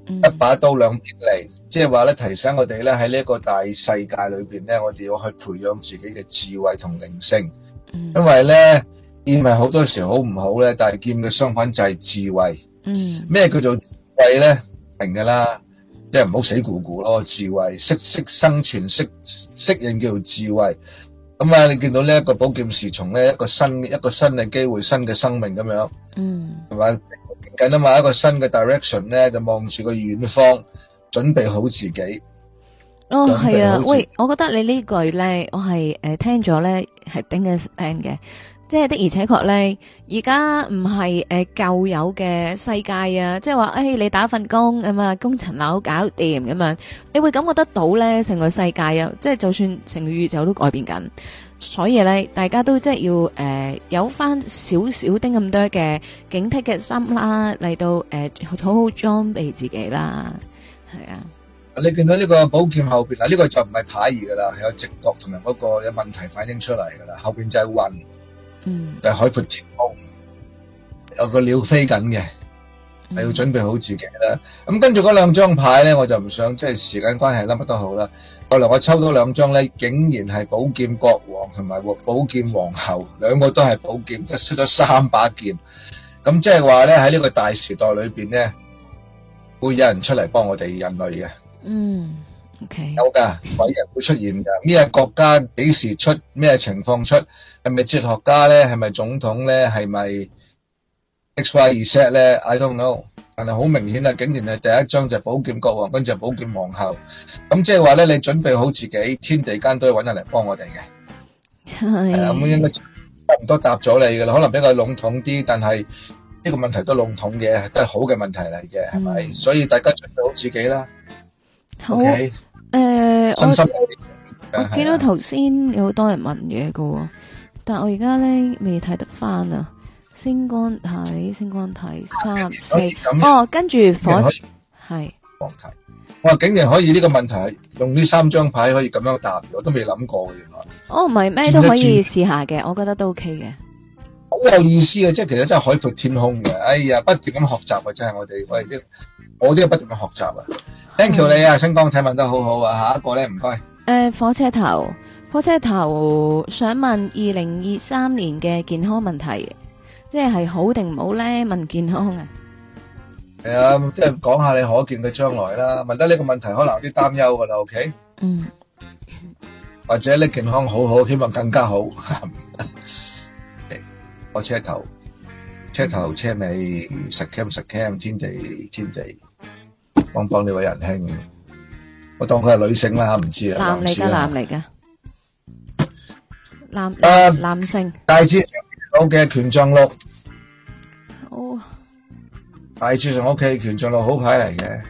Mm. 一把刀兩邊嚟，即係話咧提醒我哋咧喺呢一個大世界裏邊咧，我哋要去培養自己嘅智慧同靈性。Mm. 因為咧劍係好多時候不好唔好咧，但係劍嘅商品就係智慧。嗯，咩叫做智慧咧？明㗎啦，即係唔好死咕咕咯。智慧，識識生存，識適應叫做智慧。咁啊！你見到呢一個寶劍侍從咧，一個新一個新嘅機會，新嘅生命咁樣，嗯，係咪，緊啊嘛，一個新嘅 direction 咧，就望住個遠方，準備好自己。哦，係啊，喂，我覺得你呢句咧，我係誒聽咗咧係頂嘅頂嘅。即係的而且確咧，而家唔係誒舊有嘅世界啊！即係話，誒你打份工咁啊，工程樓搞掂咁啊，你會感覺得到咧，成個世界啊，即係就算成個宇宙都改變緊。所以咧，大家都即係要誒有翻少少丁咁多嘅警惕嘅心啦，嚟到誒好好裝備自己啦。係啊，你見到呢個寶劍後邊嗱，呢個就唔係牌義噶啦，係有直覺同埋嗰個有問題反映出嚟噶啦，後邊就係雲。嗯，但係海闊天空，有個鳥飛緊嘅，你要準備好自己啦。咁跟住嗰兩張牌咧，我就唔想即係時間關係，諗乜都好啦。後來我抽到兩張咧，竟然係寶劍國王同埋寶劍皇后，兩個都係寶劍，即係出咗三把劍。咁即係話咧，喺呢個大時代裏邊咧，會有人出嚟幫我哋人類嘅嗯。有噶，偉人會出現噶。呢個國家幾時出咩情況出？係咪哲學家咧？係咪總統咧？係咪 X Y Z 咧？I don't know。但係好明顯啦，竟然係第一張就係寶劍國王，跟住係寶劍皇后。咁即係話咧，你準備好自己，天地間都要揾人嚟幫我哋嘅。係啊，咁應該差唔多答咗你噶啦？可能比較籠統啲，但係呢個問題都籠統嘅，都係好嘅問題嚟嘅，係咪？所以大家準備好自己啦。好啊。誒、呃，我深深我見、uh, 到頭先有好多人問嘢嘅，uh, 但我而家咧未睇得翻啊！星光睇，星光睇，三四哦，跟住火係。我話竟然可以呢、哦啊、個問題用呢三張牌可以咁樣答，我都未諗過原來。哦，唔係咩都可以試下嘅，我覺得都 OK 嘅。好有意思啊，即係其實真係海闊天空嘅。哎呀，不斷咁學習啊，真係我哋我哋啲。我都要不斷去學習啊！Thank you 你啊，星光提問得好好啊，下一個咧唔該。誒火車頭，火車頭想問二零二三年嘅健康問題，即係好定唔好咧？問健康啊。係啊，即係講下你可見嘅將來啦。問得呢個問題，可能有啲擔憂噶啦。OK。嗯。或者你健康好好，希望更加好。火車頭，車頭車尾，石 cam 石 cam，天地天地。幫幫呢位仁兄，我當佢係女性啦吓，唔知啊。男嚟嘅，男嚟嘅，男啊，男性。大柱從屋企權杖六，好。大柱從屋企權杖六好牌嚟嘅，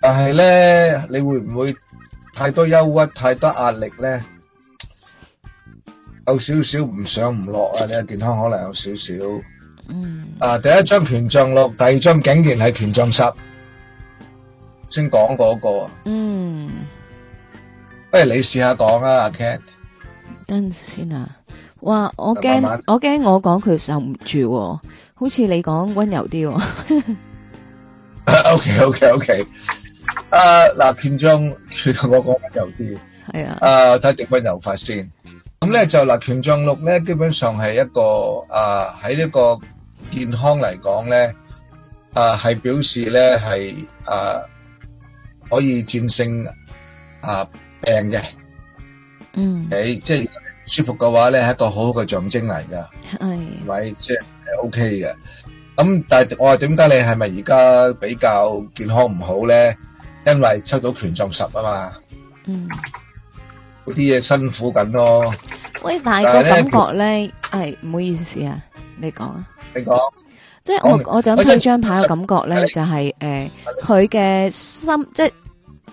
但係咧，你會唔會太多憂鬱、太多壓力咧？有少少唔上唔落啊！你嘅健康可能有少少。嗯，啊，第一張權杖六，第二張竟然係權杖十，先講嗰個。嗯，不如你試下講啊，阿 Ken。等陣先啊，哇，我驚我驚我講佢受唔住，好似你講温柔啲。O K O K O K，誒，嗱，權杖其實我講温柔啲。係啊。誒，睇點温柔法先。咁咧就嗱，權杖六咧，基本上係一個啊，喺呢個健康嚟講咧，啊係表示咧係啊可以戰勝啊病嘅，嗯，你即係舒服嘅話咧，係一個好好嘅象徵嚟噶，係咪即係 OK 嘅？咁但係我話點解你係咪而家比較健康唔好咧？因為抽到權杖十啊嘛，嗯。嗰啲嘢辛苦緊咯。喂，但係個，感覺咧係唔好意思啊，你講啊，你講，即係我我想睇張牌嘅感覺咧，就係誒，佢嘅心即係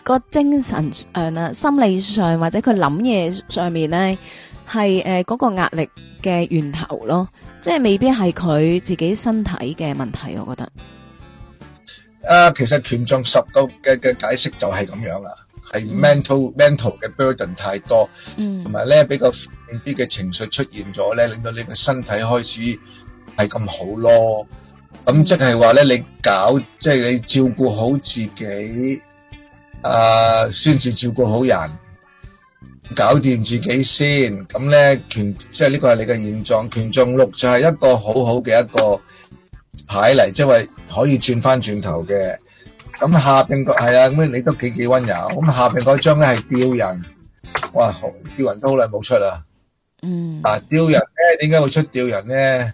個精神誒啦，心理上或者佢諗嘢上面咧係誒嗰個壓力嘅源頭咯，即係未必係佢自己身體嘅問題，我覺得。啊，其實權杖十個嘅嘅解釋就係咁樣啦。係 mental mental 嘅 burden 太多，同埋咧比較負面啲嘅情緒出現咗咧，令到你嘅身體開始唔係咁好咯。咁即係話咧，你搞即係你照顧好自己，啊，先至照顧好人，搞掂自己先。咁咧，權即係呢個係你嘅現狀，權杖六就係一個好好嘅一個牌嚟，即係可以轉返轉頭嘅。咁下邊個係啊？咁你都幾幾溫柔。咁下邊嗰張咧係吊人，哇！吊人都好耐冇出啦。嗯。啊，吊人咧，點解會出吊人咧？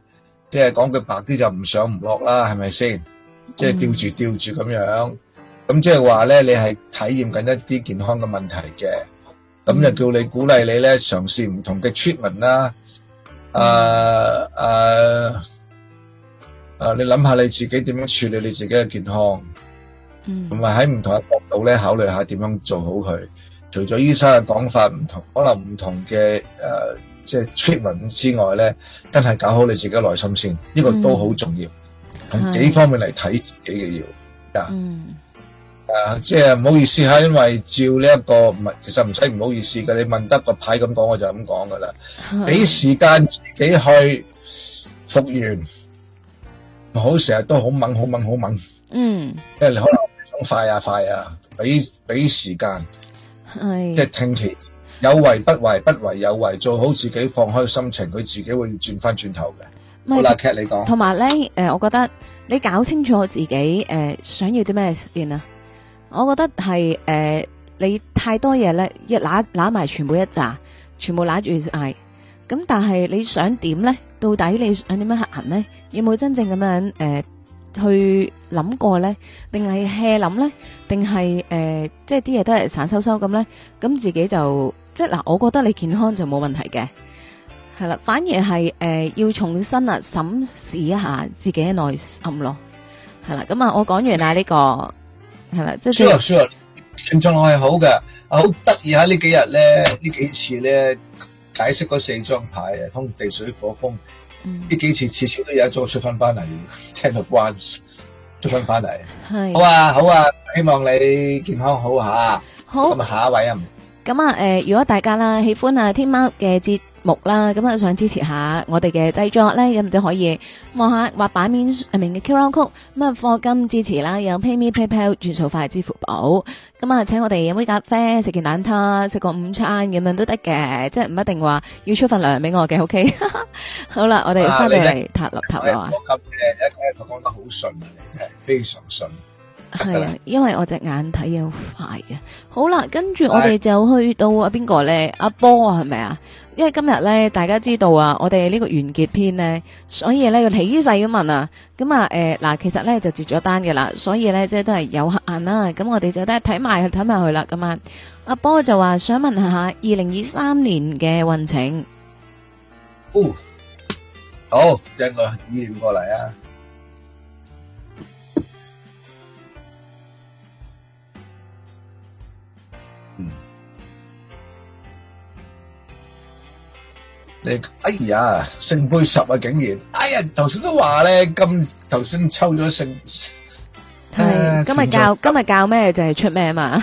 即係講句白啲就唔上唔落啦，係咪先？即係吊住吊住咁樣。咁即係話咧，你係體驗緊一啲健康嘅問題嘅。咁就叫你鼓勵你咧，嘗試唔同嘅 treatment 啦。誒誒誒，你諗下你自己點樣處理你自己嘅健康？同埋喺唔同嘅角度咧，考慮下點樣做好佢。除咗醫生嘅講法唔同，可能唔同嘅誒，即係 Treatment 之外咧，真係搞好你自己內心先，呢個都好重要。從幾方面嚟睇自己嘅要啊，啊，即係唔好意思吓，因為照呢一個唔係，其實唔使唔好意思嘅，你問得個牌咁講，我就咁講噶啦。俾時間自己去復原，唔好成日都好猛，好猛，好猛。嗯，即係你可能。快啊！快啊！快啊！俾俾時間，即係聽其有為不為不為有為，做好自己，放開心情，佢自己會轉翻轉頭嘅。好啦，Kate，你講。同埋咧，誒、呃，我覺得你搞清楚自己誒、呃，想要啲咩先啊？我覺得係誒、呃，你太多嘢咧，一攞攞埋全部一扎，全部攞住嗌，咁但係你想點咧？到底你想點樣行呢？有冇真正咁樣誒？呃去諗過咧，定係 hea 諗咧，定係誒，即係啲嘢都係散收收咁咧，咁自己就即係嗱，我覺得你健康就冇問題嘅，係啦，反而係誒要重新啊審視一下自己嘅內心咯，係啦，咁啊，我講完啦，呢個係啦，即係。舒啊舒啊，印象係好嘅，好得意啊！呢幾日咧，呢幾次咧，解釋嗰四張牌誒，風地水火風。呢、嗯、幾次次少都有一做出翻翻嚟，Ten of Wands 出翻翻嚟，好啊好啊，希望你健康好嚇、啊，好咁啊下一位啊，咁啊誒，如果大家啦喜歡啊天喵嘅節。目啦，咁啊想支持下我哋嘅製作咧，咁就可以望下畫版面名嘅 QR Code，咁啊課金支持啦，有 PayMe PayPal，轉數快支付寶，咁啊請我哋飲杯咖啡，食件蛋撻，食個午餐咁樣都得嘅，即係唔一定話要出份糧俾我嘅，OK， 好啦，我哋翻嚟塔立塔啊。非常係 啊，因為我隻眼睇嘢好快啊。好啦，跟住我哋就去到阿邊個呢？哎、阿波啊，係咪啊？因為今日呢，大家知道啊，我哋呢個完結篇呢，所以呢，要起勢咁問啊。咁啊，誒、呃、嗱，其實呢，就截咗單嘅啦，所以呢，即係都係有黑眼啦。咁我哋就得睇埋去睇埋去啦。咁啊，阿波就話想問一下二零二三年嘅運程。哦，哦好，正哥，二點過嚟啊！你哎呀聖杯十啊竟然哎呀頭先都話咧今頭先抽咗聖係今日教今日教咩就係出咩嘛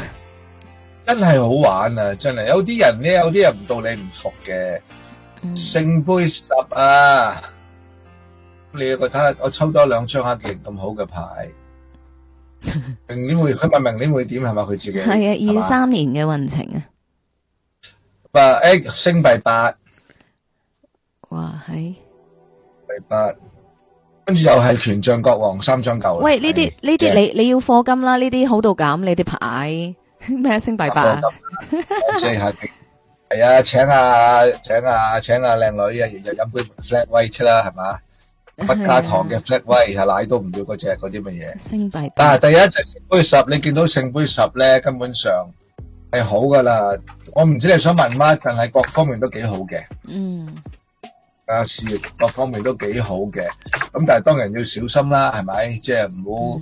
真係好玩啊真係有啲人咧有啲人唔到你唔服嘅聖杯十啊你要佢睇下我抽多兩張吓見咁好嘅牌明年會佢問明年會點係咪佢自己係啊二三年嘅運程啊八 A 星幣八。哇！係八，跟住又係權杖國王，三張夠啦。喂，呢啲呢啲你你要貨金啦。呢啲好到咁，你哋派咩星幣八？係啊，請啊，請啊，請啊，靚女啊，日日飲杯 flat 威出啦，係嘛？不加糖嘅 flat 威係奶都唔要嗰隻嗰啲乜嘢星幣。嗱，第一杯十，你見到聖杯十咧，根本上係好噶啦。我唔知你想問乜，但係各方面都幾好嘅。嗯。啊！事業各方面都幾好嘅，咁但係當然要小心啦，係咪？即係唔好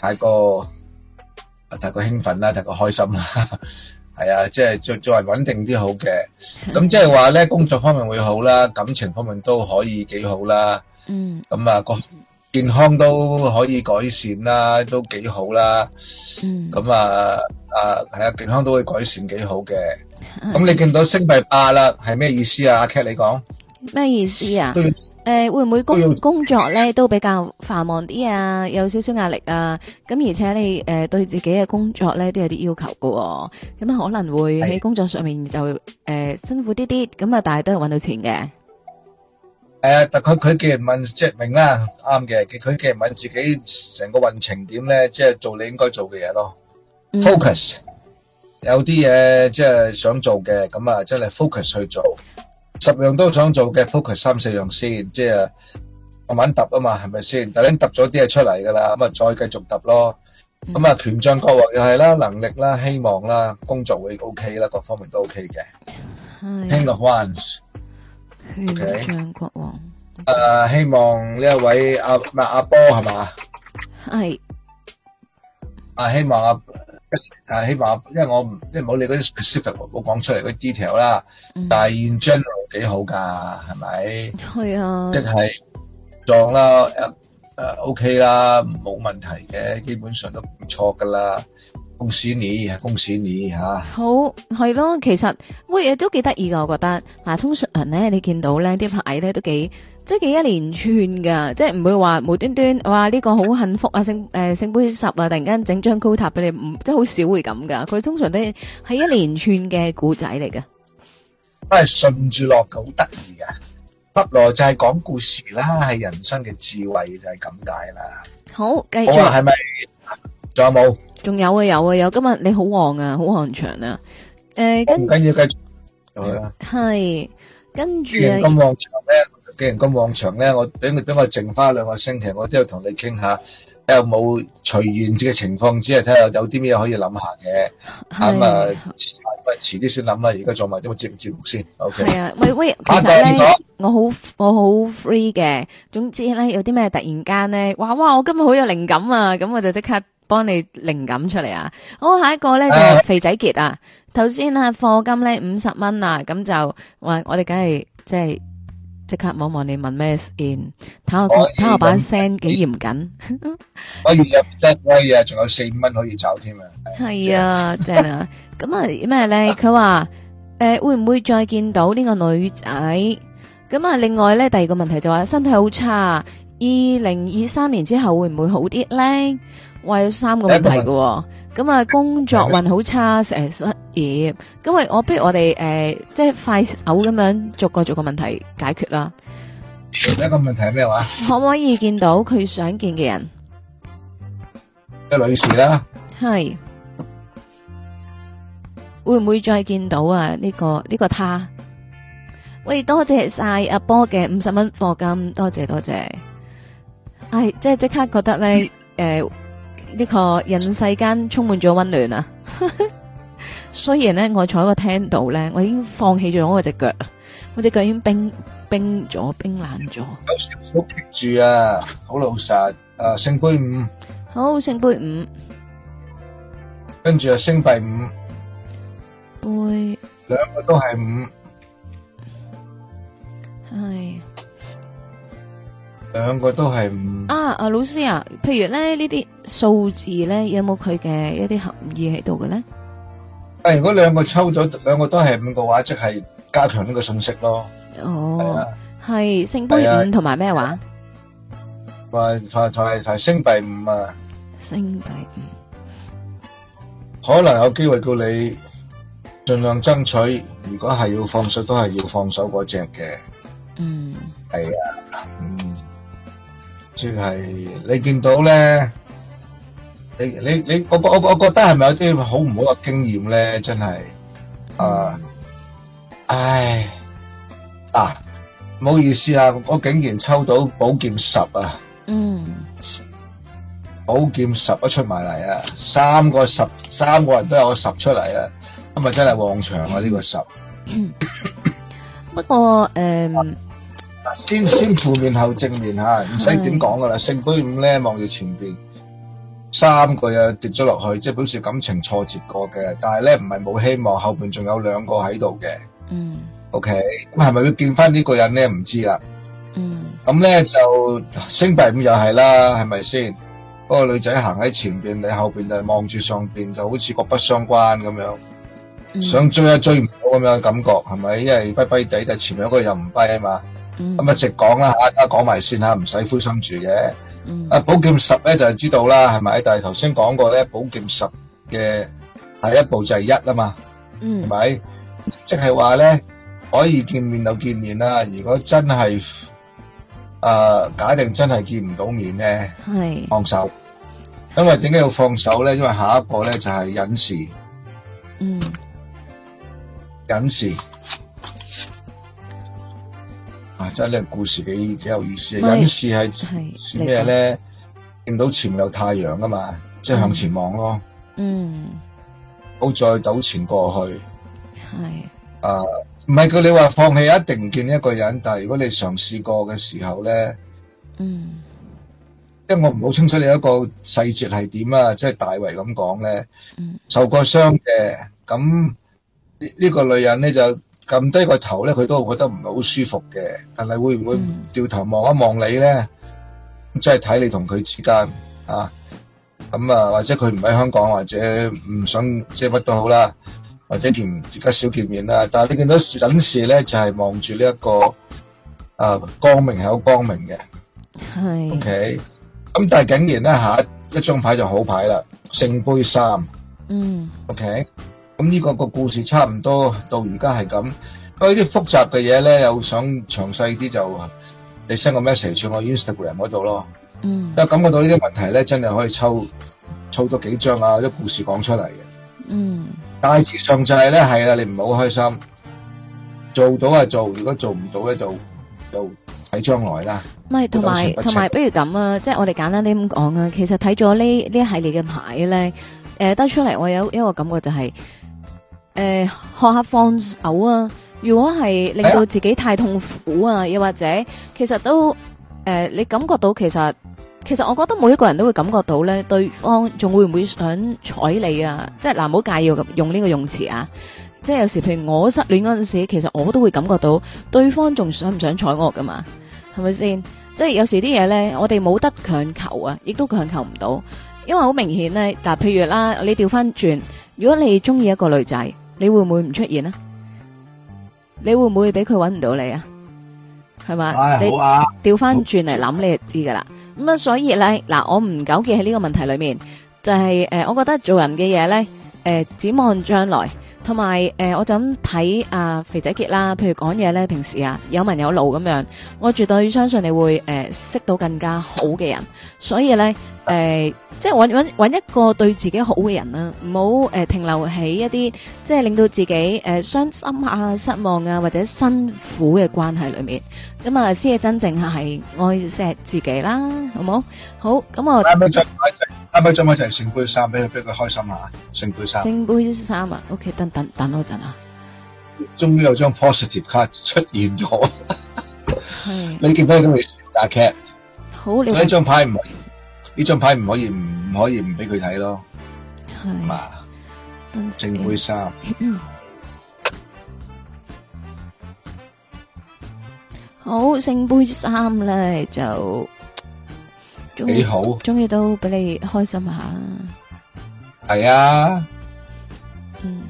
太過太過興奮啦，太過開心啦，係啊，即係做做人穩定啲好嘅。咁即係話咧，工作方面會好啦，感情方面都可以幾好啦。嗯，咁啊，個健康都可以改善啦，都幾好啦。嗯，咁啊，啊係啊，健康都會改善，幾好嘅。咁你見到星幣八啦，係咩意思啊？阿 K，你講。咩意思啊？誒、呃，會唔會工工作咧都比較繁忙啲啊？有少少壓力啊！咁而且你誒、呃，對自己嘅工作咧都有啲要求嘅、哦，咁啊可能會喺工作上面就誒、呃、辛苦啲啲，咁啊但係都係搵到錢嘅。誒、呃，但佢佢既然問即明啦，啱嘅，佢佢既然問自己成個運程點咧，即係做你應該做嘅嘢咯。Mm. Focus，有啲嘢即係想做嘅，咁啊即係你 focus 去做。十樣都想做嘅，focus 三四樣先，即係慢慢揼啊嘛，係咪先？但係你揼咗啲嘢出嚟噶啦，咁啊再繼續揼咯。咁啊，權杖國王又係啦，能力啦，希望啦，工作會 OK 啦，各方面都 OK 嘅。King of Wands，權杖國王。誒，希望呢一位阿唔係阿波係嘛？係。啊，希望阿。啊，起碼因為我唔即係冇理嗰啲 specific 冇講出嚟嗰啲 detail 啦，但係 in general 幾好噶，係咪？係啊，即係撞啦，誒誒，OK 啦，冇問題嘅，基本上都唔錯噶啦，恭喜你，恭喜你吓。好，係咯，其實喂都幾得意噶，我覺得。啊，通常咧你見到咧啲牌咧都幾。即係幾一連串噶即係唔會話無端端話呢個好幸福啊！聖誒聖杯十啊，突然間整張高塔俾你，唔即係好少會咁噶。佢通常都係一連串嘅故仔嚟噶，都係順住落嘅，好得意噶，不落就係講故事啦。係人生嘅智慧就係咁解啦。好，繼續好啊，係咪？仲有冇？仲有啊，有啊，有。今日你好旺啊，好旺場啊。誒，跟住繼續，係跟住咁旺場咧。既然咁旺場咧，我等佢等我剩翻兩個星期，我都要同你傾下，有冇隨緣嘅情況？只係睇下有啲咩可以諗下嘅。咁啊，唔係遲啲先諗啦，而家做埋啲乜節目先？O K。係啊，喂喂，其實咧，我好我好 free 嘅。總之咧，有啲咩突然間咧，哇哇，我今日好有靈感啊！咁我就即刻幫你靈感出嚟啊！好，下一個咧就係肥仔傑啊！頭先啊，課金咧五十蚊啊，咁就話我哋梗係即係。即刻望望你問咩 in，睇我睇我把聲幾嚴謹。可以入得威啊，仲有四蚊可以走添啊。係啊，正啊。咁啊咩咧？佢話誒會唔會再見到呢個女仔？咁啊另外咧第二個問題就話身體好差。二零二三年之後會唔會好啲咧？話、哦、有三個問題嘅、哦，咁啊、嗯、工作運好差，成日失業。咁我不如我哋誒，我我呃、即係快手咁樣逐個逐個問題解決啦。第一個問題係咩話？可唔可以見到佢想見嘅人？個女士啦，係會唔會再見到啊？呢、這個呢、這個他。喂，多謝晒阿、啊、波嘅五十蚊課金，多謝多謝。唉、哎，即係即刻覺得咧，誒、呃。嗯呢個人世間充滿咗溫暖啊！ 雖然咧，我坐喺個廳度咧，我已經放棄咗我隻腳，我隻腳已經冰冰咗、冰冷咗。好住啊！好老實，誒，聖杯五，好聖杯五，跟住又星幣五杯，兩個都係五，係、哎。兩個都係五啊！阿老師啊，譬如咧呢啲數字咧，有冇佢嘅一啲含義喺度嘅咧？誒，如果兩個抽咗兩個都係五嘅話，即係加強呢個信息咯。哦，係星幣五同埋咩話？話話話話星幣五啊！星幣五，可能有機會叫你盡量爭取。如果係要放手，都係要放手嗰隻嘅。嗯，係啊，嗯。即係你見到咧，你你你，我我我覺得係咪有啲好唔好嘅經驗咧？真係，啊，唉，啊，唔好意思啊，我竟然抽到寶劍十啊！嗯，寶劍十都出埋嚟啊，三個十，三個人都有個十出嚟啊，咁啊真係旺場啊呢個十。嗯，不過誒。先先負面後正面吓，唔使點講噶啦。聖杯五咧望住前邊，三個又跌咗落去，即係表示感情挫折過嘅。但係咧唔係冇希望，後邊仲有兩個喺度嘅。嗯，OK，咁係咪要見翻呢個人咧？唔知啦。嗯，咁咧就星幣五又係啦，係咪先？嗰個女仔行喺前邊，你後邊就望住上邊，就好似各不相關咁樣，想追又追唔到咁樣嘅感覺，係咪？因為跛跛地，但係前面一個又唔跛啊嘛。咁啊，直講啦吓，大家講埋先吓，唔使灰心住嘅。啊，寶劍十咧就係知道啦，係咪？但係頭先講過咧，寶劍十嘅下一步就係一啊嘛，係咪？即係話咧可以見面就見面啦，如果真係誒假定真係見唔到面咧，放手。因為點解要放手咧？因為下一步咧就係隱士。嗯，隱士。啊，真係個故事幾幾有意思。有啲事係，係咩咧？見到前面有太陽啊嘛，嗯、即係向前望咯。嗯，好再倒前過去。係。啊，唔係佢你話放棄一定唔見一個人，但係如果你嘗試過嘅時候咧，嗯，因為我唔好清楚你一個細節係點啊，即係大為咁講咧，受過傷嘅，咁呢、這個女人咧就。撳低個頭咧，佢都覺得唔係好舒服嘅，但係會唔會掉頭望一望你咧？咁即係睇你同佢之間啊，咁啊或者佢唔喺香港，或者唔想即係乜都好啦，或者見而家少見面啦。但係你見到隱士咧，就係望住呢一個啊光明係好光明嘅，係 OK。咁但係竟然咧，下一張牌就好牌啦，聖杯三，嗯 OK。咁呢個個故事差唔多，到而家係咁。不過啲複雜嘅嘢咧，又想詳細啲就你 send 個 message，去我 Instagram 嗰度咯。嗯，就感覺到呢啲問題咧，真係可以抽抽多幾張啊，啲故事講出嚟嘅。嗯，大致上就係咧係啦，你唔好開心，做到啊做，如果做唔到咧就就睇將來啦。唔係，同埋同埋，不如咁啊，即係我哋簡單啲咁講啊。其實睇咗呢呢一系列嘅牌咧，誒，得出嚟我有一個感覺就係。誒、呃，學下放手啊！如果係令到自己太痛苦啊，又或者其實都誒、呃，你感覺到其實，其實我覺得每一個人都會感覺到咧，對方仲會唔會想睬你啊？即係嗱，唔、啊、好介意用呢個用詞啊！即係有時譬如我失戀嗰陣時，其實我都會感覺到對方仲想唔想睬我噶、啊、嘛？係咪先？即係有時啲嘢咧，我哋冇得強求啊，亦都強求唔到，因為好明顯咧、啊。嗱，譬如啦，你調翻轉，如果你中意一個女仔，你會唔會唔出現呢？你會唔會俾佢搵唔到你啊？係嘛，你調翻轉嚟諗，你就知噶啦。咁啊，所以咧嗱，我唔糾結喺呢個問題裏面，就係誒，我覺得做人嘅嘢咧，誒，指望將來。同埋誒，我就咁睇阿、啊、肥仔杰啦，譬如講嘢咧，平時啊有文有路咁樣，我絕對相信你會誒、呃、識到更加好嘅人，所以咧誒、呃，即係搵揾一個對自己好嘅人啦、啊，唔好、呃、停留喺一啲即係令到自己誒、呃、傷心啊、失望啊或者辛苦嘅關係裏面，咁啊先至真正係愛錫自己啦，好冇？好咁我。啊啱啱將聖杯三俾佢，俾佢開心下。聖杯三。聖杯三啊，OK，等等等多陣啊。終於有張 positive card 出現咗。係、 啊。你見到佢打 card。好。所以張牌唔呢張牌唔可以唔可以唔俾佢睇咯。係、啊。嘛。聖杯三。 好，聖杯三咧就。你好，終於都俾你開心下。係啊，嗯，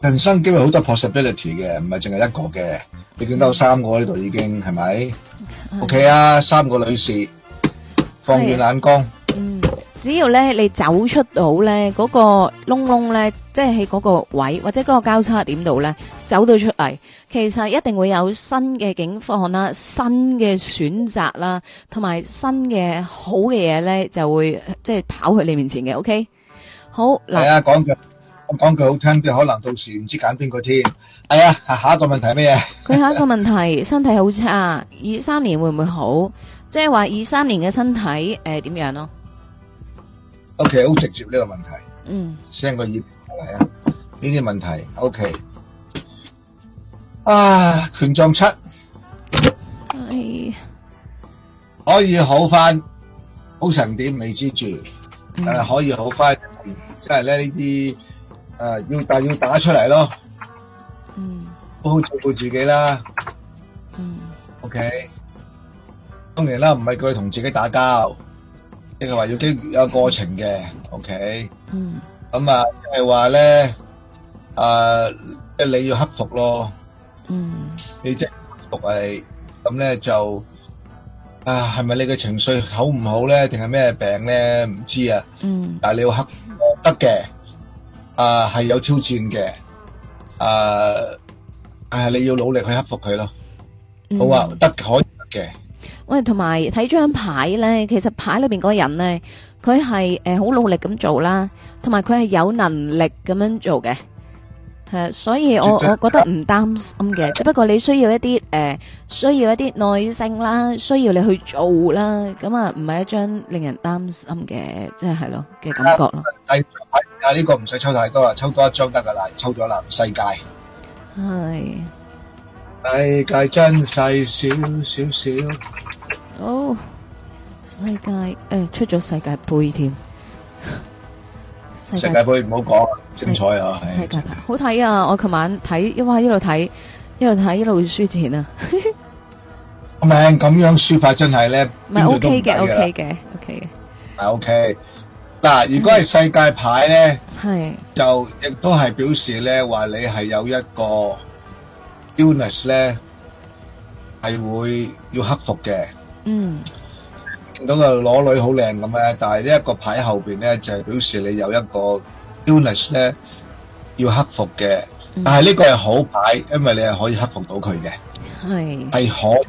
人生機會好多 possibility 嘅，唔係淨係一個嘅。你見到三個呢度已經係咪？嗯。OK 啊，三個女士，放遠眼光。只要咧，你走出到咧嗰個窿窿咧，即係喺嗰個位或者嗰個交叉點度咧，走到出嚟，其實一定會有新嘅境況啦、新嘅選擇啦，同埋新嘅好嘅嘢咧，就會即係跑去你面前嘅。OK，好嗱，係啊，講句講句好聽啲，可能到時唔知揀邊個添。係啊，下下一個問題係咩嘢？佢下一個問題，身體好差，二三年會唔會好？即係話二三年嘅身體誒點樣咯？O.K. 好，直接呢個問題，嗯，三個月係咪啊？呢啲問題，O.K. 啊，權杖七，可以可以好返，好沉澱未知住，誒，可以好返，即係咧呢啲誒，要但要打出嚟咯，嗯，好好照顧自己啦，嗯，O.K. 當然啦，唔係叫你同自己打交。即係話要經有個過程嘅，OK，嗯，咁啊，即係話咧，啊，即係你要克服咯，嗯，你即係克服係，咁咧就啊，係咪你嘅情緒好唔好咧？定係咩病咧？唔知啊，嗯，但係你要克服得嘅，啊，係有挑戰嘅，啊，係你要努力去克服佢咯，好啊，得可以嘅。喂，同埋睇張牌咧，其實牌裏邊嗰個人咧，佢係誒好努力咁做啦，同埋佢係有能力咁樣做嘅，係，所以我我覺得唔擔心嘅，只不過你需要一啲誒需要一啲耐性啦，需要你去做啦，咁啊唔係一張令人擔心嘅，即係係咯嘅感覺咯。係啊，呢個唔使抽太多啦，抽多一張得㗎啦，抽咗啦世界。係。世界真細少少少，哦世界誒出咗世界杯添，世界杯唔好講精彩啊！世界牌好睇啊！我琴晚睇，哇一路睇一路睇一路輸錢啊！咪咁樣輸法真係咧，O K 嘅 O K 嘅 O K 嘅，係 O K。嗱，如果係世界牌咧，係就亦都係表示咧話你係有一個。illness 咧係會要克服嘅，嗯，見到個裸女好靚咁咧，但係呢一個牌後邊咧就係表示你有一個 illness 咧要克服嘅，但係呢個係好牌，因為你係可以克服到佢嘅，係係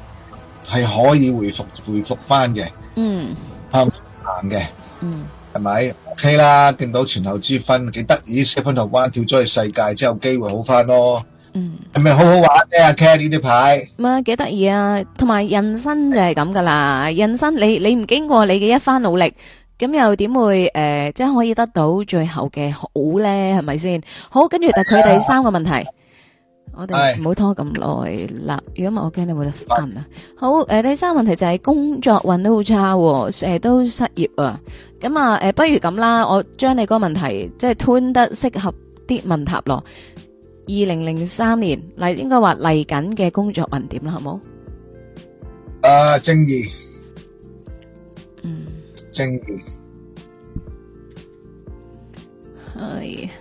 可係可以恢復恢復翻嘅，嗯，啱啱嘅，嗯，係咪？O K 啦，見到前後之分，幾得意，四分頭彎跳咗去世界之後，機會好翻咯。係咪好好玩咧？啊，睇下呢啲牌，咪幾得意啊！同埋人生就係咁噶啦，人生你你唔經過你嘅一番努力，咁又點會誒，即係可以得到最後嘅好咧？係咪先？好，跟住答佢第三個問題，我哋唔好拖咁耐啦，如果唔係我驚你冇得翻啊！好，誒，第三個問題就係工作運都好差，成日都失業啊！咁啊，誒，不如咁啦，我將你嗰個問題即係吞得適合啲問答咯。二零零三年嚟，應該話嚟緊嘅工作運點啦，好冇？誒，正義，嗯，正義，哎，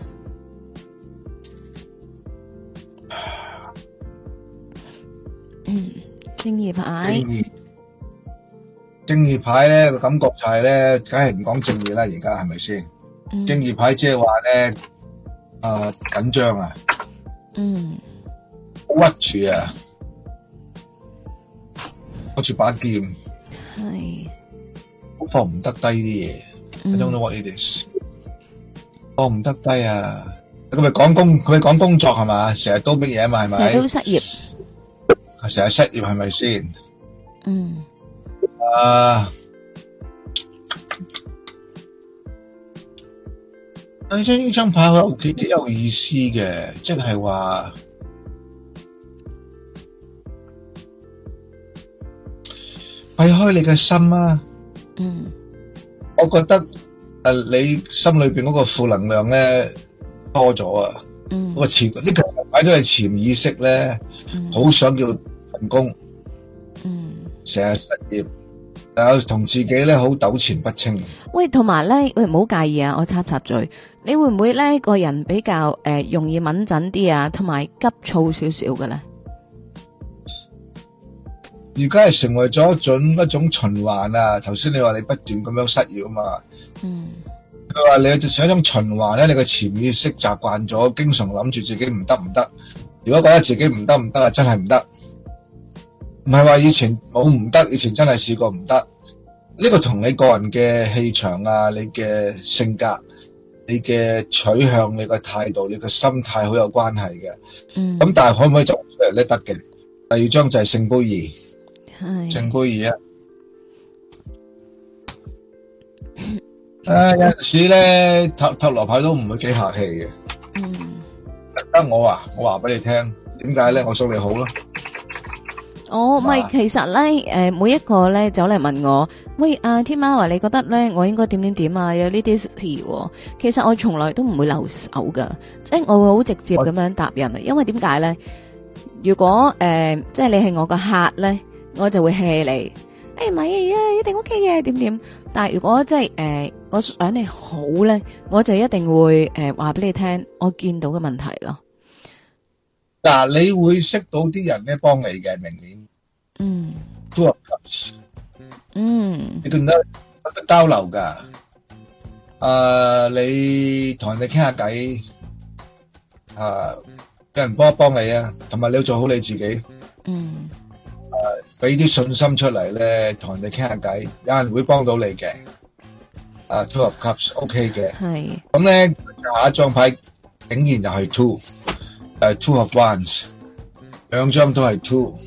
嗯，正義牌，正義，正義牌咧個感覺就係咧，梗係唔講正義啦，而家係咪先？正義牌即係話咧，誒，緊張啊！嗯，好屈住啊！攞住把劍，係，我放唔得低啲嘢，唔知放唔得低啊！佢咪講工，佢咪講工作係嘛？成日都乜嘢啊嘛，係咪？成日都失業，成日失業係咪先？嗯，啊。但將張呢張牌有幾啲有意思嘅，即係話避開你嘅心啊。嗯，我覺得誒、啊，你心裏邊嗰個負能量咧多咗啊。嗯，這個潛呢個牌都係潛意識咧，好想叫份工。嗯，成日、嗯、失業，有同自己咧好糾纏不清。喂，同埋咧，喂，唔好介意啊，我插插嘴，你會唔會咧個人比較誒、呃、容易敏感啲啊，同埋急躁少少嘅咧？而家係成為咗一種一種循環啊！頭先你話你不斷咁樣失業啊嘛，嗯，佢話你就成一種循環咧，你個潛意識習慣咗，經常諗住自己唔得唔得，如果覺得自己唔得唔得啊，真係唔得，唔係話以前冇唔得，以前真係試過唔得。呢個同你個人嘅氣場啊，你嘅性格、你嘅取向、你嘅態度、你嘅心態好有關係嘅。嗯，咁但係可唔可以就呢得嘅？第二張就係聖杯二，聖杯二啊！啊，有陣時咧，塔塔羅牌都唔會幾客氣嘅。嗯，得我啊，我話俾你聽，點解咧？我祝你好啦。我唔係，其實咧，誒，每一個咧走嚟問我，喂，阿天喵話你覺得咧，我應該點點點啊？有呢啲事，其實我從來都唔會留手噶即係我會好直接咁樣答人。因為點解咧？如果誒，即係你係我個客咧，我就會 hea 你，誒，唔係啊，一定 OK 嘅，點點。但係如果即係誒，我想你好咧，我就一定會誒話俾你聽，我見到嘅問題咯。嗱，你會識到啲人咧，幫你嘅明顯。嗯。嗯。你同得得交流噶。啊，你同人哋傾下偈。啊，有人幫一幫你啊，同埋你要做好你自己。嗯。啊，俾啲信心出嚟，咧，同人哋傾下偈，有人會幫到你嘅。啊，two cups，OK 嘅。係。咁咧，下一張牌竟然就係 two。係 two of ones，兩張都係 two，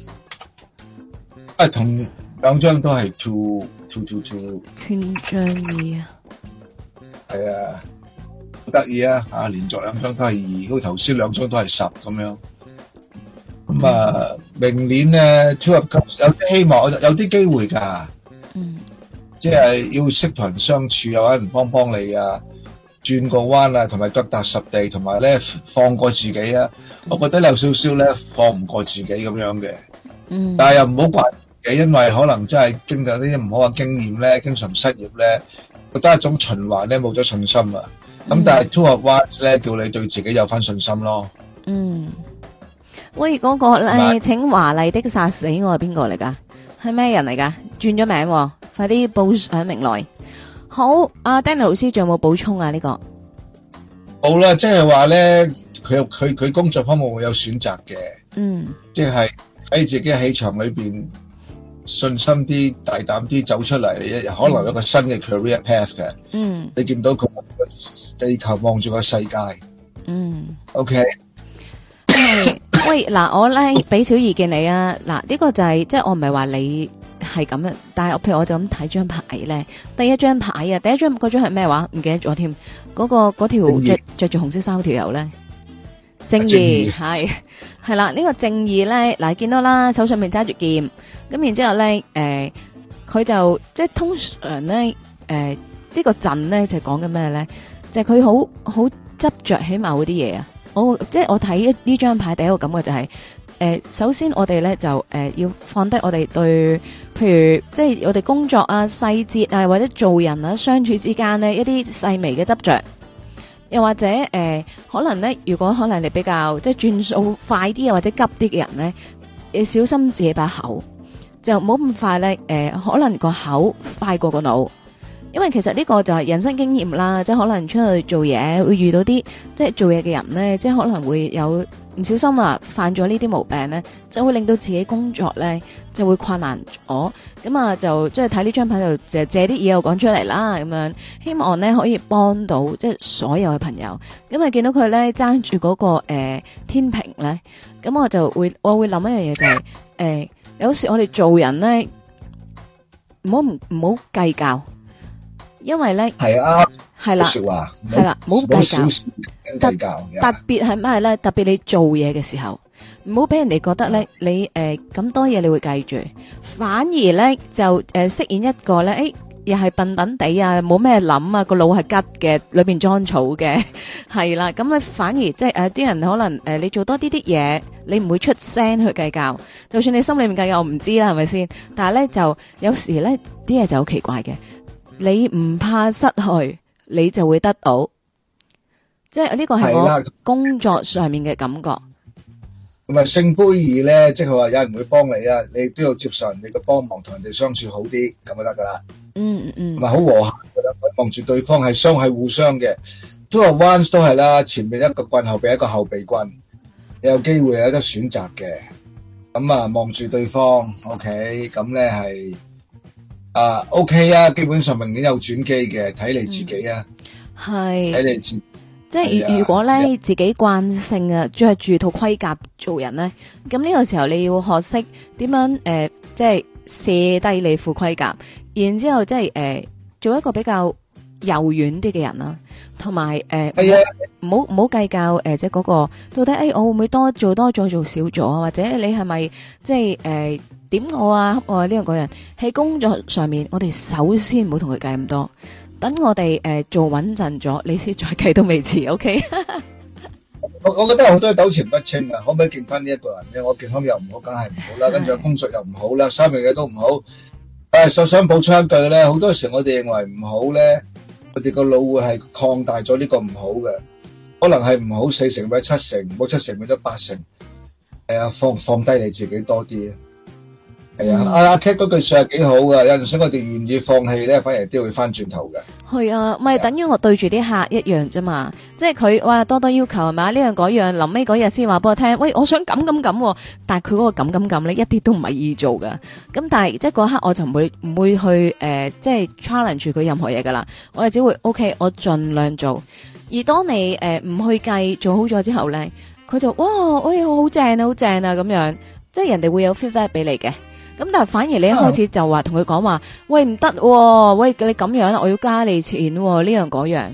啊同兩張都係 two，two two two。權杖二啊，係啊，好得意啊！啊，連續兩張都係二，好似頭先兩張都係十咁樣。咁啊，明年咧 two of coins 有啲希望，有啲機會噶。嗯。即係要識同人相處，或者有人幫幫你啊。轉個彎啊，同埋腳踏實地，同埋咧放過自己啊！我覺得有少少咧放唔過自己咁樣嘅，嗯，但係又唔好怪自己，因為可能真係經過呢啲唔好嘅經驗咧，經常失業咧，覺得一種循環咧冇咗信心啊！咁、嗯嗯、但係 Two w h a t s 咧叫你對自己有翻信心咯。嗯，喂，嗰、那個咧，請華麗的殺死我係邊個嚟噶？係咩人嚟噶？轉咗名、哦，快啲報上名來。好，阿、啊、Daniel 老師仲有冇補充啊？這個了就是，呢個好啦，即係話咧，佢佢佢工作方面會有選擇嘅，嗯，即係喺自己嘅氣場裏邊，信心啲，大膽啲走出嚟，可能有一個新嘅 career path 嘅，嗯，你見到佢個地球望住個世界，嗯，OK， 喂，嗱我咧俾小意見你啊，嗱呢，這個就係、是、即係我唔係話你。係咁樣！但係我譬如我就咁睇張牌咧，第一張牌啊，第一張嗰張係咩話？唔記得咗添。嗰個嗰條着着住紅色衫嗰條友咧，正義係係啦。呢個正義咧，嗱見到啦，手上面揸住劍。咁然之後咧，誒，佢就即係通常咧，誒，呢個陣咧就講緊咩咧？就係佢好好執着起某啲嘢啊！我即係我睇呢張牌第一個感覺就係。誒、呃，首先我哋咧就誒、呃、要放低我哋對，譬如即係我哋工作啊、細節啊或者做人啊、相處之間呢一啲細微嘅執着，又或者誒、呃、可能咧，如果可能你比較即係轉數快啲又或者急啲嘅人咧，要小心自己把口，就冇咁快咧，誒、呃、可能個口快過個腦。因為其實呢個就係人生經驗啦，即係可能出去做嘢會遇到啲，即係做嘢嘅人咧，即係可能會有唔小心啊，犯咗呢啲毛病咧，就會令到自己工作咧就會困難咗。咁啊，就即係睇呢張牌就借啲嘢又講出嚟，啦，咁樣希望咧可以幫到即係所有嘅朋友。咁啊見到佢咧揸住嗰個誒、呃、天平咧，咁我就會我會諗一樣嘢就係、是、誒、呃，有時我哋做人咧唔好唔唔好計較。因為咧係啊，係啦，係啦，唔好計較，特特別係咩咧？特別你做嘢嘅時候，唔好俾人哋覺得咧，你誒咁多嘢你會計住，反而咧就誒飾演一個咧，誒又係笨笨地啊，冇咩諗啊，個腦係吉嘅，裏邊裝草嘅，係啦，咁咧反而即係誒啲人可能誒你做多啲啲嘢，你唔會出聲去計較，就算你心裏面計較，我唔知啦，係咪先？但係咧就有時咧啲嘢就好奇怪嘅。你唔怕失去，你就會得到，即係呢個係我工作上面嘅感覺。唔係聖杯二咧，即係話有人會幫你啊，你都要接受人哋嘅幫忙，同人哋相處好啲咁就得噶啦。嗯嗯嗯，唔係好和諧噶啦，望住對方係相係互相嘅，都係 once 都係啦，前面一個棍，後邊一個後備棍，你有機會有得選擇嘅。咁啊，望住對方，OK，咁咧係。啊、uh，OK 啊，基本上明年有轉機嘅，睇你自己啊，係、嗯、睇你自己，即係、啊、如果咧、yeah. 自己慣性啊，着住套盔甲做人咧，咁呢個時候你要學識點樣誒、呃，即係卸低你副盔甲，然之後即係誒、呃，做一個比較柔軟啲嘅人啦，同埋誒，係唔好唔好計較誒、呃，即係、那、嗰個到底誒、哎，我會唔會多做多咗做少咗，或者你係咪即係誒？呃點我啊！我呢樣個人喺工作上面，我哋首先唔好同佢計咁多。等我哋誒做穩陣咗，你先再計都未遲。O K，我我覺得好多糾纏不清啊！可唔可以見翻呢一個人咧？我健康又唔好，梗係唔好啦。跟住工作又唔好啦，三樣嘢都唔好。誒，想想補充一句咧，好多時我哋認為唔好咧，我哋個腦會係擴大咗呢個唔好嘅，可能係唔好四成，或者七成，唔好七成，或者八成。係啊，放放低你自己多啲。係啊，阿阿 K 嗰句說話幾好噶。有陣時我哋願意放棄咧，反而都會翻轉頭嘅。係啊，咪、啊、等於我對住啲客一樣啫嘛。即係佢哇多多要求係嘛，呢樣嗰樣，臨尾嗰日先話俾我聽，喂，我想咁咁咁。但係佢嗰個咁咁咁咧，一啲都唔係易做噶。咁但係即係嗰刻我就唔會唔會去誒，即、呃、係、就是、challenge 住佢任何嘢噶啦。我哋只會 O、OK、K，我盡量做。而當你誒唔、呃、去計做好咗之後咧，佢就哇，喂，好正啊，好正啊，咁樣即係人哋會有 feedback 俾你嘅。咁但係反而你一開始就話同佢講話，喂唔得，哦，喂你咁樣啦，我要加你錢呢樣嗰樣，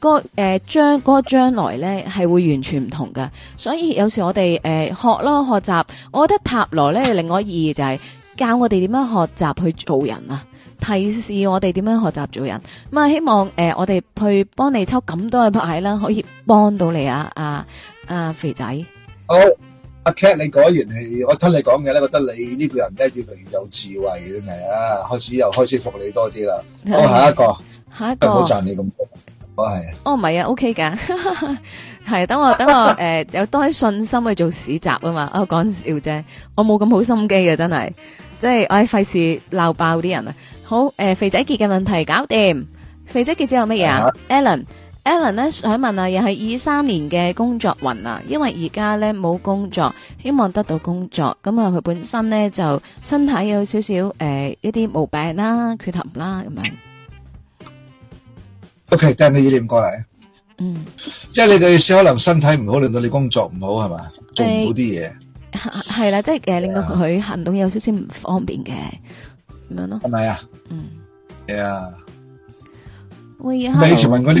嗰誒將嗰將來咧係會完全唔同㗎。所以有時我哋誒、呃、學囉學習，我覺得塔羅咧另外意義就係、是、教我哋點樣學習去做人啊，提示我哋點樣學習做人。咁啊希望誒、呃、我哋去幫你抽咁多嘅牌啦，可以幫到你啊啊啊肥仔，好、oh。cat 你果然係，我聽你講嘅咧，覺得你呢個人咧越嚟越有智慧，真係啊！開始又開始服你多啲啦，我下一個，下一個唔好賺你咁多，我係，我唔係啊，OK 噶，係等我等我誒，有多啲信心去做市集啊嘛。我講笑啫，我冇咁好心機嘅，真係，即係唉，費事鬧爆啲人啊。好，誒，肥仔杰嘅問題搞掂，肥仔杰之後有乜嘢啊？Alan。Alan 呢想問啊，又係二三年嘅工作運啊，因為而家呢冇工作，希望得到工作。咁啊，佢本身呢就身體有少少誒一啲毛病啦、缺陷啦咁樣。OK，等你意見過嚟。嗯。即係你嘅意思，可能身體唔好，令到你工作唔好係嘛？做唔到啲嘢。係啦，即係誒，令到佢行動有少少唔方便嘅咁樣咯。係咪啊？嗯。係啊。我以前問過你。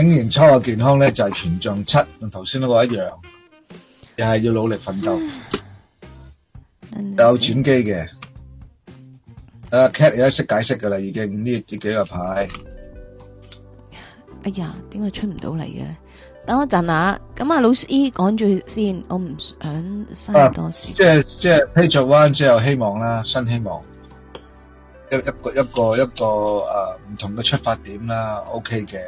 今年秋嘅健康咧，就係權杖七同頭先嗰個一樣，又係要努力奮鬥，有轉機嘅。啊，cat 而家識解釋噶啦，已經呢呢幾個牌。哎呀，點解出唔到嚟嘅？等我一陣啊。咁啊，老師講住先，我唔想嘥多時。即係即係，Page 彎即有希望啦，新希望一一個一個一個誒，唔同嘅出發點啦。OK 嘅。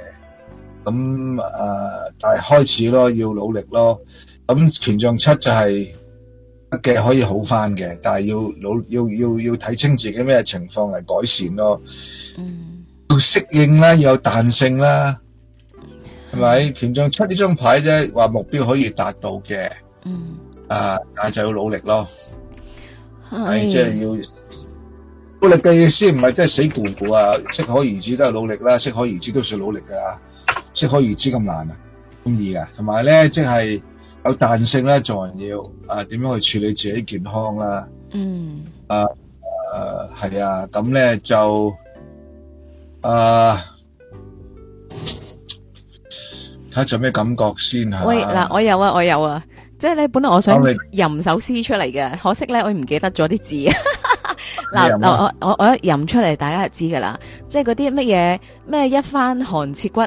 咁、嗯、誒、呃，但係開始咯，要努力咯。咁、嗯、權杖七就係嘅，可以好返嘅，但係要努要要要睇清自己咩情況嚟改善咯。嗯，要適應啦，要有彈性啦，係、嗯、咪？權杖七張呢張牌啫，話目標可以達到嘅。嗯。啊，但係就要努力咯。係即係要努力嘅意思，唔係即係死固固啊！適可而止都係努力啦、啊，適可而止都算努力噶、啊。即可而知咁難啊，咁易噶、啊，同埋咧，即係有彈性啦。做人要啊，點、呃、樣去處理自己的健康啦、啊？嗯，啊，誒，係啊，咁咧就啊，睇下做咩感覺先啊。喂，嗱、啊，我有啊，我有啊，即係咧，本來我想吟首詩出嚟嘅，可惜咧， 我唔記得咗啲字。嗱，我我我我吟出嚟，大家就知噶啦，即係嗰啲乜嘢咩一番寒徹骨，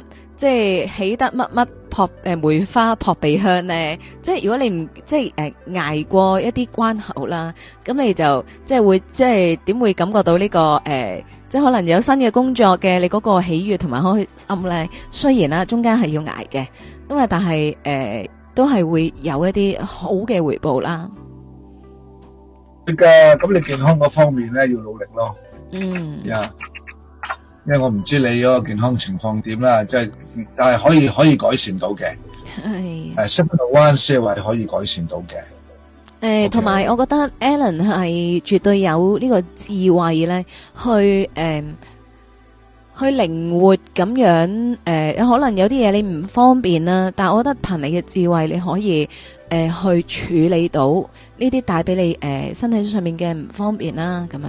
即係起得乜乜撲誒梅花撲鼻香咧，即係如果你唔即係誒捱過一啲關口啦，咁你就即係會即係點會感覺到呢個誒，即係可能有新嘅工作嘅你嗰個喜悅同埋開心咧。雖然啦，中間係要捱嘅，咁啊，但係誒都係會有一啲好嘅回報啦。係噶，咁你健康嗰方面咧要努力咯。嗯。呀。因為我唔知道你嗰個健康情況點啦，即、就、係、是、但係可以可以改善到嘅，誒西灣灣社區可以改善到嘅，誒同埋我覺得 a l a n 係絕對有呢個智慧咧，去誒，嗯去靈活咁樣誒，可能有啲嘢你唔方便啦，但係我覺得憑你嘅智慧，你可以誒去處理到呢啲帶俾你誒身體上面嘅唔方便啦。咁樣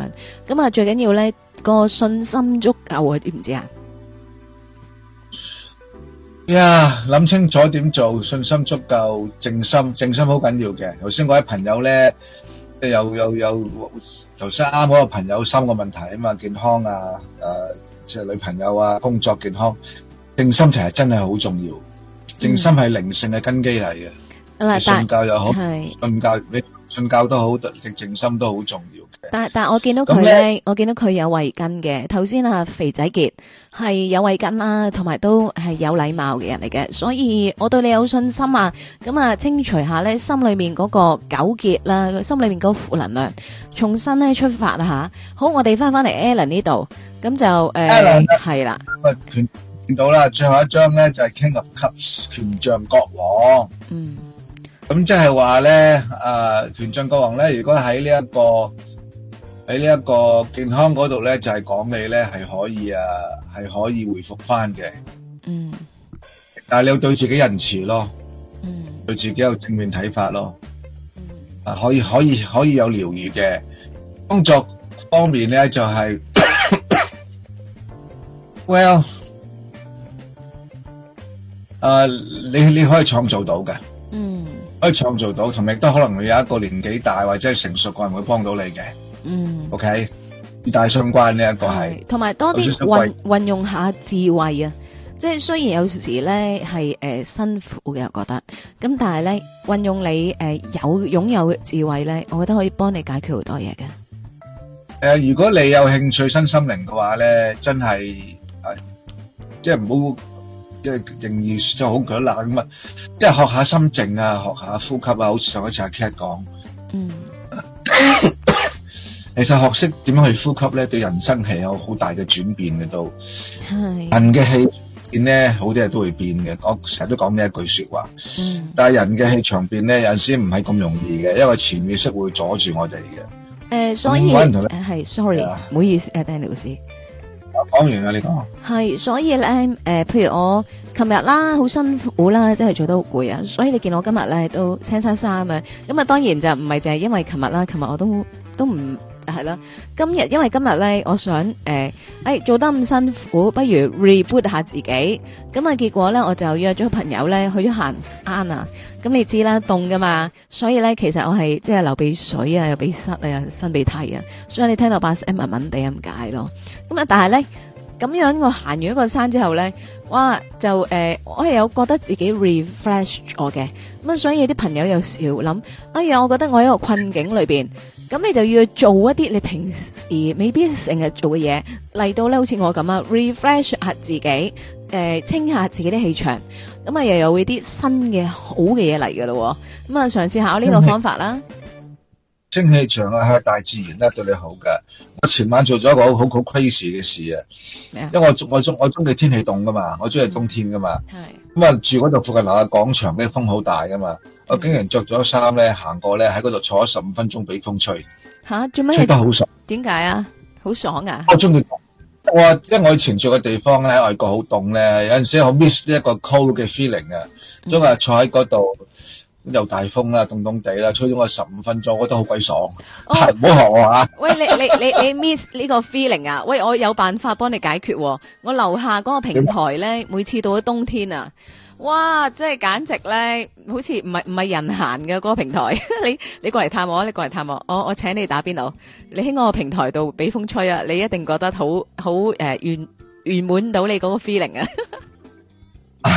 咁啊，最緊要咧個信心足夠啊，知唔知啊？呀，諗清楚點做，信心足夠，靜心，靜心好緊要嘅。頭先嗰位朋友咧，即係有有有，頭先啱嗰個朋友三個問題啊嘛，健康啊，誒。即係女朋友啊，工作健康，靜心就係真係好重要。靜心係靈性嘅根基嚟嘅，瞓覺又好，瞓覺。瞓覺都好，得靜心都好重要嘅。但但我見到佢咧，我見到佢有圍巾嘅。頭先啊，肥仔杰係有圍巾啦，同埋都係有禮貌嘅人嚟嘅。所以我對你有信心啊。咁啊，清除下咧心裏面嗰個糾結啦，心裏面個負能量，重新咧出發啦吓。好，我哋翻翻嚟 Alan 呢度，咁就誒，Alan 係啦。咁啊，見見到啦，最後一張咧就係 King of Cups，權杖國王。嗯。咁即係話咧，啊，權杖國王咧，如果喺呢一個喺呢一個健康嗰度咧，就係、是、講你咧係可以啊，係可以回復翻嘅。嗯。但係你要對自己仁慈咯。嗯。對自己有正面睇法咯。嗯。啊，可以可以可以有療愈嘅工作方面咧，就係、是、 ，well，啊、uh,，你你可以創造到嘅。可以創造到，同埋亦都可能會有一個年紀大或者成熟個人會幫到你嘅。嗯。OK，大相關呢一個係，同埋多啲運運用下智慧啊，即係雖然有時咧係誒辛苦嘅，我覺得，咁但係咧運用你誒有擁有智慧咧，我覺得可以幫你解決好多嘢嘅。誒，如果你有興趣新心靈嘅話咧，真係即係唔好。即係仍然就好攰啦，咁啊，即係學下心靜啊，學下呼吸啊，好似上一次阿、啊、Kate 講。嗯。 其實學識點樣去呼吸咧，對人生係有好大嘅轉變嘅都。係。人嘅氣場變咧，好多嘢都會變嘅。我成日都講呢一句説話。嗯、但係人嘅氣長變咧氣場變，有陣時唔係咁容易嘅，因為潛意識會阻住我哋嘅。誒、呃，所以。唔、嗯呃啊、好意思，係 sorry，唔、uh, 好意思，誒 Danny 老師。講完啦，你講。係，所以咧，誒、呃，譬如我琴日啦，好辛苦啦，真係做得好攰啊，所以你見我今日咧都青生生啊，咁、嗯、啊，當然就唔係淨係因為琴日啦，琴日我都都唔。係啦，今日因為今日咧，我想誒，哎、欸、做得咁辛苦，不如 reboot 下自己。咁、嗯、啊，結果咧，我就約咗朋友咧去咗行山啊。咁、嗯、你知啦，凍㗎嘛，所以咧，其實我係即係流鼻水啊，又，塞又鼻塞啊，擤鼻涕啊。所以你聽到把聲文文地咁解咯。咁、嗯、啊，但係咧咁樣，我行完一個山之後咧，哇，就誒、呃，我係有覺得自己 refresh 我嘅。咁啊，所以啲朋友有少諗，哎呀、欸，我覺得我喺個困境裏邊。咁你就要做一啲你平時未必成日做嘅嘢，嚟到咧好似我咁啊，refresh 下自己，誒、呃、清下自己啲氣場，咁啊又有會啲新嘅好嘅嘢嚟噶咯，咁啊嘗試下呢個方法啦，清氣場啊係大自然啦、啊、對你好㗎。我前晚做咗一個好好好 crazy 嘅事啊，因為我中我中我中意天氣凍噶嘛，我中意冬天噶嘛。嗯咁啊，住嗰度附近樓下廣場咧，風好大噶嘛！嗯、我竟然着咗衫咧，行過咧，喺嗰度坐咗十五分鐘俾風吹，吓做咩？吹得好爽，點解啊？好爽啊！我中意，我即係我以前住嘅地方咧，喺外國好凍咧，有陣時我 miss 呢一個 cold 嘅 feeling 啊、嗯，中意坐喺嗰度。又大風啦，凍凍地啦，吹咗我十五分鐘，我覺得好鬼爽，唔好學我吓。 喂，你你你你 miss 呢個 feeling 啊？喂，我有辦法幫你解決。我樓下嗰個平台咧，每次到咗冬天啊，哇，真係簡直咧，好似唔係唔係人行嘅嗰、嗰個平台。 你你過嚟探我，你過嚟探我，我我請你打邊爐。你喺我個平台度俾風吹啊，你一定覺得好好誒，圓圓滿到你嗰個 feeling 啊！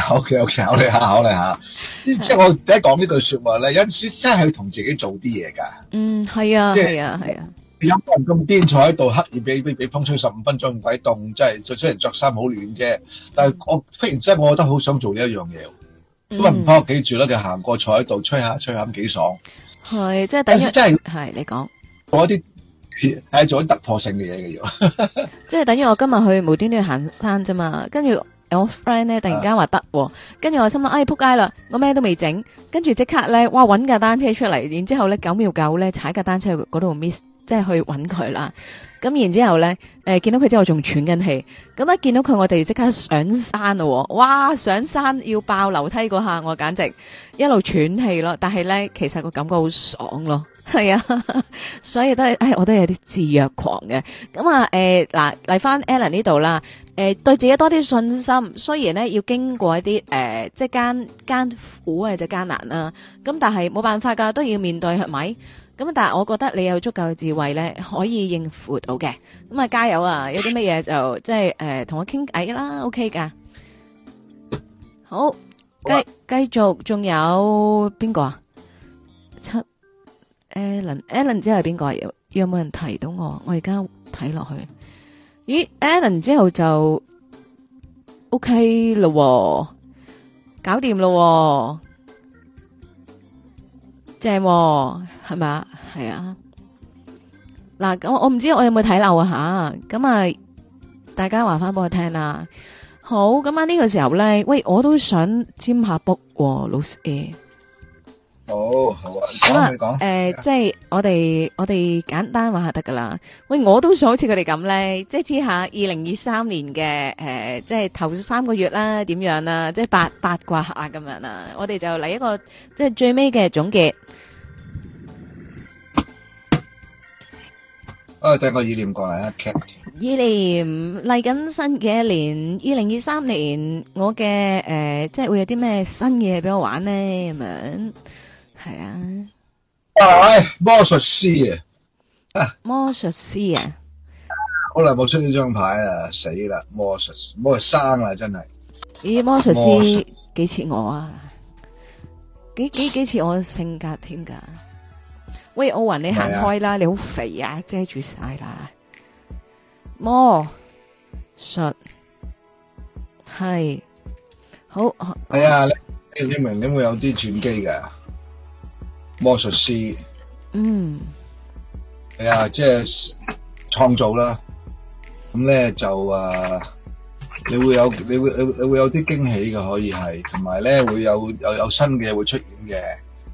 O K O K，考慮下，考慮下。即係我第一講呢句說話咧，有陣時真係要同自己做啲嘢噶。嗯，係啊，係啊，係啊。有個人咁癲坐喺度，刻意俾俾俾風吹十五分鐘咁鬼凍，即係雖然着衫好暖啫。但係我忽然之間，我覺得好想做呢一樣嘢。都唔返屋企住啦，佢行過坐喺度，吹下吹下咁幾爽。係，即係等於即係係你講。我啲誒做啲突破性嘅嘢嘅要。即係等於我今日去無端端行山啫嘛，跟住。我 friend 咧，突然間話得，跟、uh. 住我心諗，哎，撲街啦！我咩都未整，跟住即刻咧，哇，搵架單車出嚟，然之後咧九秒九咧踩架單車去嗰度 miss，即係去搵佢啦。咁然之後咧，誒、呃，見到佢之後仲喘緊氣，咁、嗯、一見到佢我哋即刻上山咯，哇，上山要爆樓梯嗰下我簡直一路喘氣咯，但係咧其實個感覺好爽咯。係啊，所以都係，誒，我都有啲自虐狂嘅。咁啊，誒、呃，嗱，嚟翻 Alan 呢度啦。誒、呃，對自己多啲信心，雖然咧要經過一啲，誒、呃，即係艱艱苦或者艱難啊，就艱艱難啦。咁但係冇辦法噶，都要面對係咪？咁但係我覺得你有足夠嘅智慧咧，可以應付到嘅。咁啊，加油啊！有啲乜嘢就 即係，誒、呃，同我傾偈啦，OK 噶。好，繼繼續，仲有邊個啊？七。誒，Allen，Allen 之後係邊個啊？有有冇人提到我？我而家睇落去，咦，Allen 之後就 OK 咯，搞掂咯，正係咪啊？係啊，嗱，我我唔知我有冇睇漏啊吓，咁啊，大家話翻俾我聽啦。好，咁啊呢個時候咧，喂，我都想佔下 book，老師。好好啊，咁啊，誒、呃，即係我哋我哋簡單話下得噶啦。喂，我都想好似佢哋咁咧，即係知下二零二三年嘅誒、呃，即係頭三個月啦，點樣啦，即係八八卦啊咁樣啦。我哋就嚟一個即係最尾嘅總結。啊、哎，等個意念過嚟啊！意念嚟緊新嘅一年，二零二三年，年我嘅誒、呃，即係會有啲咩新嘢俾我玩呢？咁樣。係啊，喂、啊哎，魔術師啊，啊魔術師啊，好耐冇出呢張牌啊，死啦，魔術魔術生啊，真係，咦、哎？魔術師幾似我啊？幾幾幾似我性格添噶？喂，奧雲，你行開啦是、啊，你好肥啊，遮住晒啦，魔術係好係啊，啊？你，你明點會有啲轉機噶？魔術師，嗯，係啊，即係創造啦，咁咧就誒，你會有你會你你會有啲驚喜嘅可以係，同埋咧會有又有新嘅嘢會出現嘅，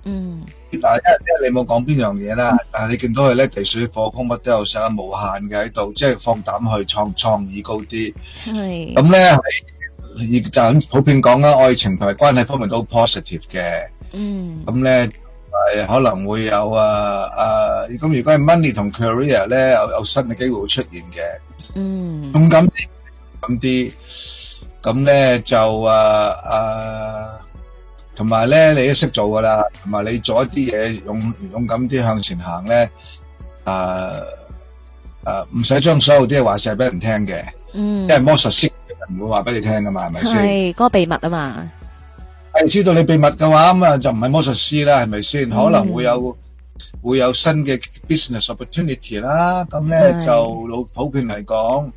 嗯，嗱，因為你冇講邊樣嘢啦，但係你見到佢咧，地水火風乜都有上無限嘅喺度，即係放膽去創創意高啲，係，咁咧亦就係普遍講啦，愛情同埋關係方面都好 positive 嘅，嗯，咁咧。係可能會有啊啊，咁如果係 money 同 career 咧，有有新嘅機會會出現嘅。嗯，勇敢啲，勇敢啲，咁咧就啊啊，同埋咧你都識做噶啦，同埋你做一啲嘢，勇勇敢啲向前行咧。啊啊，唔使將所有啲嘢話晒俾人聽嘅，嗯，因為魔術師唔會話俾你聽噶嘛，係咪先？係嗰個秘密啊嘛。係知道你秘密嘅話，咁啊就唔係魔術師啦，係咪先？可能會有會有新嘅 business opportunity 啦。咁咧就老普遍嚟講，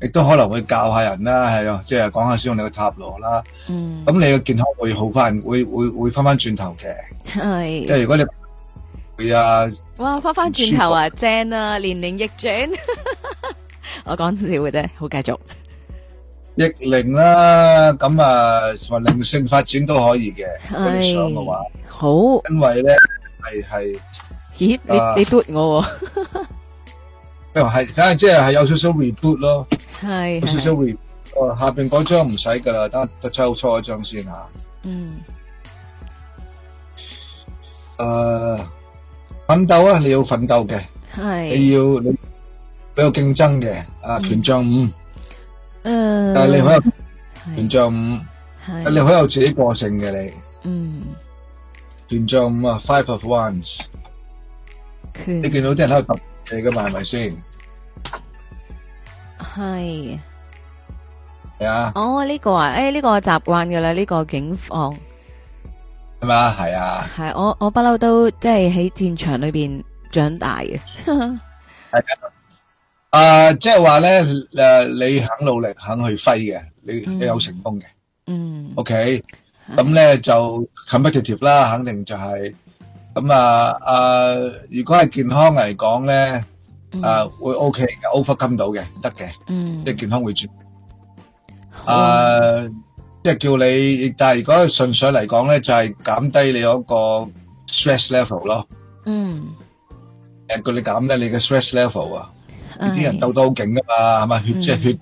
亦都可能會教下人啦，係啊，即係講下使用你個塔羅啦。嗯，咁你嘅健康會好快會會會翻翻轉頭嘅。係，即係如果你會啊。哇，翻翻轉頭啊，正啊，年齡逆轉。 我講少少嘅啫，好，繼續。億靈啦，咁啊，從靈性發展都可以嘅，上嘅話，好，因為咧係係，咦？你你嘟我，係，梗係即係係有少少 reboot 咯，係，少少 re，哦，下邊嗰張唔使噶啦，等下再抽錯一張先吓，嗯，誒，奮鬥啊，你要奮鬥嘅，係，你要你比較競爭嘅，啊，權杖五。但係你好有權杖五，但係你好有自己個性嘅你。嗯，權杖五啊，Five of Wands。你見到啲人喺度揼嘢噶嘛？係咪先？係。係啊。哦，呢個啊，誒，呢個習慣噶啦，呢個警方。係嘛？係啊。係我我不嬲都即係喺戰場裏邊長大嘅。啊，即係話咧，誒，你肯努力，肯去揮嘅，你你有成功嘅，嗯，OK，咁咧就 competitive 啦，肯定就係，咁啊，啊，如果係健康嚟講咧，啊，會 OK，overcome 到嘅，得嘅，嗯，即係健康會轉，啊，即係叫你，但係如果純粹嚟講咧，就係減低你嗰個 stress level 咯，嗯，誒，叫你減低你嘅 stress level 啊。呢啲人鬥得好勁㗎嘛，係咪血即係血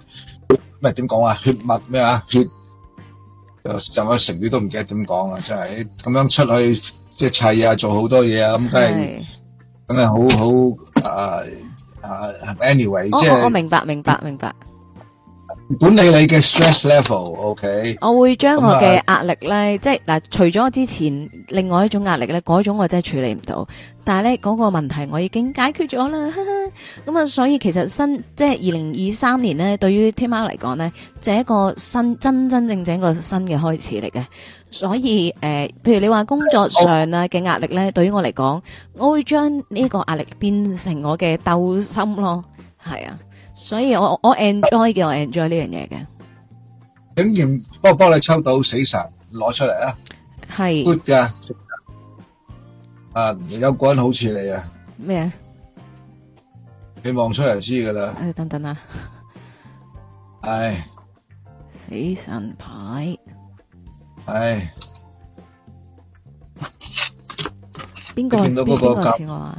咩？點講啊？血脈咩啊？血就我成語都唔記得點講啊！真係咁樣出去即係砌啊，做好多嘢啊，咁梗係咁係好好啊啊！anyway，即係。哦，我明白，明白，明白。管理你嘅 stress level，OK，okay？我會將我嘅壓力咧，啊，即係嗱，除咗之前另外一種壓力咧，嗰種我真係處理唔到。但係咧，嗰個問題我已經解決咗啦。咁啊，所以其實新即係二零二三年咧，對於天喵嚟講咧，就係一個新真真正正一個新嘅開始嚟嘅。所以誒，譬如你話工作上啊嘅壓力咧，對於我嚟講，我會將呢個壓力變成我嘅鬥心咯。係啊。所以，我 enjoy 嘅，我 enjoy 呢樣嘢嘅。竟然，幫我幫，你抽到死神，攞出嚟啊。係。Good 㗎。有個人好似你啊。咩啊。你望出嚟知㗎啦。等等啊。死神牌。邊個似我啊？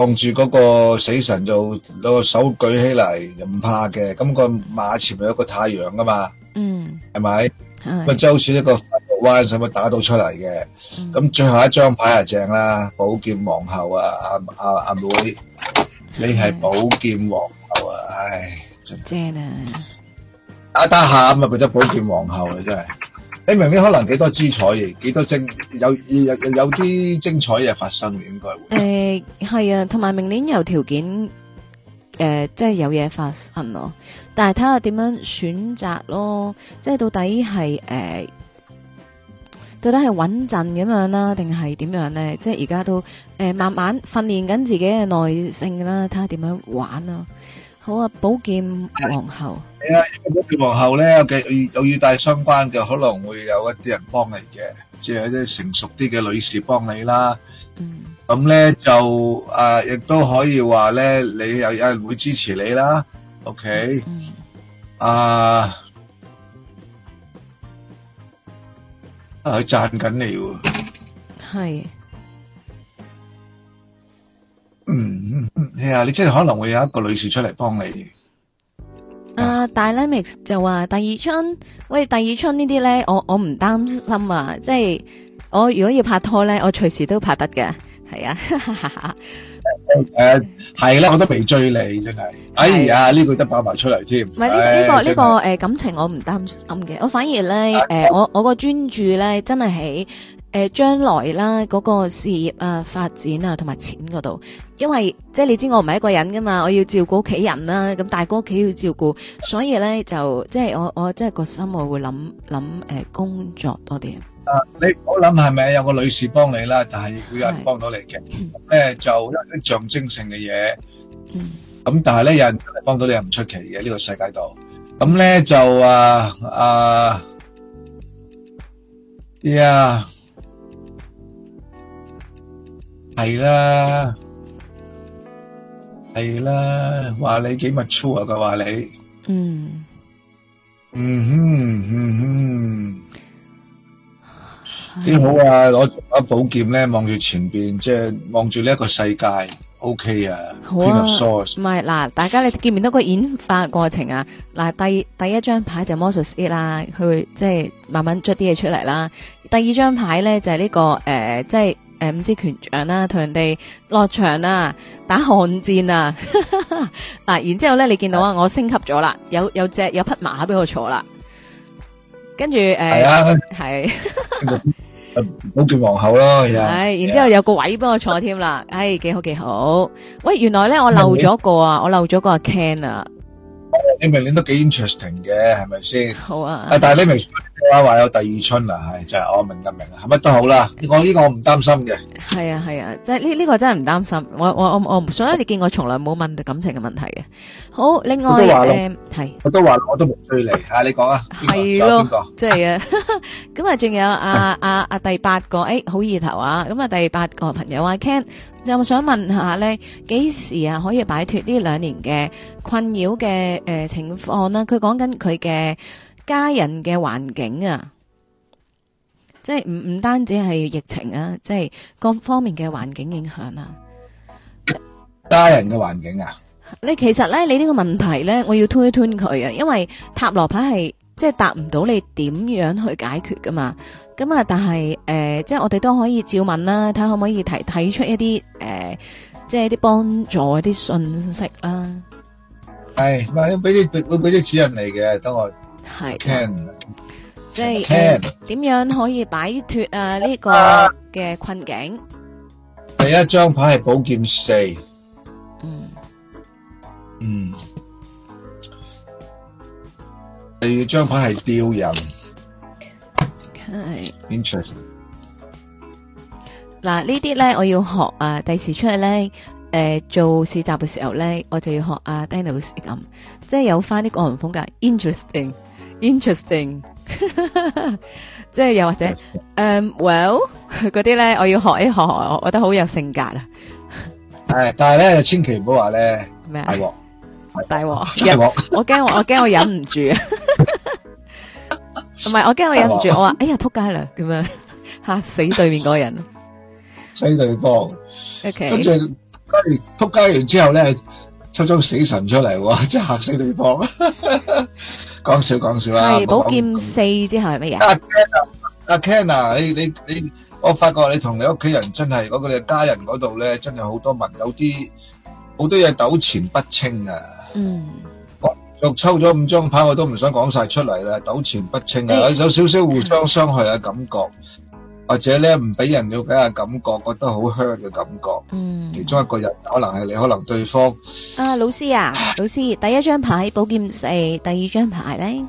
望住嗰個死神就攞個手舉起嚟，又唔怕嘅。咁個馬前面有個太陽噶嘛，嗯，係咪？咁啊，即係好似一個彎，使乜打到出嚟嘅？咁最後一張牌係正啦，寶劍皇后啊，阿阿阿妹，你係寶劍皇后啊！唉，真啊，打打下咁啊，變咗寶劍皇后啦，真係。你明年可能幾多精彩，幾多精有有有啲精彩嘢發生嘅，應該會誒係啊，同埋明年有條件誒，即係有嘢發生咯。但係睇下點樣選擇咯，即係到底係誒到底係穩陣咁樣啦，定係點樣咧？即係而家都誒慢慢訓練緊自己嘅耐性啦，睇下點樣玩啦。好啊，寶劍皇后。係啊，如果皇后咧，又要又要帶相關嘅，可能會有一啲人幫你嘅，即係一啲成熟啲嘅女士幫你啦。嗯，咁咧就誒，亦都可以話咧，你又有人會支持你啦。OK，啊，佢，讚緊你喎。係。嗯嗯嗯，係啊，你即係可能會有一個女士出嚟幫你。啊、uh,Dynamics 就話第二春，喂第二春呢啲咧，我我唔擔心啊！即係我如果要拍拖咧，我隨時都拍得嘅，係啊。誒係啦，我都未追你真係，啊。哎呀，呢句得爆埋出嚟添。唔係呢個呢，這個誒，uh, 感情我唔擔心嘅，我反而咧誒，okay. uh, 我我個專注咧真係喺。誒，將來啦，嗰個事業啊，發展啊，同埋錢嗰度，因為即係你知我唔係一個人噶嘛，我要照顧屋企人啦，咁大哥屋企要照顧，所以咧就即係我我即係個心我會諗諗誒工作多啲。誒，你我諗係咪有個女士幫你啦？但係會有人幫到你嘅，咁咧就一啲象徵性嘅嘢。嗯。咁但係咧，有人幫到你又唔出奇嘅呢個世界度。咁咧就啊啊，啲啊。係啦，係啦，話你幾密粗啊？佢話你，嗯，嗯嗯嗯，嗯，啲、欸、好啊！攞攞寶劍咧，望住前邊，即係望住呢一個世界，OK 啊！好啊，賦 source 唔係嗱，大家你見唔見到個演化過程啊！嗱，第第一張牌就魔術師啦，佢會即係慢慢捽啲嘢出嚟啦。第二張牌咧就係呢、這個誒，即、呃、係。就是誒，唔知權杖啦，啊，同人哋落場啊，打寒戰啊，嗱，然之後咧，你見到啊，我升級咗啦，有有只有匹馬俾我坐啦，跟住誒，係、呃、啊，係，好 叫皇后咯，係、就是，唉，然之後有個位俾我坐添啦，唉、哎，幾好幾好，喂，原來咧我漏咗個，個啊，我漏咗個阿 Ken 啊。你明年都幾 interesting 嘅，係咪先？好啊！但係你明話有第二春啦，係就係我明得明啦，係乜都好啦，我呢、這個我唔擔心嘅。係啊係啊，即係呢呢個真係唔擔心，我我我我所以你見我從來冇問感情嘅問題嘅。好，另外誒，係我都話，我都冇追嚟啊！你講啊，係咯，即係啊。咁啊，仲 有啊，阿 阿、啊啊啊、第八個，誒、哎，好意頭啊！咁啊，第八個朋友啊 Ken，有冇想問下咧？幾時啊可以擺脫呢兩年嘅困擾嘅誒、呃、情況啦、啊？佢講緊佢嘅家人嘅環境啊，即係唔唔單止係疫情啊，即係各方面嘅環境影響啊。家人嘅環境啊？你其實咧，你呢個問題咧，我要推一推佢啊，因為塔羅牌係即係答唔到你點樣去解決噶嘛。咁啊，但係誒，即係我哋都可以照問啦，睇可唔可以提提出一啲誒，即係啲幫助啲信息啦。係，唔係要俾啲俾俾啲指引嚟嘅，等我係 can 即係 can 點樣可以擺脫啊呢個嘅困境？第一張牌係寶劍四。嗯，第二張牌係吊人，係、okay.，interesting。嗱，呢啲咧我要學啊，第時出去咧，誒、呃、做試習嘅時候咧，我就要學、啊、Daniel 咁，即係有翻啲個人風格，interesting，interesting，Interesting. 即係又或者 well 嗰啲咧，我要學一學，我我覺得好有性格 啊。係，但係咧千祈唔好話咧咩。大鑊，我驚我驚我忍唔住，唔係我驚我忍唔住，我話哎呀扑街啦，咁樣吓死對面嗰個人，死對方。跟住扑街完之後咧，抽抽死神出嚟，哇！即係吓死對方。講笑講笑啦！寶劍四之後係乜嘢啊？阿 Ken 啊，阿 Ken 啊，你你你，我發覺你同你屋企人真係嗰個家人嗰度咧，真係好多物，有啲好多嘢糾纏不清啊！.嗯，續抽咗五張牌，我都唔想講晒出嚟啦。糾纏不清啊，有少少互相傷害嘅感覺，或者咧唔俾人要俾嘅感覺，覺得好 hurt 嘅感覺。嗯，其中一個人可能係你，可能對方。啊，老師啊，老師，第一張牌寶劍四，第二張牌咧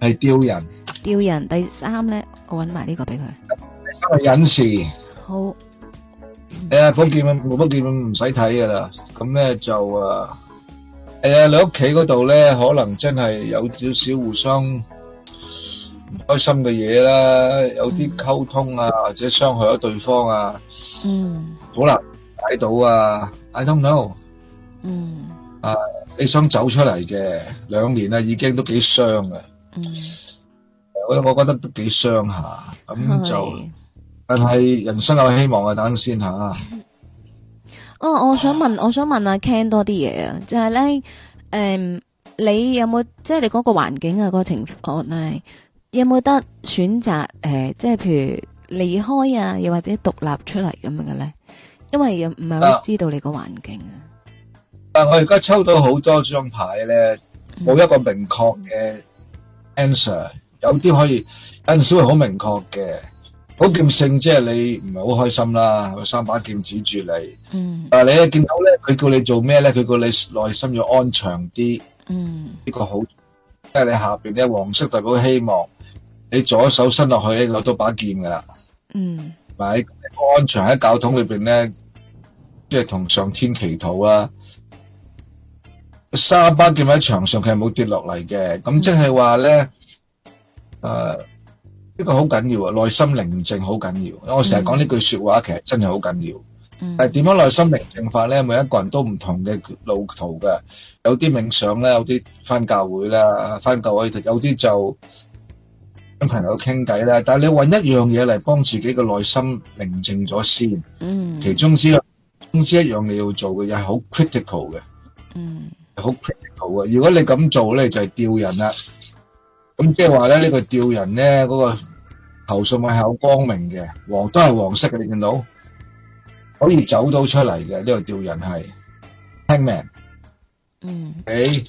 係吊人，吊人。第三咧，我揾埋呢個俾佢。第三係隱士。好。誒，寶劍冇寶劍唔使睇噶啦。咁咧就誒。係啊，你屋企嗰度咧，可能真係有少少互相唔開心嘅嘢啦，有啲溝通啊，或者傷害咗對方啊。嗯。好啦，睇到啊，I don't know。嗯。啊，你想走出嚟嘅兩年啊，已經都幾傷啊。嗯。我我覺得都幾傷吓，咁就，但係人生有希望啊，等先吓。哦，我想問，我想問阿、啊、Ken 多啲嘢啊，就係、是、咧，誒、嗯，你有冇即係你嗰個環境啊，嗰、那個情況咧、啊，有冇得選擇誒、呃，即係譬如離開啊，又或者獨立出嚟咁樣嘅咧？因為又唔係好知道你個環境、啊。但、啊啊、我而家抽到好多張牌咧，冇一個明確嘅 answer，有啲可以，有啲會好明確嘅。好劍性即係、就是、你唔係好開心啦，有三把劍指住你。嗯，但你一見到咧，佢叫你做咩咧？佢叫你內心要安詳啲。嗯，呢、這個好，即係你下邊咧黃色代表希望。你左手伸落去咧，攞到把劍噶啦。嗯，同埋安詳喺教堂裏邊咧，即係同上天祈禱啊。三把劍喺牆上佢係冇跌落嚟嘅，咁即係話咧，誒。嗯呃呢個好緊要啊，內心寧靜好緊要。我成日講呢句說話，其實真係好緊要。嗯，但係點樣內心寧靜法咧？每一個人都唔同嘅路途嘅，有啲冥想咧，有啲翻教會啦，翻教會有啲就跟朋友傾偈啦。但係你揾一樣嘢嚟幫自己嘅內心寧靜咗先。嗯，其中之，其中一樣你要做嘅嘢係好 critical 嘅。嗯，好 critical 嘅。如果你咁做咧，就係吊人啦。咁即係話咧，呢個吊人咧，嗰個頭數係好光明嘅，黃都係黃色嘅，你見到可以走到出嚟嘅呢個吊人係聽明？嗯，誒，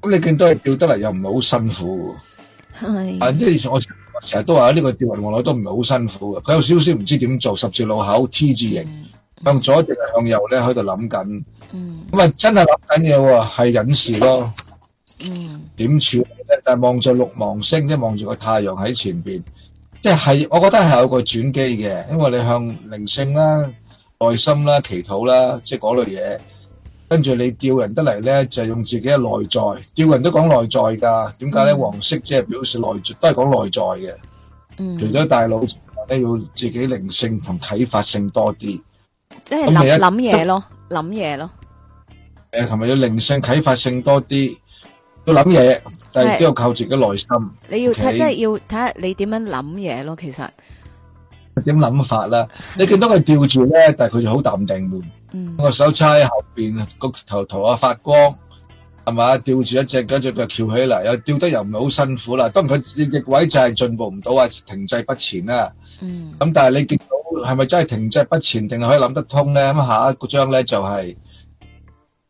咁你見到佢吊得嚟又唔係好辛苦，係啊，即係我成日都話呢個吊人望落都唔係好辛苦嘅，佢有少少唔知點做十字路口 T 字形向左定係向右咧，喺度諗緊，咁啊真係諗緊嘢喎，係隱事咯，嗯，點處？誒，但係望住六芒星，即係望住個太陽喺前邊，即係我覺得係有個轉機嘅，因為你向靈性啦、內心啦、祈禱啦，即係嗰類嘢，跟住你叫人得嚟呢，就係用自己嘅內在，叫人都講內在噶，點解呢？黃色即係表示內在，都係講內在嘅。嗯，除咗大腦咧，要自己靈性同啟發性多啲，即係諗諗嘢咯，諗嘢咯。誒，同埋要靈性啟發性多啲。要諗嘢，但係都要靠自己嘅內心。你要睇，真係要睇下你點樣諗嘢咯。其實點諗法啦？你見到佢吊住咧，但係佢就好淡定。嗯，個手叉喺後邊，個頭頭啊發光，係咪？吊住一隻，嗰隻腳翹起嚟，又吊得又唔係好辛苦啦。當然佢逆位就係進步唔到啊，停滯不前啦。嗯，咁但係你見到係咪真係停滯不前，定係可以諗得通咧？咁下一個張咧就係。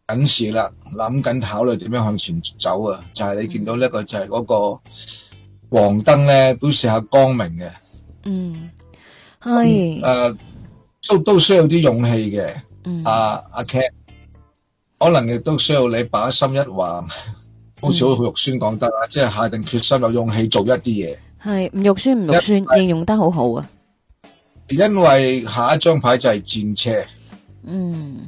緊事啦，諗緊考慮點樣向前走啊！就係、是、你見到呢、這個就係、是、嗰個黃燈咧，都試下光明嘅。嗯，係。誒、嗯啊，都都需要啲勇氣嘅。嗯。阿、啊、阿 Ken，可能亦都需要你把心一橫。好似好肉酸講得啦，即、就、係、是、下定決心，有勇氣做一啲嘢。係，唔肉酸，唔肉酸，應用得好好啊。因為下一張牌就係戰車。嗯。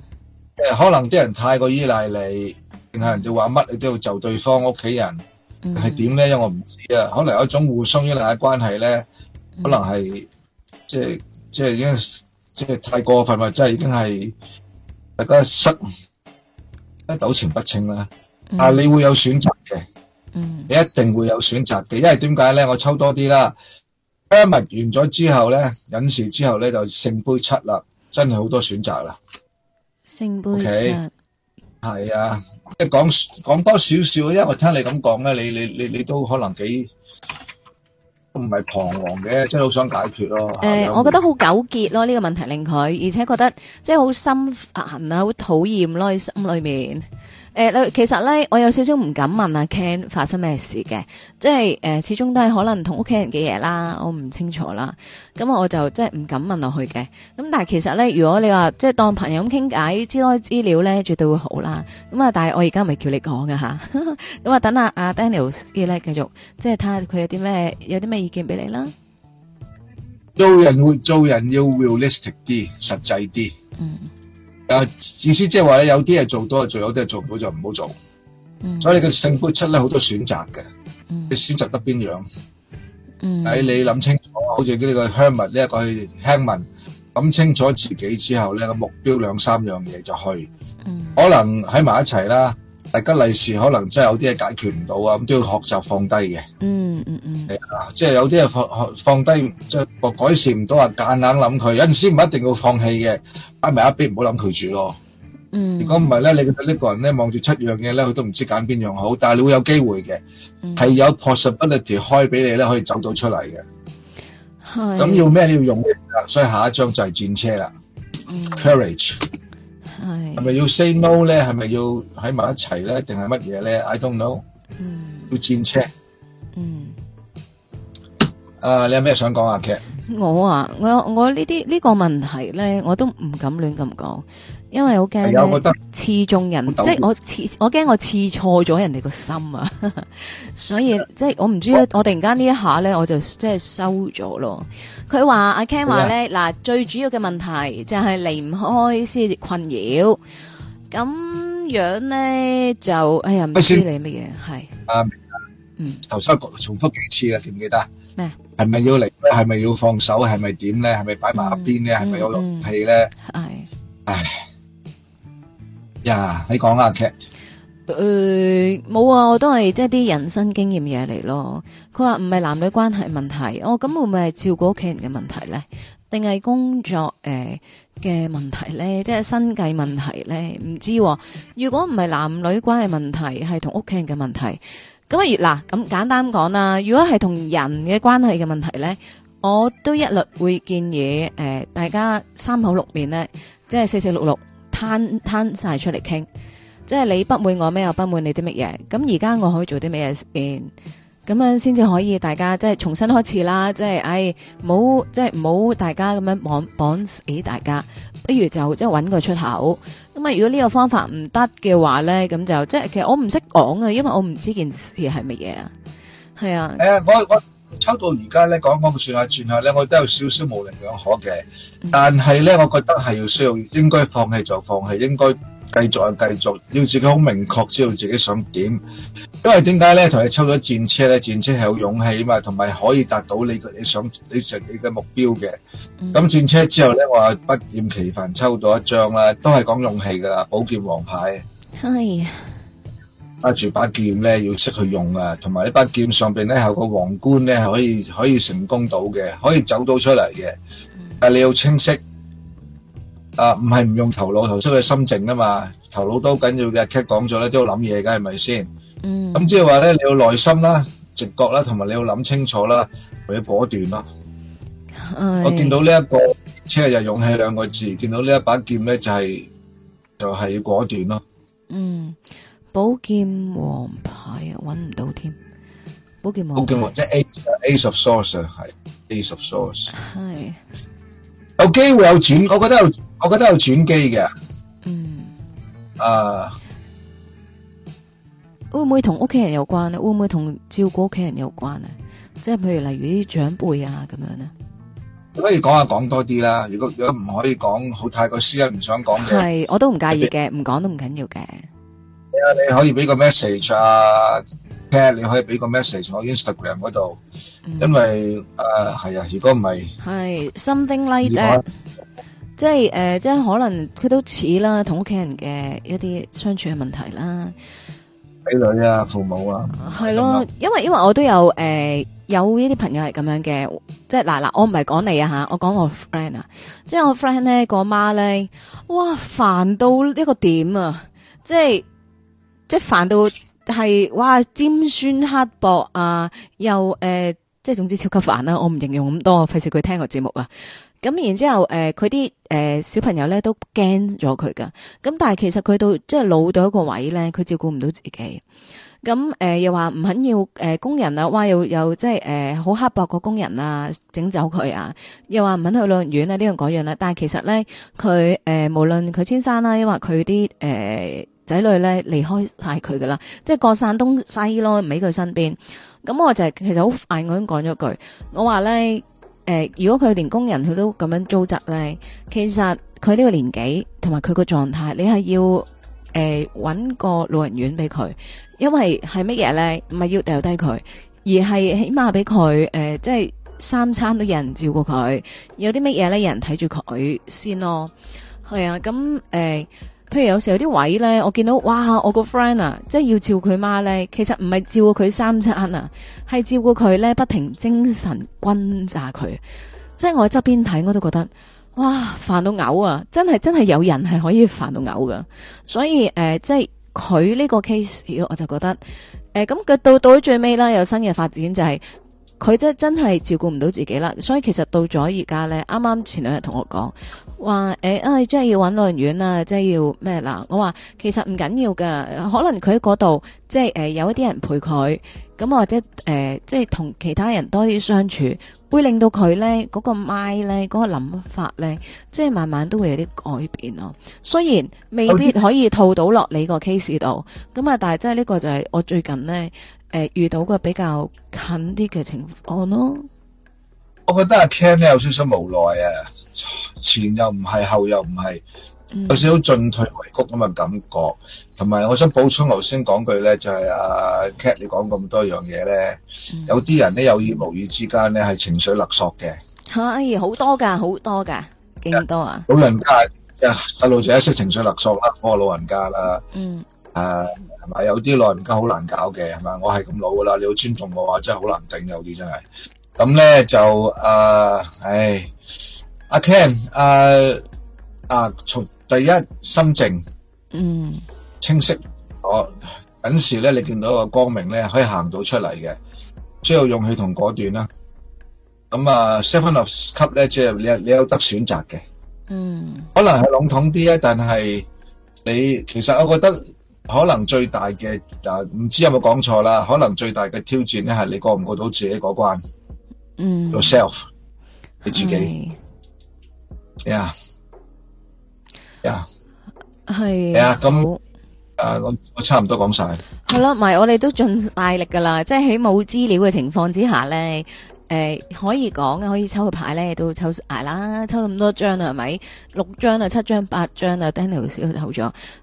誒，可能啲人太過依賴你，定係人哋話乜你都要就對方屋企人係點咧？因為我唔知啊，可能有一種互相依賴嘅關係咧，可能係、mm-hmm. 即係即係已經即係太過分，即係已經係大家失一糾纏不清啦。但你會有選擇嘅，mm-hmm. 你一定會有選擇嘅，因為點解咧？我抽多啲啦，誒，咪完咗之後咧，隱士之後咧就聖杯七啦，真係好多選擇啦。O K，係啊，即係講講多少少，因為我聽你咁講咧，你你你你都可能幾都唔係彷徨嘅，即係好想解決咯。誒，我覺得好糾結咯，呢個問題令佢，而且覺得即係好心煩啊，好討厭咯，心裏面。誒、呃，其實咧，我有少少唔敢問阿、啊、Ken 發生咩事嘅，即係誒、呃，始終都係可能同屋企人嘅嘢啦，我唔清楚啦，咁我就即係唔敢問落去嘅。咁但係其實咧，如果你話即係當朋友咁傾偈之類資料咧，絕對會好啦。咁啊，但係我而家唔係叫你講㗎吓，咁啊，等阿阿 Daniel 嘅咧繼續，即係睇下佢有啲咩有啲咩意見俾你啦。做人會做人要 realistic 啲，實際啲。嗯。啊，意思即係話咧，有啲嘢做到，最有啲嘢做唔到，就唔好做。嗯，所以個性付出咧好多選擇嘅、嗯，你選擇得邊樣，嗯，你諗清楚。好似呢個香蜜呢一個聽文諗清楚自己之後咧個目標兩三樣嘢就去，嗯、可能喺埋一齊啦。大家利是可能真係有啲嘢解決唔到啊，咁都要學習放低嘅。嗯嗯嗯。係啊，即係有啲嘢放放低，即係改善唔到啊，夾硬諗佢。有陣時唔一定要放棄嘅，擺埋一邊，唔好諗佢住咯。嗯。如果唔係咧，你覺得呢個人咧望住七樣嘢咧，佢都唔知揀邊樣好，但係你會有機會嘅，係、嗯、有 possibility 開俾你咧，可以走到出嚟嘅。係。咁要咩？你要用嘅。所以下一張就係戰車啦、嗯。Courage。係，係咪要 say no 咧？係咪要喺埋一齊咧？定係乜嘢咧？I don't know。嗯，要戰車。嗯。誒，uh，你有咩想講啊？Kat。我啊，我我呢啲呢個問題咧，我都唔敢亂咁講。因為好驚我覺得刺中人，即係我刺我驚我刺錯咗人哋個心啊！ 所以即係我唔知我，我突然間呢一下咧，我就即係收咗咯。佢話阿 Ken 話咧嗱，最主要嘅問題就係離唔開先困擾，咁樣咧就哎呀唔知你乜嘢係。啊，嗯，頭先重複幾次啦，記唔記得？咩？係咪要離？係咪要放手？係咪點咧？係咪擺埋邊咧？係咪有落氣咧？係。唉。呀、yeah, 呃，你講啦，劇？誒，冇啊，我都係即係啲人生經驗嘢嚟咯。佢話唔係男女關係問題，我、哦、咁會唔會係照顧屋企人嘅問題呢？定係工作誒嘅、呃、問題呢？即係生計問題呢？唔知、啊。如果唔係男女關係問題，係同屋企人嘅問題，咁啊，如嗱咁簡單講啦。如果係同人嘅關係嘅問題呢，我都一律會建議誒、呃，大家三口六面呢，即係四四六六。攤攤晒出嚟傾，即係你不滿我咩，又不滿你啲乜嘢？咁而家我可以做啲乜嘢先，咁樣先至可以大家即係重新開始啦，即係唉，唔好即係唔好大家咁樣綁綁死大家，不如就即係搵個出口。咁啊，如果呢個方法唔得嘅話咧，咁就即係其實我唔識講啊，因為我唔知件事係乜嘢啊，係啊，哎。抽到而家咧，講講轉下轉下咧，我都有少少模棱兩可嘅。但係咧，我覺得係要需要應該放棄就放棄，應該繼續就繼續，要自己好明確知道自己想點。因為點解咧？同你抽咗戰車咧，戰車係有勇氣嘛，同埋可以達到你個你想你成你嘅目標嘅。咁戰車之後咧，我啊不厭其煩抽到一張啦，都係講勇氣㗎啦，寶劍王牌。係。揸住把劍咧，要識去用啊！同埋呢把劍上邊咧，有個皇冠咧，係可以可以成功到嘅，可以走到出嚟嘅。但係你要清晰，啊，唔係唔用頭腦，頭先嘅心靜啊嘛。頭腦都好緊要嘅，Cat 講咗啦，都要諗嘢嘅，係咪先？嗯。咁即係話咧，你要耐心啦，直覺啦，同埋你要諗清楚啦，要果斷咯。嗯。我見到呢一個，即係就勇氣兩個字，見到呢一把劍咧，就係就係要果斷咯。嗯。寶劍王牌啊，搵唔到添。寶劍王牌，寶劍王即係 A, A of Swords 係 A of Swords 係，有機會有轉，我覺得有，我覺得有轉機嘅。嗯。啊、uh,，會唔會同屋企人有關啊？會唔會同照顧屋企人有關啊？即係譬如例如啲長輩啊咁樣咧。可以講下講多啲啦。如果如果唔可以講，好太過私，唔想講嘅。係，我都唔介意嘅，唔講都唔緊要嘅。你可以俾個 message 啊，聽你可以俾個 message 我 Instagram 嗰度，嗯，因為誒係啊，啊，如果唔係係 something like 誒、呃，即係誒，即係可能佢都似啦，同屋企人嘅一啲相處嘅問題啦，仔女啊、父母啊，係咯、啊，因為因為我都有誒、呃、有呢啲朋友係咁樣嘅，即係嗱嗱，我唔係講你啊吓，我講我 friend 啊，即係我 friend 咧個媽咧，哇煩到一個點啊，即係～即係煩到係哇，尖酸刻薄啊，又誒、呃、即係總之超級煩啦，我唔形容咁多費事佢聽我節目啊。咁然之後誒佢啲誒小朋友咧都驚咗佢噶。咁但係其實佢到即係老到一個位咧，佢照顧唔到自己，咁誒、呃、又話唔肯要誒、呃工，呃呃、工人啊，哇又又即係誒好刻薄個工人啊，整走佢啊，又話唔肯去老人院啊，呢樣嗰樣啦，但係其實咧佢誒無論佢先生啦亦或佢啲誒仔女咧離開晒佢噶啦，即係過散東西咯，唔喺佢身邊。咁我就係、是、其實好快，我已經講咗句，我話咧，誒、呃，如果佢連工人佢都咁樣糟質咧，其實佢呢個年紀同埋佢個狀態，你係要誒搵、呃、個老人院俾佢，因為係乜嘢咧？唔係要掉低佢，而係起碼俾佢誒，即係三餐都有人照顧佢，有啲乜嘢咧，有人睇住佢先咯。係、嗯、啊，咁、嗯、誒。嗯譬如有時有啲位呢，我見到哇，我個 friend 啊，即係要照佢媽呢，其實唔係照顧佢三餐啊，係照顧佢呢，不停精神轟炸佢，即係我喺側邊睇我都覺得哇煩到嘔啊！真係真係有人係可以煩到嘔噶，所以誒、呃、即係佢呢個 case，我就覺得誒，咁佢到到最尾啦，有新嘅發展就係、是。佢真真係照顧唔到自己啦，所以其實到咗而家呢，啱啱前兩日同我講話，誒，唉、哎，真係要揾老人院啦，即係要咩啦？我話其實唔緊要㗎，可能佢嗰度，即係、呃、有一啲人陪佢，咁或者、呃、即係同其他人多啲相處，會令到佢呢嗰、個 mind 呢嗰、個諗法呢，即係慢慢都會有啲改變咯。雖然未必可以套到落你個 case 度，咁啊，但係即係呢個就係我最近呢。誒、呃，遇到個比較近啲嘅情況咯，我覺得阿 Cat 咧有少少無奈啊，前又唔係，後又唔係，有少少進退維谷噉嘅感覺。同、嗯、埋，我想補充頭先講句咧，就係、是、阿、啊、Cat 你講咁多樣嘢咧，有啲人咧有意無意之間咧係情緒勒索嘅，係、哎、好多噶，好多噶，勁多啊！老人家啊，細路仔識情緒勒索啦，我老人家啦，嗯，誒、啊。係嘛？有啲老人家好難搞嘅，係嘛？我係咁老㗎啦，你好尊重我啊！真係好難頂，有啲真係。咁咧就誒，唉，阿 Ken，誒，啊，從第一心靜，嗯，清晰，我緊時咧，你見到個光明咧，可以行到出嚟嘅，需要勇氣同果斷啦。咁啊，Seven of Cup 咧，即係你你有得選擇嘅，嗯，可能係籠統啲啊，但係你其實我覺得。可能最大嘅，啊，唔知有冇講錯啦。可能最大嘅挑戰咧，係你過唔過到自己嗰關，yourself，你自己。呀呀，係，係啊，咁，啊，我我差唔多講晒。係咯，唔係我哋都盡晒力㗎啦，即係喺冇資料嘅情況之下咧。誒、呃、可以講嘅，可以抽個牌咧，都抽捱啦，抽咁多張啦，係咪六張啊、七張、八張啊？Daniel 輸咗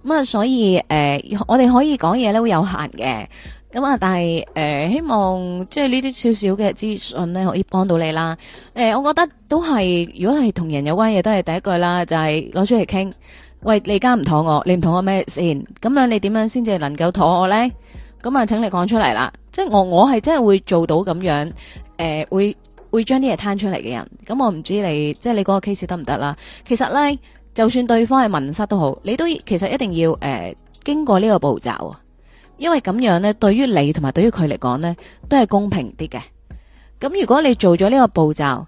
咁啊，所以誒、呃，我哋可以講嘢咧，會有限嘅咁啊。但係誒、呃，希望即係呢啲少少嘅資訊咧，可以幫到你啦。呃、我覺得都係，如果係同人有關嘢，都係第一句啦，就係、是、攞出嚟傾。喂，你而家唔妥我，你唔妥我咩先咁樣？你點樣先至能夠妥我咧？咁啊？請你講出嚟啦。即係我，我係真係會做到咁樣。誒、呃，會會將啲嘢攤出嚟嘅人，咁、嗯、我唔知你即係你嗰個 case 得唔得啦。其實呢，就算對方係民失都好，你都其實一定要誒、呃、經過呢個步驟，因為咁樣呢，對於你同埋對於佢嚟講呢，都係公平啲嘅。咁、嗯、如果你做咗呢個步驟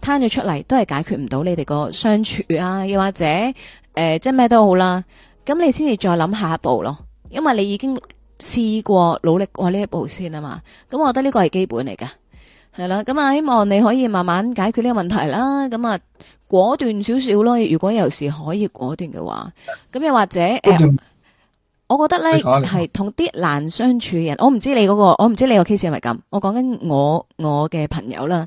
攤咗出嚟，都係解決唔到你哋個相處啊，又或者誒、呃，即係咩都好啦、啊。咁、嗯、你先至再諗下一步咯，因為你已經試過努力過呢一步先啊嘛。咁、嗯、我覺得呢個係基本嚟嘅。係啦，咁啊，希望你可以慢慢解決呢個問題啦。咁啊，果斷少少咯。如果有時可以果斷嘅話，咁又或者，呃，我覺得咧係同啲難相處嘅人，我唔知你嗰個，我唔知你個 case 係咪咁。我講緊我我嘅朋友啦，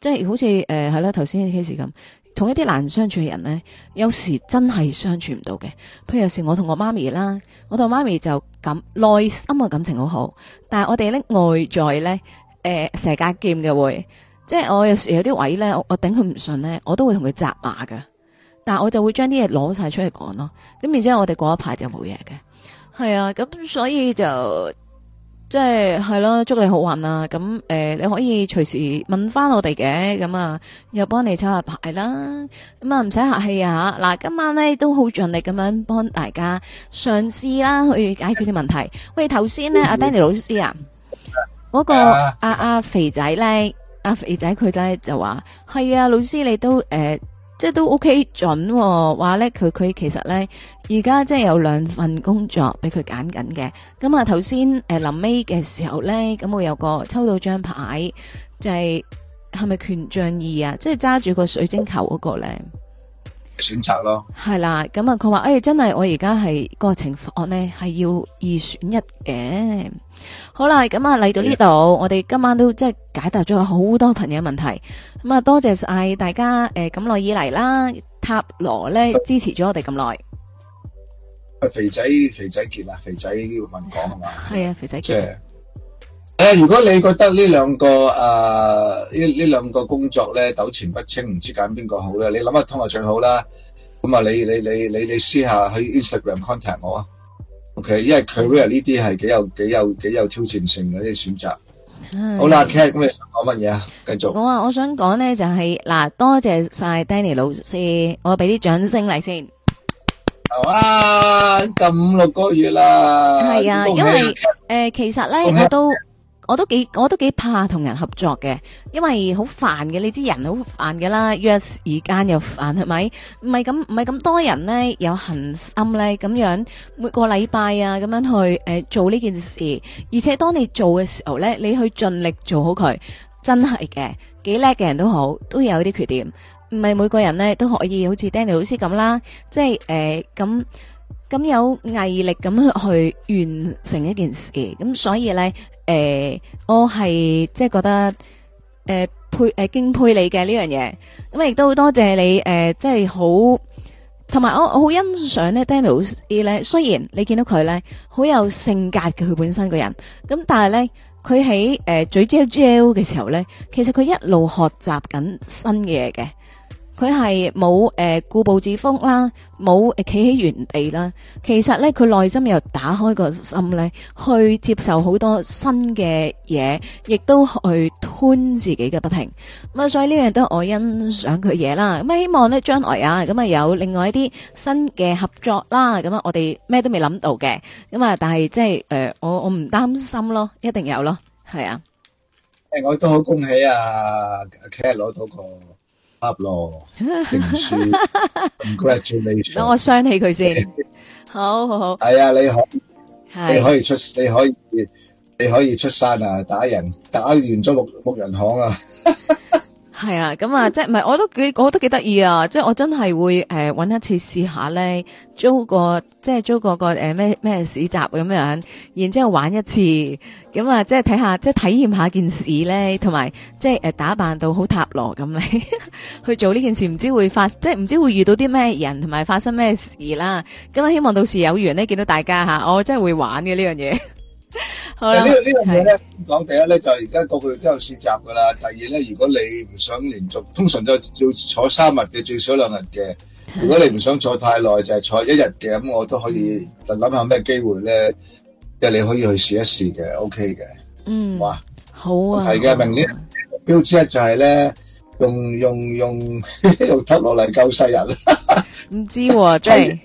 即係好似誒係啦，頭先 case 咁，同一啲難相處嘅人咧，有時真係相處唔到嘅。譬如有時我同我媽咪啦，我同媽咪就咁內心嘅感情好好，但係我哋咧外在咧。誒、呃，邪教劍嘅會，即係我有時候有啲位咧，我我頂佢唔順咧，我都會同佢扎馬嘅，但係我就會將啲嘢攞晒出嚟講咯。咁然之後我哋過一排就冇嘢嘅，係啊。咁所以就即係係咯，祝你好運啊。咁誒、呃，你可以隨時問翻我哋嘅，咁啊又幫你抽一下牌啦。咁啊唔使客氣啊嗱，今晚咧都好盡力咁樣幫大家嘗試啦去解決啲問題。喂，頭先咧阿 Danny 老師啊。嗰、那個阿、啊、阿肥仔咧，阿、啊、肥仔佢咧就話係啊，老師你都誒，uh，即係都 OK 準、哦，話咧佢佢其實咧而家即係有兩份工作俾佢揀緊嘅。咁啊頭先誒臨尾嘅時候咧，咁我有個抽到張牌就係係咪權杖二啊？即係揸住個水晶球嗰個咧，選擇咯。係啦，咁啊佢話誒真係我而家係個情況咧係要二選一嘅。好啦，咁啊嚟到呢度，我哋今晚都即係解答咗好多朋友嘅問題，咁啊多謝晒大家誒咁耐以嚟啦，塔羅咧支持咗我哋咁耐。阿肥仔，肥仔杰啊，肥仔要問講係嘛？係啊，肥仔杰。誒、就是欸，如果你覺得呢兩個誒呢呢兩個工作咧糾纏不清，唔知揀邊個好咧，你諗下通話最好啦。咁啊，你你你你你私下去 Instagram contact 我啊。O K，因為 career 呢啲係幾有幾有幾有挑戰性嘅啲選擇。好啦，Cat，咁你想講乜嘢啊？繼續。好啊，我想講咧就係嗱，多謝晒 Danny 老師，我俾啲掌聲嚟先。好啊，咁五六個月啦。係啊，因為誒，其實咧我都。我都幾我都幾怕同人合作嘅，因為好煩嘅。你知人好煩噶啦，約時間又煩，係咪？唔係咁唔係咁多人咧，有恒心咧，咁樣每個禮拜啊，咁樣去誒做呢件事。而且當你做嘅時候咧，你去盡力做好佢，真係嘅幾叻嘅人都好，都有啲缺點，唔係每個人咧都可以好似 Danny 老師咁啦，即係誒咁咁有毅力咁去完成一件事。咁所以咧。誒、呃，我係即係覺得誒佩誒敬佩你嘅呢樣嘢，咁啊亦都好多謝你誒，即係好，同埋我我好欣賞咧 Danny 老師咧。雖然你見到佢咧好有性格嘅佢本身個人，咁、嗯、但係咧佢喺誒咀嚼嚼嘅時候咧，其實佢一路學習緊新嘢嘅。佢係冇誒固步自封啦，冇企喺原地啦。其實咧，佢內心又打開個心咧，去接受好多新嘅嘢，亦都去吞自己嘅不停。咁啊，所以呢樣都係我欣賞佢嘢啦。咁啊，希望咧將來啊，咁啊有另外一啲新嘅合作啦。咁啊，我哋咩都未諗到嘅。咁啊，但係即係誒，我我唔擔心咯，一定有咯，係啊。誒，我都好恭喜啊！阿 Ken 攞到個。咯，平事 congratulation。我雙起佢先， 好好好，係啊，你可你可以出，你可以，你可以出山啊，打人，打完咗木木人行啊。 係啊，咁、嗯、啊、嗯嗯，即係唔係？我都幾，我覺得幾得意啊！即係我真係會誒，搵、呃、一次試下咧，租，即租個即係租個個誒咩咩市集咁樣，然之後玩一次，咁啊，即係睇下，即係體驗下件事咧，同埋即係誒打扮到好塔羅咁嚟去做呢件事，唔知會發，即係唔知會遇到啲咩人，同埋發生咩事啦。咁啊，希望到時有緣咧見到大家吓、啊，我真係會玩嘅呢樣嘢。 好啦，這個這個、呢呢樣嘢咧，講第一咧就係而家個個月都有試集噶啦。第二咧，如果你唔想連續，通常就做坐三日嘅，最少兩日嘅。如果你唔想坐太耐，就係、是、坐一日嘅，咁我都可以就、嗯、諗下咩機會咧，即係你可以去試一試嘅，OK 嘅。嗯，哇，好啊，係嘅。明年標之一就係咧，用用用 用吸落嚟救世人。唔知喎、啊，即 係、就是。就是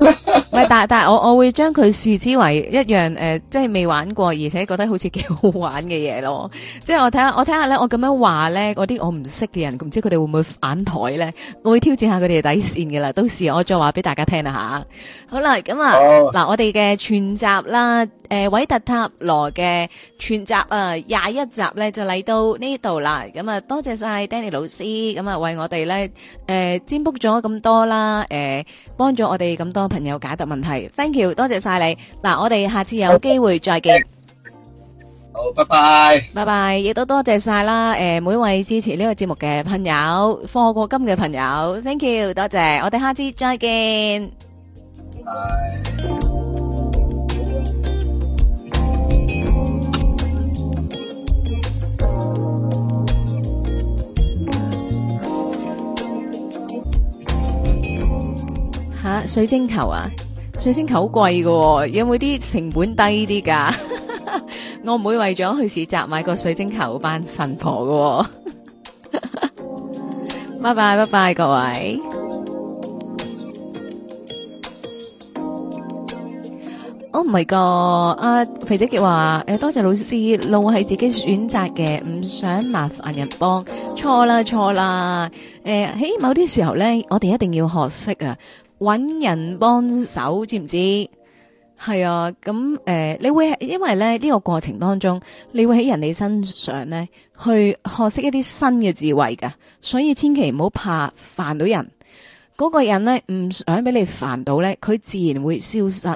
唔係， 但但係我我會將佢視之為一樣誒、呃，即係未玩過，而且覺得好似幾好玩嘅嘢咯。即係我睇下，我睇下咧，我咁樣話咧，嗰啲我唔識嘅人，唔知佢哋會唔會反台咧？我會挑戰下佢哋嘅底線噶啦。到時我再話俾大家聽啦吓。好啦，咁啊，嗱、oh.，我哋嘅全集啦。誒，韋特塔羅嘅全集啊，廿一集咧就嚟到呢度啦，咁啊多謝晒 Danny 老師，咁啊為我哋咧誒占卜咗咁多啦，誒幫咗我哋咁多朋友解答問題，Thank you，多謝晒你，嗱我哋下次有機會再見，好，拜拜，拜拜，亦都多謝晒啦，誒每位支持呢個節目嘅朋友，課過金嘅朋友，Thank you，多謝，我哋下次再見，拜拜。吓、啊，水晶球啊，水晶球好貴噶，有冇啲成本低啲噶？ 我唔會為咗去市集買個水晶球扮神婆噶。拜拜拜拜，各位。哦、oh 啊，唔係個，阿肥仔杰話，誒，多謝老師，路係自己選擇嘅，唔想麻煩人幫。錯啦錯啦，誒，喺、呃、某啲時候咧，我哋一定要學識啊。搵人幫手，知唔知係啊？咁誒、呃，你會因為咧呢、這個過程當中，你會喺人哋身上咧去學識一啲新嘅智慧㗎。所以千祈唔好怕煩到人。嗰、那個人咧唔想俾你煩到咧，佢自然會消失。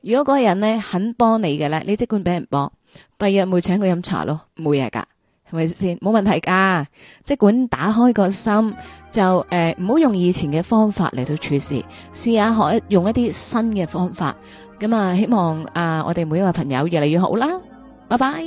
如果嗰個人咧肯幫你嘅咧，你即管俾人幫，第二日咪請佢飲茶咯，冇嘢噶。係咪先？冇問題㗎，即管打開個心，就誒，唔好用以前嘅方法嚟到處事，試下學一用一啲新嘅方法。咁啊，希望啊我哋每一位朋友越嚟越好啦。拜拜。